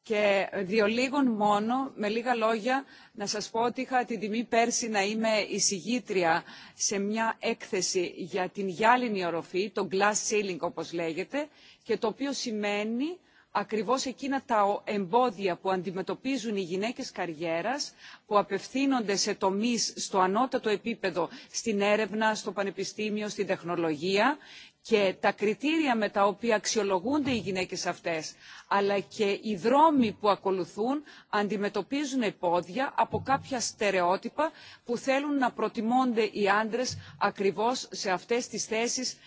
και δύο λίγων μόνο, με λίγα λόγια, να σας πω ότι είχα την τιμή πέρσι να είμαι εισηγήτρια σε μια έκθεση για την γυάλινη οροφή, το glass ceiling όπως λέγεται, και το οποίο σημαίνει ακριβώς εκείνα τα εμπόδια που αντιμετωπίζουν οι γυναίκες καριέρας που απευθύνονται σε τομείς στο ανώτατο επίπεδο στην έρευνα, στο πανεπιστήμιο, στην τεχνολογία και τα κριτήρια με τα οποία αξιολογούνται οι γυναίκες αυτές, αλλά και οι δρόμοι που ακολουθούν αντιμετωπίζουν επόδια από κάποια στερεότυπα που θέλουν να προτιμώνται οι άντρες ακριβώς σε αυτές τις θέσεις,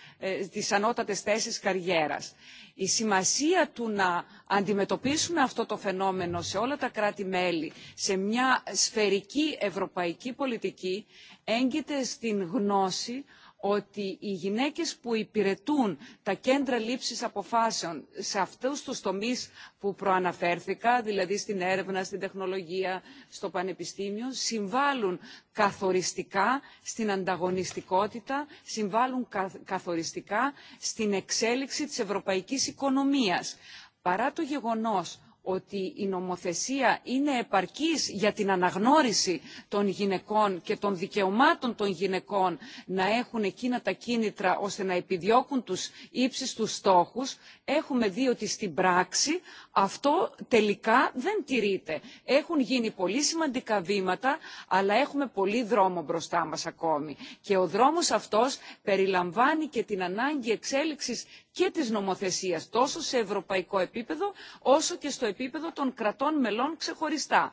τις ανώτατες θέσεις καριέρας. Η σημασία του να αντιμετωπίσουμε αυτό το φαινόμενο σε όλα τα κράτη-μέλη, σε μια σφαιρική ευρωπαϊκή πολιτική, έγκυται στην γνώση ότι οι γυναίκες που υπηρετούν τα κέντρα λήψης αποφάσεων σε αυτούς τους τομείς που προαναφέρθηκα, δηλαδή στην έρευνα, στην τεχνολογία, στο πανεπιστήμιο, συμβάλλουν καθοριστικά στην ανταγωνιστικότητα, συμβάλλουν καθοριστικά στην εξέλιξη της ευρωπαϊκής οικονομίας. Παρά το γεγονός ότι η νομοθεσία είναι επαρκής για την αναγνώριση των γυναικών και των δικαιωμάτων των γυναικών να έχουν εκείνα τα κίνητρα ώστε να επιδιώκουν τους ύψιστους στόχους, έχουμε δει ότι στην πράξη αυτό τελικά δεν τηρείται. Έχουν γίνει πολύ σημαντικά βήματα, αλλά έχουμε πολύ δρόμο μπροστά μας ακόμη. Και ο δρόμος αυτός περιλαμβάνει και την ανάγκη εξέλιξης και της νομοθεσίας τόσο σε ευρωπαϊκό επίπεδο όσο και στο επίπεδο των κρατών μελών ξεχωριστά.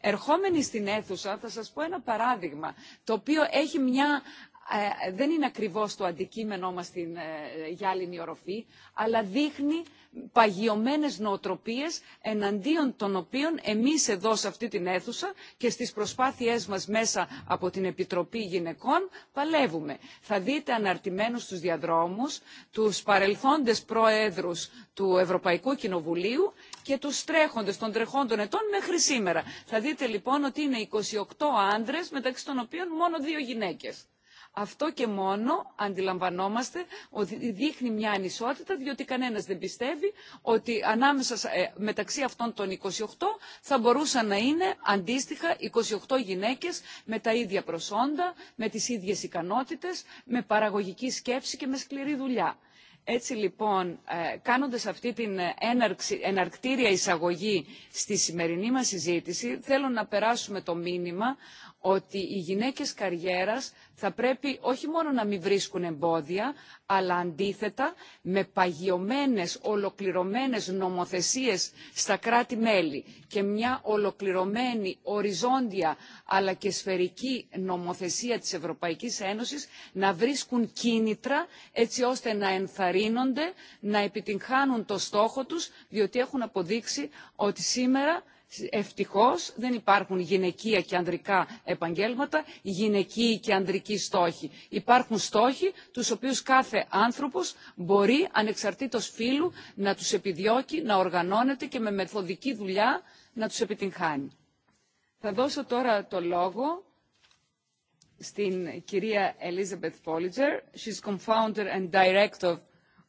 Ερχόμενοι στην αίθουσα θα σας πω ένα παράδειγμα το οποίο έχει μια δεν είναι ακριβώς το αντικείμενό μας στην γυάλινη οροφή, αλλά δείχνει παγιωμένες νοοτροπίες εναντίον των οποίων εμείς εδώ σε αυτή την αίθουσα και στις προσπάθειές μας μέσα από την Επιτροπή Γυναικών παλεύουμε. Θα δείτε αναρτημένους στους διαδρόμους τους παρελθόντες προέδρους του Ευρωπαϊκού Κοινοβουλίου και τους τρέχοντες των τρεχόντων ετών μέχρι σήμερα. Θα δείτε λοιπόν ότι είναι 28 άντρες μεταξύ των οποίων μόνο δύο γυναίκες. Αυτό και μόνο αντιλαμβανόμαστε ότι δείχνει μια ανισότητα, διότι κανένας δεν πιστεύει ότι ανάμεσα μεταξύ αυτών των 28 θα μπορούσαν να είναι αντίστοιχα 28 γυναίκες με τα ίδια προσόντα, με τις ίδιες ικανότητες, με παραγωγική σκέψη και με σκληρή δουλειά. Έτσι λοιπόν, κάνοντας αυτή την εναρκτήρια εισαγωγή στη σημερινή μας συζήτηση, θέλω να περάσουμε το μήνυμα ότι οι γυναίκες καριέρας θα πρέπει όχι μόνο να μην βρίσκουν εμπόδια, αλλά αντίθετα με παγιωμένες, ολοκληρωμένες νομοθεσίες στα κράτη-μέλη και μια ολοκληρωμένη, οριζόντια αλλά και σφαιρική νομοθεσία της Ευρωπαϊκής Ένωσης να βρίσκουν κίνητρα έτσι ώστε να ενθαρρύνονται, να επιτυγχάνουν το στόχο τους, διότι έχουν αποδείξει ότι σήμερα Ευτυχώ δεν υπάρχουν γυναικεία και ανδρικά επαγγέλματα, γυναικοί και ανδρικοί στόχοι. Υπάρχουν στόχοι του οποίου κάθε άνθρωπο μπορεί ανεξαρτήτω φύλου να του επιδιώκει, να οργανώνεται και με μεθοδική δουλειά να του επιτυγχάνει. Θα δώσω τώρα το λόγο στην κυρία Elizabeth Πόλιτζερ. She's co-founder and director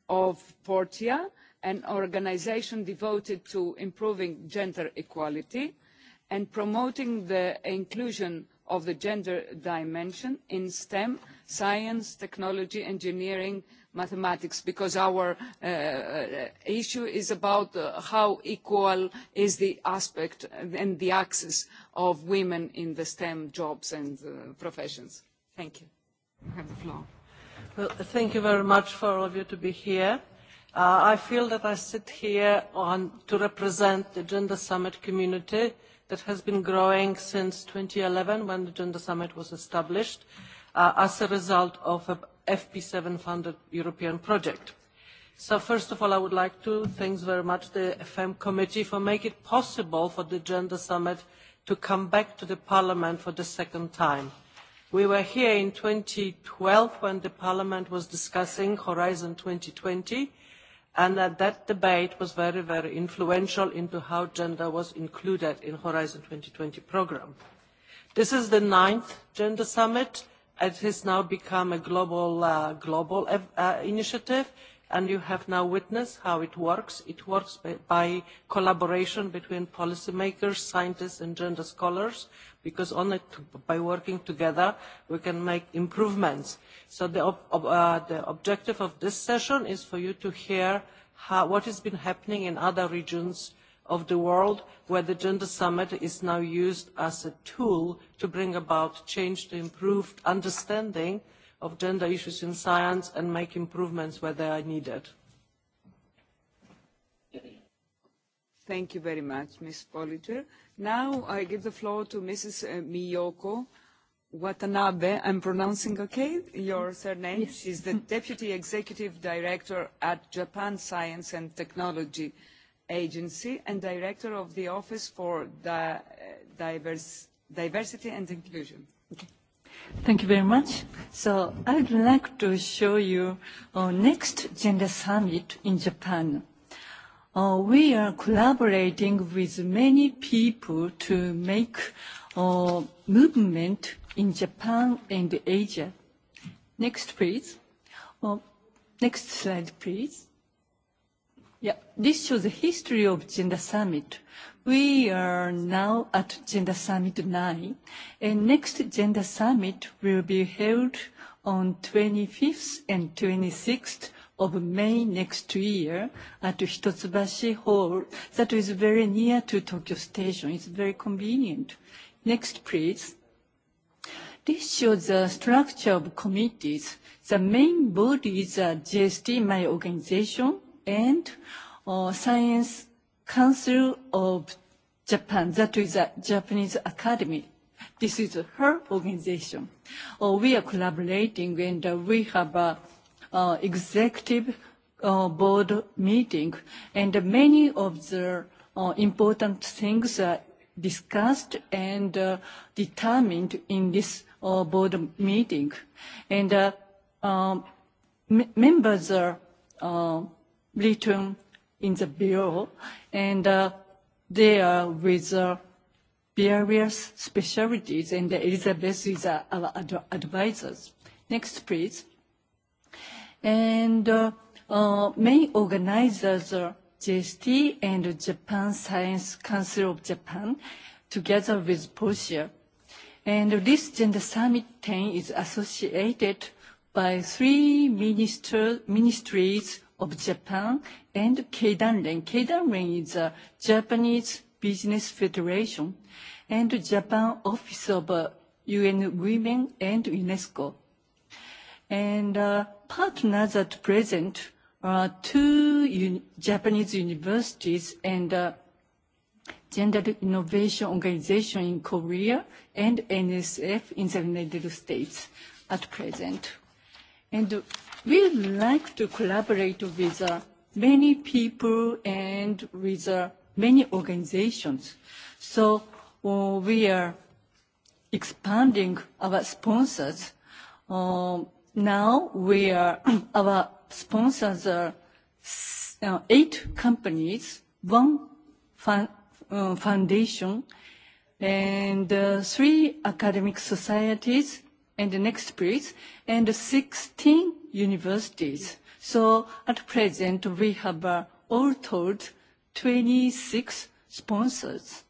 of Portia an organisation devoted to improving gender equality and promoting the inclusion of the gender dimension in STEM, science, technology, engineering, mathematics, because our uh, issue is about uh, how equal is the aspect and the access of women in the STEM jobs and uh, professions. Thank you. You have the floor. Well, thank you very much for all of you to be here. Uh, I feel that I sit here on, to represent the Gender Summit community that has been growing since 2011 when the Gender Summit was established uh, as a result of a FP7 funded European project. So first of all, I would like to thank very much the FM committee for making it possible for the Gender Summit to come back to the Parliament for the second time. We were here in 2012 when the Parliament was discussing Horizon 2020 and that that debate was very, very influential into how gender was included in Horizon 2020 program. This is the ninth gender summit. It has now become a global, uh, global uh, initiative, and you have now witnessed how it works. It works by, by collaboration between policymakers, scientists, and gender scholars, because only to, by working together we can make improvements So the, ob uh, the objective of this session is for you to hear how, what has been happening in other regions of the world where the gender summit is now used as a tool to bring about change to improve understanding of gender issues in science and make improvements where they are needed. Thank you very much, Ms. Politer. Now I give the floor to Mrs. Uh, Miyoko Watanabe, I'm pronouncing okay your surname? Yes. She's the Deputy Executive Director at Japan Science and Technology Agency and Director of the Office for Di Diverse, Diversity and Inclusion. Okay. Thank you very much. So I'd like to show you our next gender summit in Japan. Uh, we are collaborating with many people to make uh, movement in Japan and Asia. Next, please. Well, next slide, please. Yeah, this shows the history of Gender Summit. We are now at Gender Summit 9, and next Gender Summit will be held on 25th and 26th of May next year at Hitotsubashi Hall. That is very near to Tokyo Station. It's very convenient. Next, please. This shows the structure of committees. The main body is are GST, my organization, and uh, Science Council of Japan, that is a Japanese academy. This is her organization. Uh, we are collaborating and uh, we have a uh, uh, executive uh, board meeting and uh, many of the uh, important things are uh, discussed and uh, determined in this uh, board meeting. And uh, um, members are uh, written in the bureau, and uh, they are with uh, various specialties, and Elizabeth is uh, our ad advisors. Next, please. And uh, uh, main organizers are JST and Japan Science Council of Japan, together with POSIA. And this Gender Summit 10 is associated by three minister, ministries of Japan and Keidanren. Keidanren is a Japanese business federation and Japan office of UN Women and UNESCO. And uh, partners at present Uh, two un Japanese universities and a uh, Gender Innovation Organization in Korea and NSF in the United States at present. And we like to collaborate with uh, many people and with uh, many organizations. So uh, we are expanding our sponsors. Uh, now we are our sponsor the uh, uh, eight companies, one uh, foundation, and three academic societies, and the next please, and 16 universities. So at present, we have all told 26 sponsors.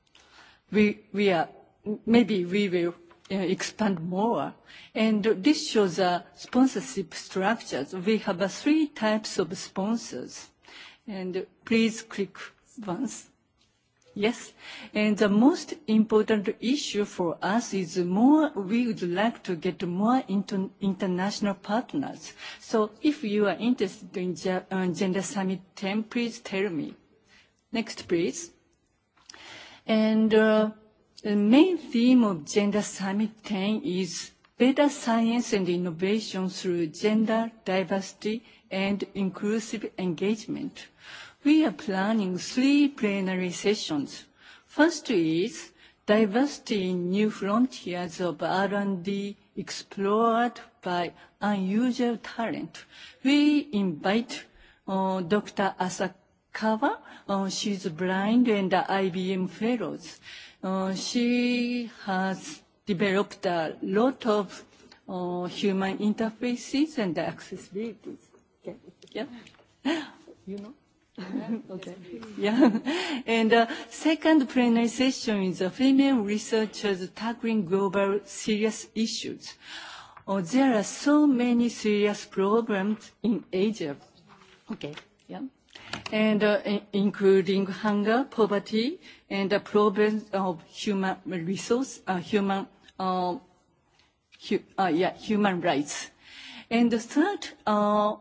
we are, maybe we will Uh, expand more. And this shows the uh, sponsorship structures. We have uh, three types of sponsors. And please click once. Yes. And the most important issue for us is more, we would like to get more international partners. So if you are interested in Gender Summit 10, please tell me. Next, please. And The main theme of Gender Summit 10 is better science and innovation through gender diversity and inclusive engagement. We are planning three plenary sessions. First is diversity in new frontiers of R&D explored by unusual talent. We invite uh, Dr. Asakawa, uh, she's blind and IBM fellows. Uh, she has developed a lot of uh, human interfaces and accessibility. Okay. Yeah. You know? Yeah. okay. Yeah. And uh, second plenary session is uh, female researchers tackling global serious issues. Oh, there are so many serious problems in Asia. Okay. Yeah and uh, including hunger, poverty, and the problems of human resource, uh, human, uh, hu uh, yeah, human rights. And the third uh,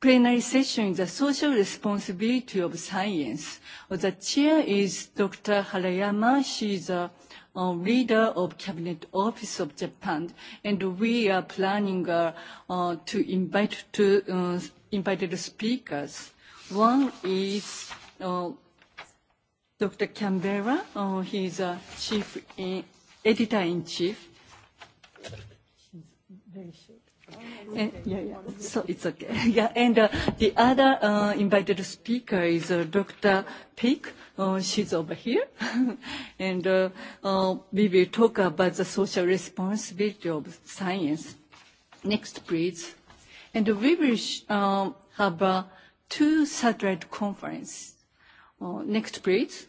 plenary session is the social responsibility of science. The chair is Dr. Harayama. She's a uh, leader of Cabinet Office of Japan, and we are planning uh, uh, to invite two uh, invited speakers. One is uh, Dr. Canberra. Uh, he's a chief in, eh, editor in chief. She's very Eh, yeah, yeah. So it's okay. Yeah, and uh, the other uh, invited speaker is uh, Dr. Peak. she's over here. and we will talk about the social responsibility of science. Next, please. And we will have two satellite conference. next, please.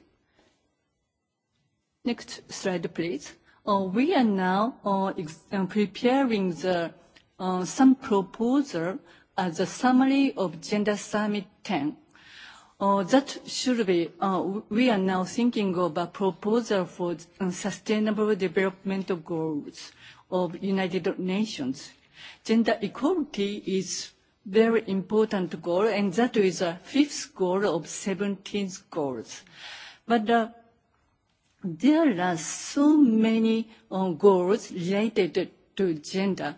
Next slide, please. we are now preparing the Uh, some proposal as a summary of Gender Summit 10. Uh, that should be, uh, we are now thinking of a proposal for uh, sustainable development goals of United Nations. Gender equality is very important goal, and that is a fifth goal of 17 goals. But uh, there are so many uh, goals related to gender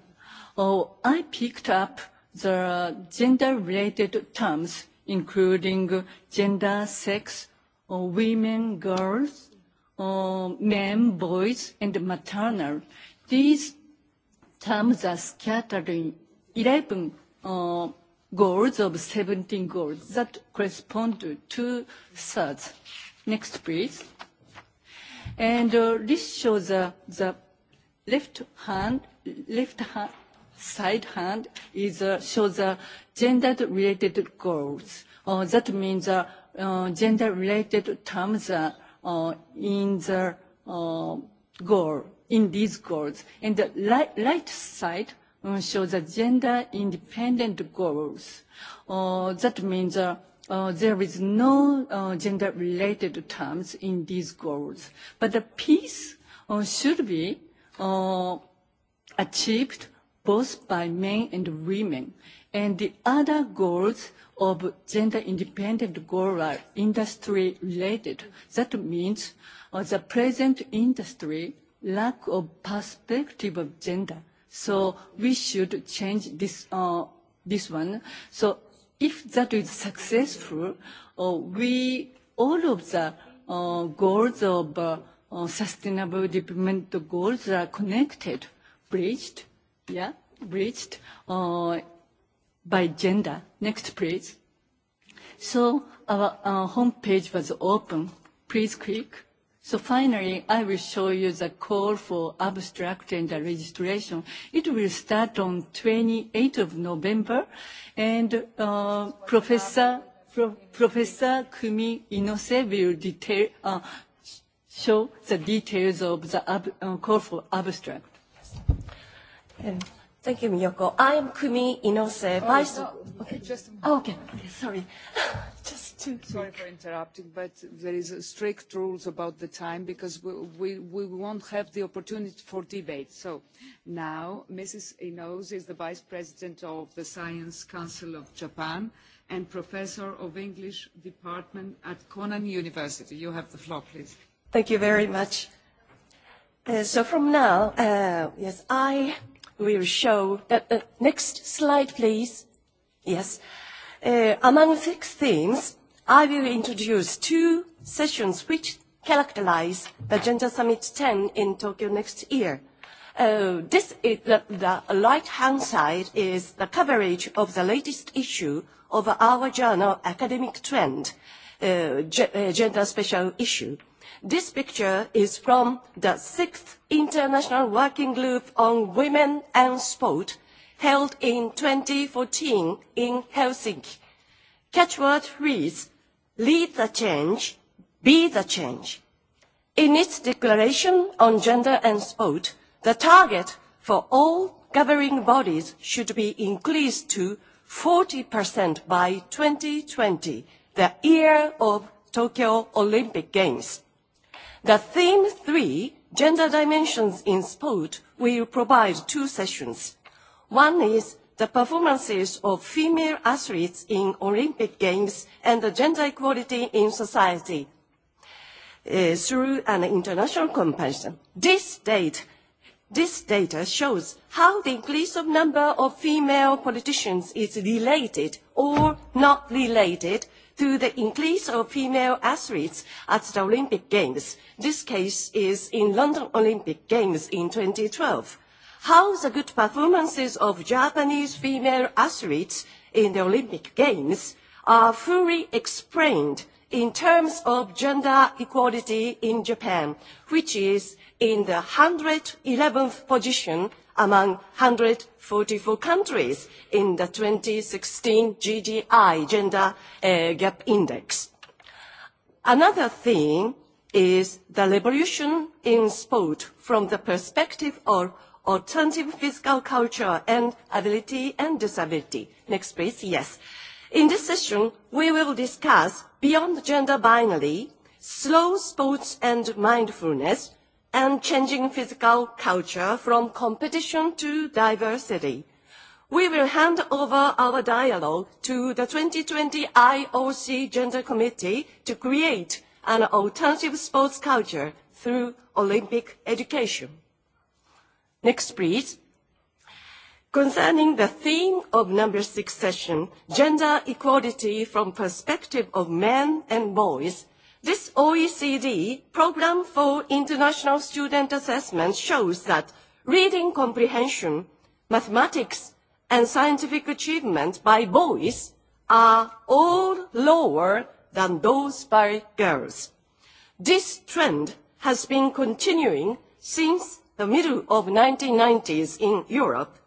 Oh, I picked up the gender-related terms, including gender, sex, oh, women, girls, oh, men, boys, and maternal. These terms are scattered in 11 uh, goals of 17 goals that correspond to two-thirds. Next, please. And uh, this shows uh, the left hand, left hand, side hand is uh, shows the uh, gender-related goals. Uh, that means uh, uh, gender-related terms uh, uh, in the uh, goal, in these goals. And the right, right side uh, shows the gender-independent goals. Uh, that means uh, uh, there is no uh, gender-related terms in these goals. But the peace uh, should be uh, achieved both by men and women. And the other goals of gender-independent goal are industry-related. That means uh, the present industry lack of perspective of gender. So we should change this, uh, this one. So if that is successful, uh, we, all of the uh, goals of uh, uh, sustainable development goals are connected, bridged, yeah, reached uh, by gender. Next, please. So our uh, homepage was open. Please click. So finally, I will show you the call for abstract and the registration. It will start on 28th of November, and uh, Professor Kumi Inose will show the details of the call for abstract. And thank you, Miyoko. I am Kumi Inose, oh, Vice. No, okay. Just oh, okay. sorry. just to. Sorry for interrupting, but there is strict rules about the time because we, we, we won't have the opportunity for debate. So now, Mrs. Inose is the Vice President of the Science Council of Japan and Professor of English Department at Konan University. You have the floor, please. Thank you very much. Uh, so from now, uh, yes, I will show that uh, the uh, next slide, please. Yes. Uh, among six themes, I will introduce two sessions which characterize the Gender Summit 10 in Tokyo next year. Uh, this is the, the right-hand side is the coverage of the latest issue of our journal Academic Trend, uh, ge uh, Gender Special Issue. This picture is from the sixth International Working Group on Women and Sport, held in 2014 in Helsinki. Catchword reads, Lead the change, be the change. In its declaration on gender and sport, the target for all governing bodies should be increased to 40% by 2020, the year of Tokyo Olympic Games. The theme three, gender dimensions in sport, will provide two sessions. One is the performances of female athletes in Olympic Games and the gender equality in society uh, through an international comparison. This date This data shows how the increase of number of female politicians is related or not related to the increase of female athletes at the Olympic Games. This case is in London Olympic Games in 2012. How the good performances of Japanese female athletes in the Olympic Games are fully explained in terms of gender equality in Japan, which is in the 111th position among 144 countries in the 2016 GDI, Gender uh, Gap Index. Another theme is the revolution in sport from the perspective of alternative physical culture and ability and disability. Next, please. Yes. In this session, we will discuss beyond gender binary, slow sports and mindfulness, and changing physical culture from competition to diversity. We will hand over our dialogue to the 2020 IOC Gender Committee to create an alternative sports culture through Olympic education. Next, please. Concerning the theme of number six session, gender equality from perspective of men and boys, This OECD Program for International Student Assessment shows that reading comprehension, mathematics, and scientific achievement by boys are all lower than those by girls. This trend has been continuing since the middle of 1990s in Europe.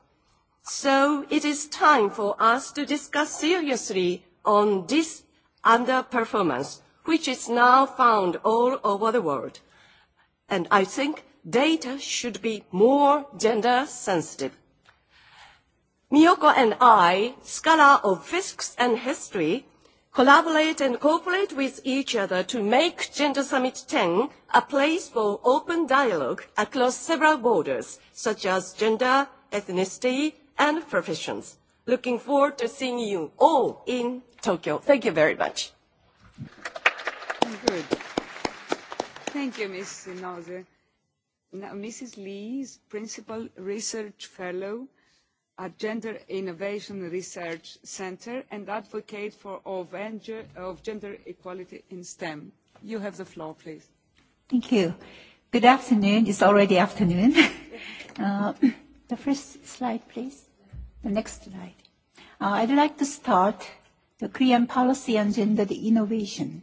So it is time for us to discuss seriously on this underperformance which is now found all over the world. And I think data should be more gender sensitive. Miyoko and I, scholar of physics and history, collaborate and cooperate with each other to make Gender Summit 10 a place for open dialogue across several borders, such as gender, ethnicity, and professions. Looking forward to seeing you all in Tokyo. Thank you very much. Good. Thank you, Ms. Noze. Now, Mrs. Lee is Principal Research Fellow at Gender Innovation Research Center and advocate for of, of gender equality in STEM. You have the floor, please. Thank you. Good afternoon. It's already afternoon. uh, the first slide, please. The next slide. Uh, I'd like to start the Korean policy on gender innovation.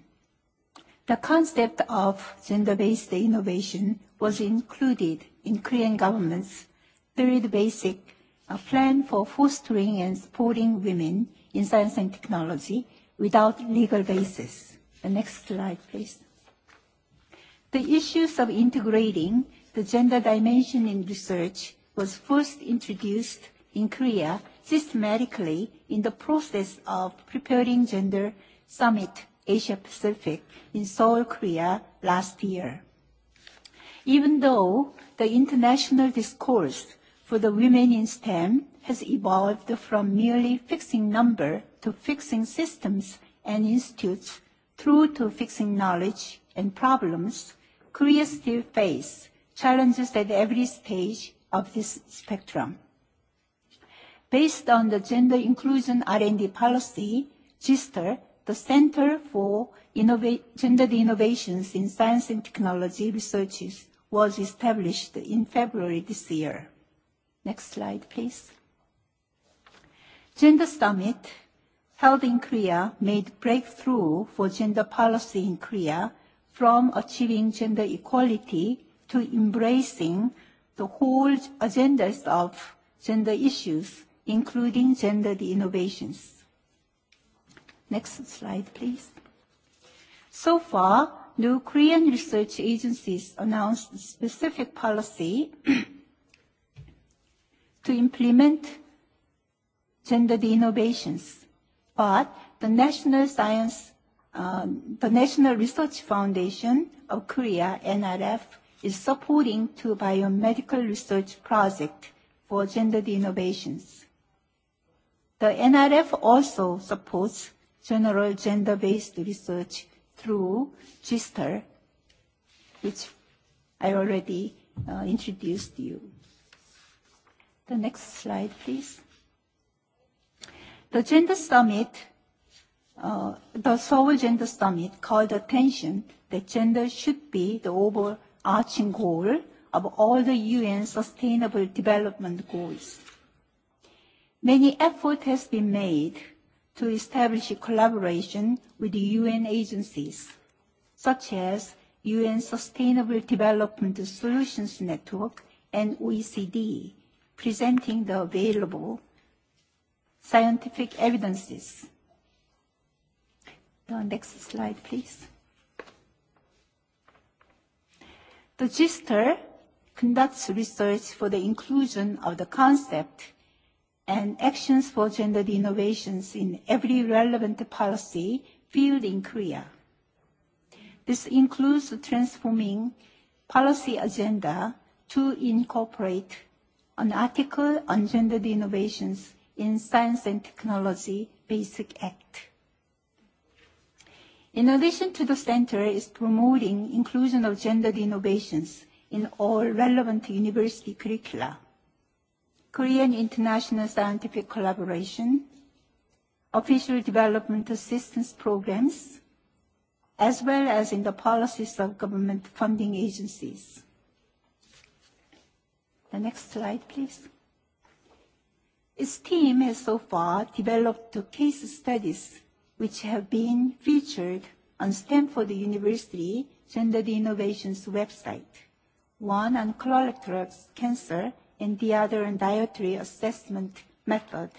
The concept of gender-based innovation was included in Korean government's third basic a uh, plan for fostering and supporting women in science and technology without legal basis. The next slide, please. The issues of integrating the gender dimension in research was first introduced in Korea systematically in the process of preparing gender summit Asia Pacific in Seoul, Korea last year. Even though the international discourse for the women in STEM has evolved from merely fixing number to fixing systems and institutes through to fixing knowledge and problems, Korea still face challenges at every stage of this spectrum. Based on the gender inclusion R&D policy, GSTER the Center for Innova- Gendered Innovations in Science and Technology Researches was established in February this year. Next slide, please. Gender Summit, held in Korea, made breakthrough for gender policy in Korea from achieving gender equality to embracing the whole agendas of gender issues, including gendered innovations. Next slide, please. So far, no Korean research agencies announced specific policy to implement gendered innovations, but the National Science, um, the National Research Foundation of Korea, NRF, is supporting two biomedical research projects for gendered innovations. The NRF also supports general gender-based research through GISTER, which I already uh, introduced you. The next slide, please. The Gender Summit, uh, the Seoul Gender Summit called attention that gender should be the overarching goal of all the UN Sustainable Development Goals. Many effort has been made to establish collaboration with UN agencies, such as UN Sustainable Development Solutions Network and OECD, presenting the available scientific evidences. The next slide, please. The GISTER conducts research for the inclusion of the concept and actions for gendered innovations in every relevant policy field in Korea. This includes transforming policy agenda to incorporate an article on gendered innovations in Science and Technology Basic Act. In addition to the center is promoting inclusion of gendered innovations in all relevant university curricula Korean International Scientific Collaboration, official development assistance programs, as well as in the policies of government funding agencies. The next slide, please. Its team has so far developed two case studies which have been featured on Stanford University Gendered Innovations website, one on colorectal cancer and the other and dietary assessment method,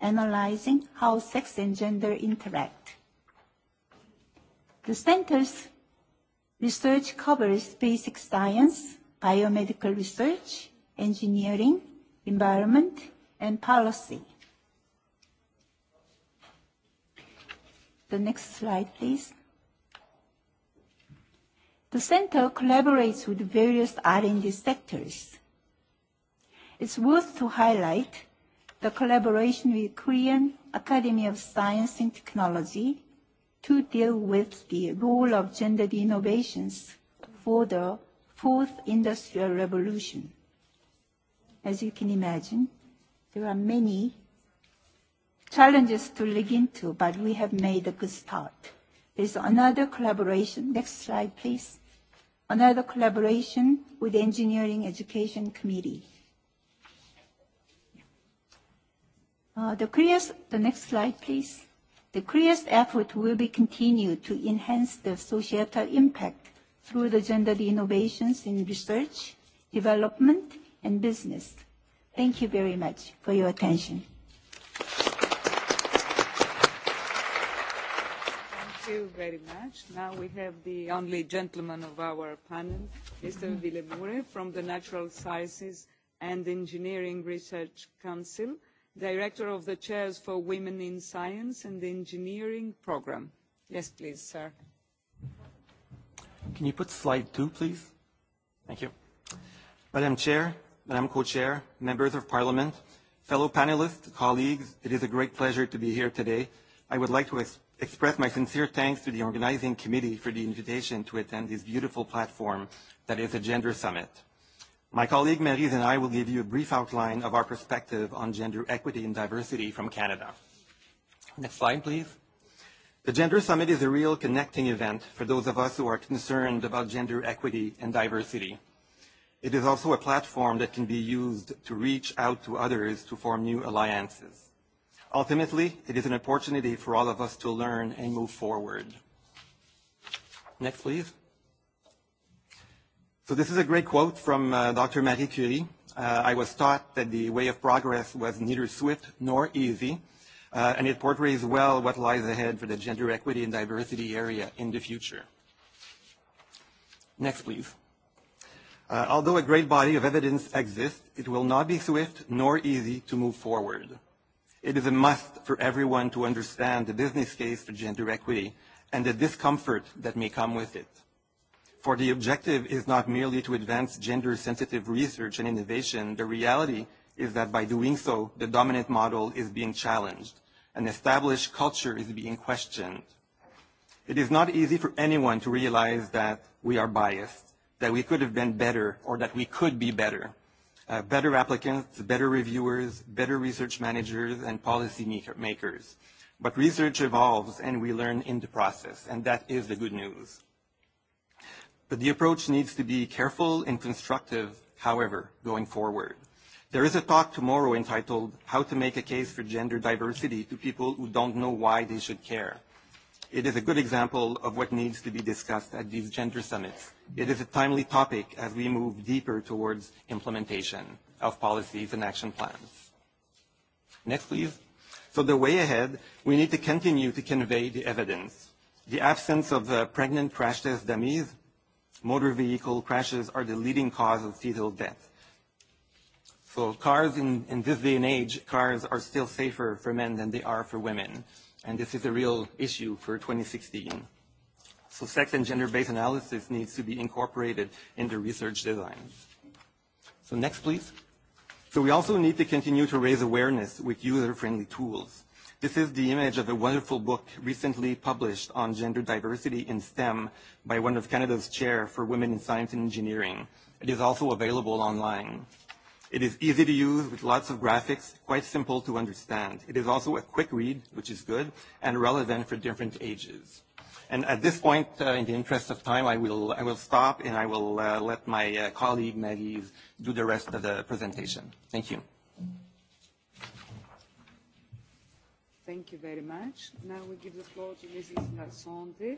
analyzing how sex and gender interact. The center's research covers basic science, biomedical research, engineering, environment, and policy. The next slide, please. The center collaborates with various R&D sectors it's worth to highlight the collaboration with Korean Academy of Science and Technology to deal with the role of gendered innovations for the fourth industrial revolution. As you can imagine, there are many challenges to look into, but we have made a good start. There's another collaboration. Next slide, please. Another collaboration with the Engineering Education Committee Uh, the, next slide, please. The clearest effort will be continued to enhance the societal impact through the gendered innovations in research, development, and business. Thank you very much for your attention. Thank you very much. Now we have the only gentleman of our panel, Mr. Mm-hmm. Villemoure from the Natural Sciences and Engineering Research Council director of the Chairs for Women in Science and Engineering program. Yes, please, sir. Can you put slide two, please? Thank you. Madam Chair, Madam Co-Chair, members of Parliament, fellow panelists, colleagues, it is a great pleasure to be here today. I would like to ex express my sincere thanks to the organizing committee for the invitation to attend this beautiful platform that is a gender summit. My colleague Maryse and I will give you a brief outline of our perspective on gender equity and diversity from Canada. Next slide, please. The Gender Summit is a real connecting event for those of us who are concerned about gender equity and diversity. It is also a platform that can be used to reach out to others to form new alliances. Ultimately, it is an opportunity for all of us to learn and move forward. Next, please. So this is a great quote from uh, Dr. Marie Curie. Uh, I was taught that the way of progress was neither swift nor easy, uh, and it portrays well what lies ahead for the gender equity and diversity area in the future. Next, please. Uh, although a great body of evidence exists, it will not be swift nor easy to move forward. It is a must for everyone to understand the business case for gender equity and the discomfort that may come with it. For the objective is not merely to advance gender-sensitive research and innovation. The reality is that by doing so, the dominant model is being challenged. An established culture is being questioned. It is not easy for anyone to realize that we are biased, that we could have been better or that we could be better. Uh, better applicants, better reviewers, better research managers and policy makers. But research evolves and we learn in the process, and that is the good news. But the approach needs to be careful and constructive, however, going forward. There is a talk tomorrow entitled How to Make a Case for Gender Diversity to People Who Don't Know Why They Should Care. It is a good example of what needs to be discussed at these gender summits. It is a timely topic as we move deeper towards implementation of policies and action plans. Next, please. So the way ahead, we need to continue to convey the evidence. The absence of uh, pregnant crash test dummies motor vehicle crashes are the leading cause of fetal death. So cars in, in this day and age, cars are still safer for men than they are for women. And this is a real issue for 2016. So sex and gender-based analysis needs to be incorporated into research design. So next, please. So we also need to continue to raise awareness with user-friendly tools. This is the image of a wonderful book recently published on gender diversity in STEM by one of Canada's chair for women in science and engineering. It is also available online. It is easy to use with lots of graphics, quite simple to understand. It is also a quick read, which is good, and relevant for different ages. And at this point, uh, in the interest of time, I will, I will stop and I will uh, let my uh, colleague Maggie do the rest of the presentation. Thank you. Thank you very much. Now we give the floor to Mrs. Nassonde,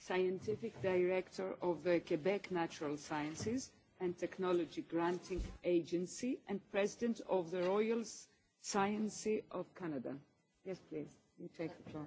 Scientific Director of the Quebec Natural Sciences and Technology Granting Agency and President of the Royal Society of Canada. Yes, please. You take the floor.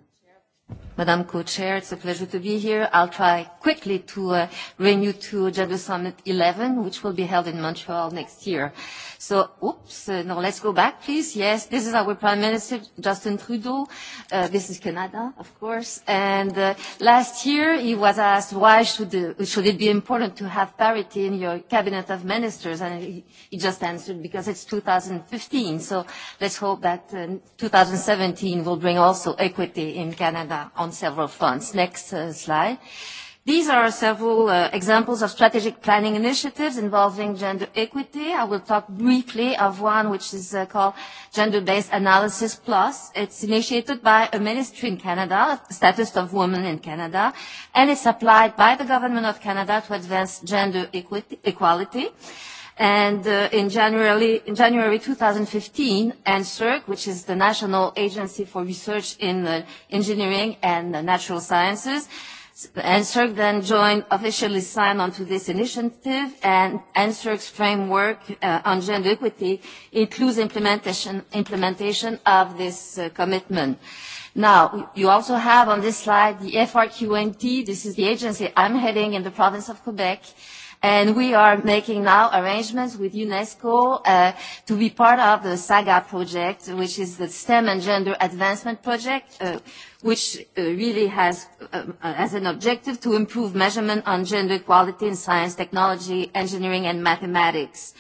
Madam Co-Chair, it's a pleasure to be here. I'll try quickly to uh, bring you to Agenda Summit 11, which will be held in Montreal next year. So, oops, uh, no, let's go back, please. Yes, this is our Prime Minister, Justin Trudeau. Uh, this is Canada, of course. And uh, last year, he was asked, why should, the, should it be important to have parity in your Cabinet of Ministers? And he, he just answered, because it's 2015. So let's hope that uh, 2017 will bring also equity in Canada. Uh, on several fronts. Next uh, slide. These are several uh, examples of strategic planning initiatives involving gender equity. I will talk briefly of one which is uh, called Gender-Based Analysis Plus. It's initiated by a ministry in Canada, Status of Women in Canada, and it's applied by the Government of Canada to advance gender equity, equality. And uh, in, January, in January 2015, NSERC, which is the National Agency for Research in uh, Engineering and uh, Natural Sciences, NSERC then joined, officially signed onto this initiative, and NSERC's framework uh, on gender equity includes implementation, implementation of this uh, commitment. Now, you also have on this slide the FRQNT. This is the agency I'm heading in the province of Quebec. And we are making now arrangements with UNESCO uh, to be part of the SAGA project, which is the STEM and Gender Advancement Project, uh, which uh, really has uh, uh as an objective to improve measurement on gender equality in science, technology, engineering, and mathematics.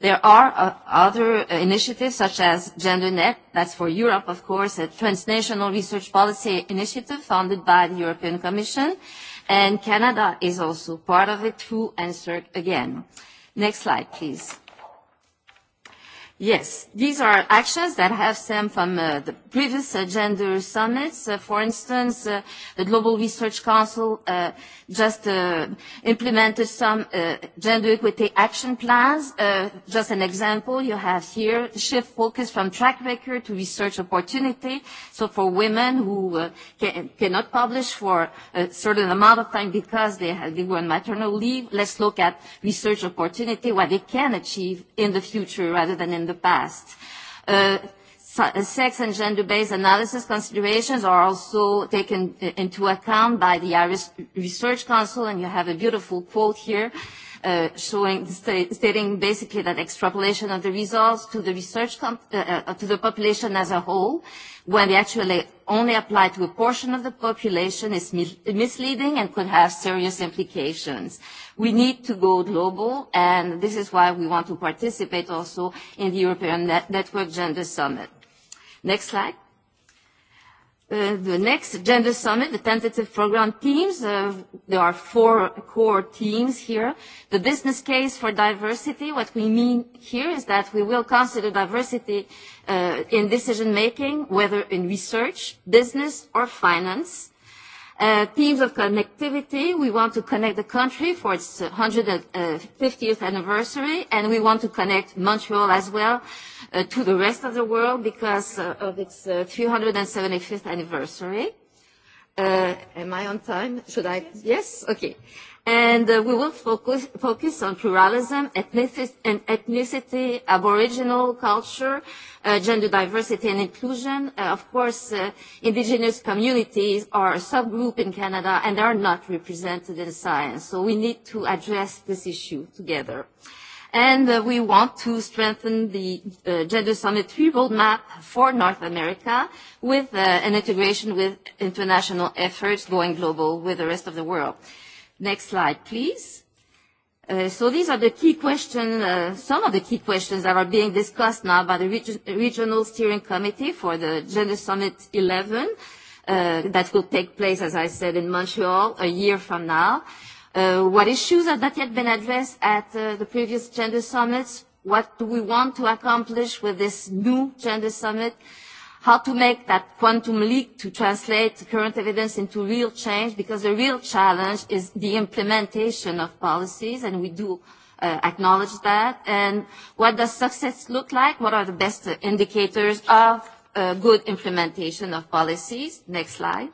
There are uh, other uh, initiatives such as GenderNet, that's for Europe, of course, a transnational research policy initiative funded by the European Commission. Uh, And Canada is also part of it through NSERC again. Next slide, please. Yes, these are actions that have stemmed from uh, the previous uh, gender summits. Uh, for instance, uh, the Global Research Council uh, just uh, implemented some uh, gender equity action plans. Uh, just an example you have here, shift focus from track record to research opportunity. So for women who uh, can, cannot publish for a certain amount of time because they, have, they were on maternal leave, let's look at research opportunity, what they can achieve in the future rather than in in the past. Uh, sex and gender-based analysis considerations are also taken into account by the Irish Research Council, and you have a beautiful quote here uh, showing, st stating basically that extrapolation of the results to the research, comp uh, uh, to the population as a whole, when they actually only apply to a portion of the population, is mi misleading and could have serious implications. We need to go global, and this is why we want to participate also in the European Net Network Gender Summit. Next slide. Uh, the next gender summit, the tentative program teams, uh, there are four core teams here. The business case for diversity, what we mean here is that we will consider diversity uh, in decision making, whether in research, business or finance. Uh, themes of connectivity, we want to connect the country for its 150th anniversary, and we want to connect Montreal as well uh, to the rest of the world because uh, of its uh, 375th anniversary. Uh, am I on time? Should I? Yes? yes? Okay and uh, we will focus, focus on pluralism, ethnicity, and ethnicity aboriginal culture, uh, gender diversity and inclusion. Uh, of course, uh, indigenous communities are a subgroup in Canada and are not represented in science, so we need to address this issue together. And uh, we want to strengthen the uh, Gender Summit 3 roadmap for North America with uh, an integration with international efforts going global with the rest of the world. Next slide, please. Uh, so these are the key questions, uh, some of the key questions that are being discussed now by the reg Regional Steering Committee for the Gender Summit 11 uh, that will take place, as I said, in Montreal a year from now. Uh, what issues have not yet been addressed at uh, the previous gender summits? What do we want to accomplish with this new gender summit? Uh, how to make that quantum leap to translate current evidence into real change, because the real challenge is the implementation of policies, and we do uh, acknowledge that. And what does success look like? What are the best indicators of uh, good implementation of policies? Next slide.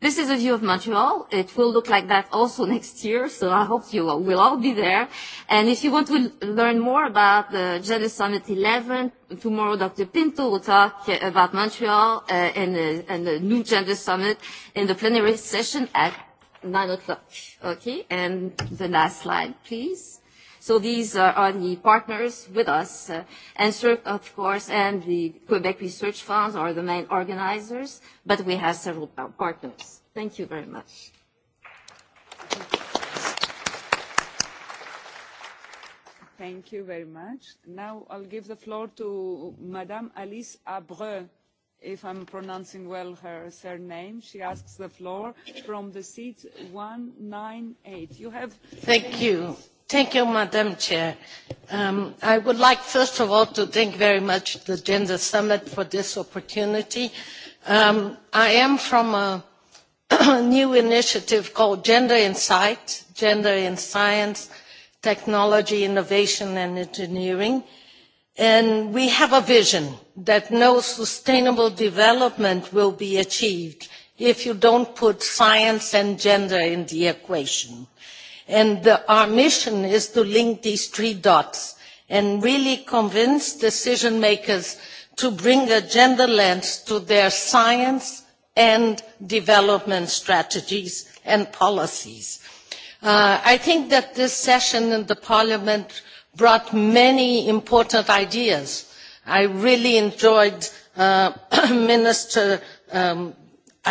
This is a view of Montreal. It will look like that also next year, so I hope you will we'll all be there. And if you want to learn more about the Jedi Summit 11, tomorrow Dr. Pinto will talk about Montreal uh, and, the, and the new Gender Summit in the plenary session at 9 o'clock. Okay, and the last slide, please. So these are, are the partners with us. Uh, and CERC, of course, and the Quebec Research Funds are the main organizers, but we have several partners. Thank you very much. Thank you very much. Now I'll give the floor to Madame Alice Abreu, if I'm pronouncing well her surname. She asks the floor from the seat 198. You have- Thank you. Minutes. Madam president um, I would like, first of all, to thank very much the Gender Summit for this opportunity. Um, I am from a, a new initiative called Gender Insight, Gender in Science, Technology, Innovation and Engineering. And we have a vision that no sustainable development will be achieved if you don't put science and gender in the equation And the, our mission is to link these three dots and really convince decision makers to bring a gender lens to their science and development strategies and policies. Uh, I think that this session in the Parliament brought many important ideas. I really enjoyed uh, Minister um,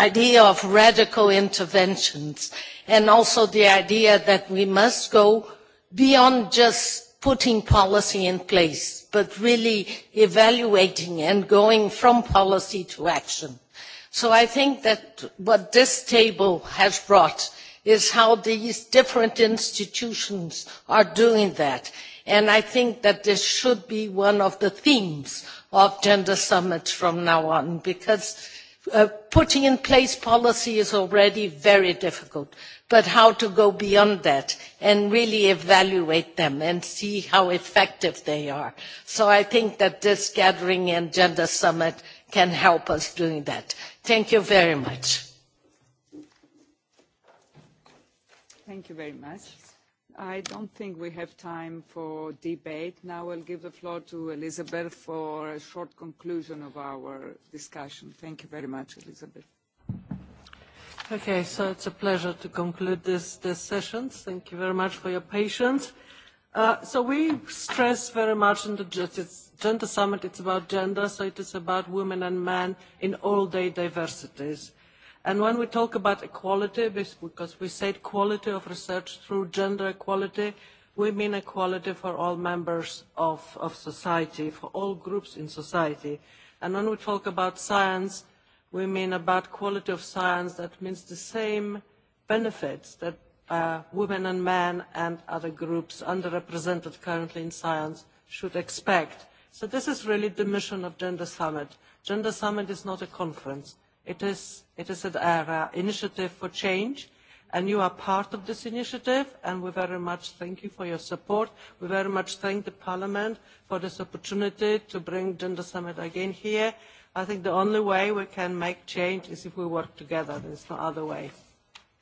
idea of radical interventions and also the idea that we must go beyond just putting policy in place, but really evaluating and going from policy to action. So I think that what this table has brought is how these different institutions are doing that. And I think that this should be one of the themes of Gender Summit from now on, because Uh, putting in place policy is already very difficult, but how to go beyond that and really evaluate them and see how effective they are. So I think that this gathering and gender summit can help us doing that. Thank you very much. Thank you very much. I don't think we have time for debate. Now I'll give the floor to Elisabeth for a short conclusion of our discussion. Thank you very much, Elisabeth. Okay, so it's a pleasure to conclude this, this session. Thank you very much for your patience. Uh, so we stress very much in the Gender Summit, it's about gender, so it is about women and men in all their diversities And when we talk about equality, because we said quality of research through gender equality, we mean equality for all members of, of society, for all groups in society. And when we talk about science, we mean about quality of science that means the same benefits that uh, women and men and other groups underrepresented currently in science should expect. So this is really the mission of Gender Summit. Gender Summit is not a conference It is, it is an era initiative for change, and you are part of this initiative, and we very much thank you for your support. We very much thank the Parliament for this opportunity to bring Gender Summit again here. I think the only way we can make change is if we work together. There's no other way.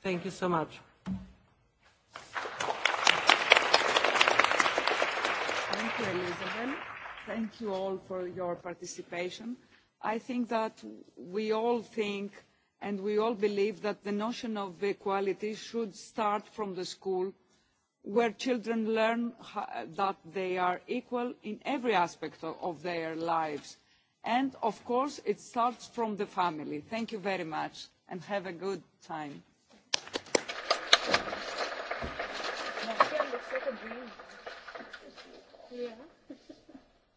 Thank you so much. Thank you, Elizabeth. Thank you all for your participation. I think that we all think and we all believe that the notion of equality should start from the school where children learn that they are equal in every aspect of their lives. And of course, it starts from the family. Thank you very much and have a good time.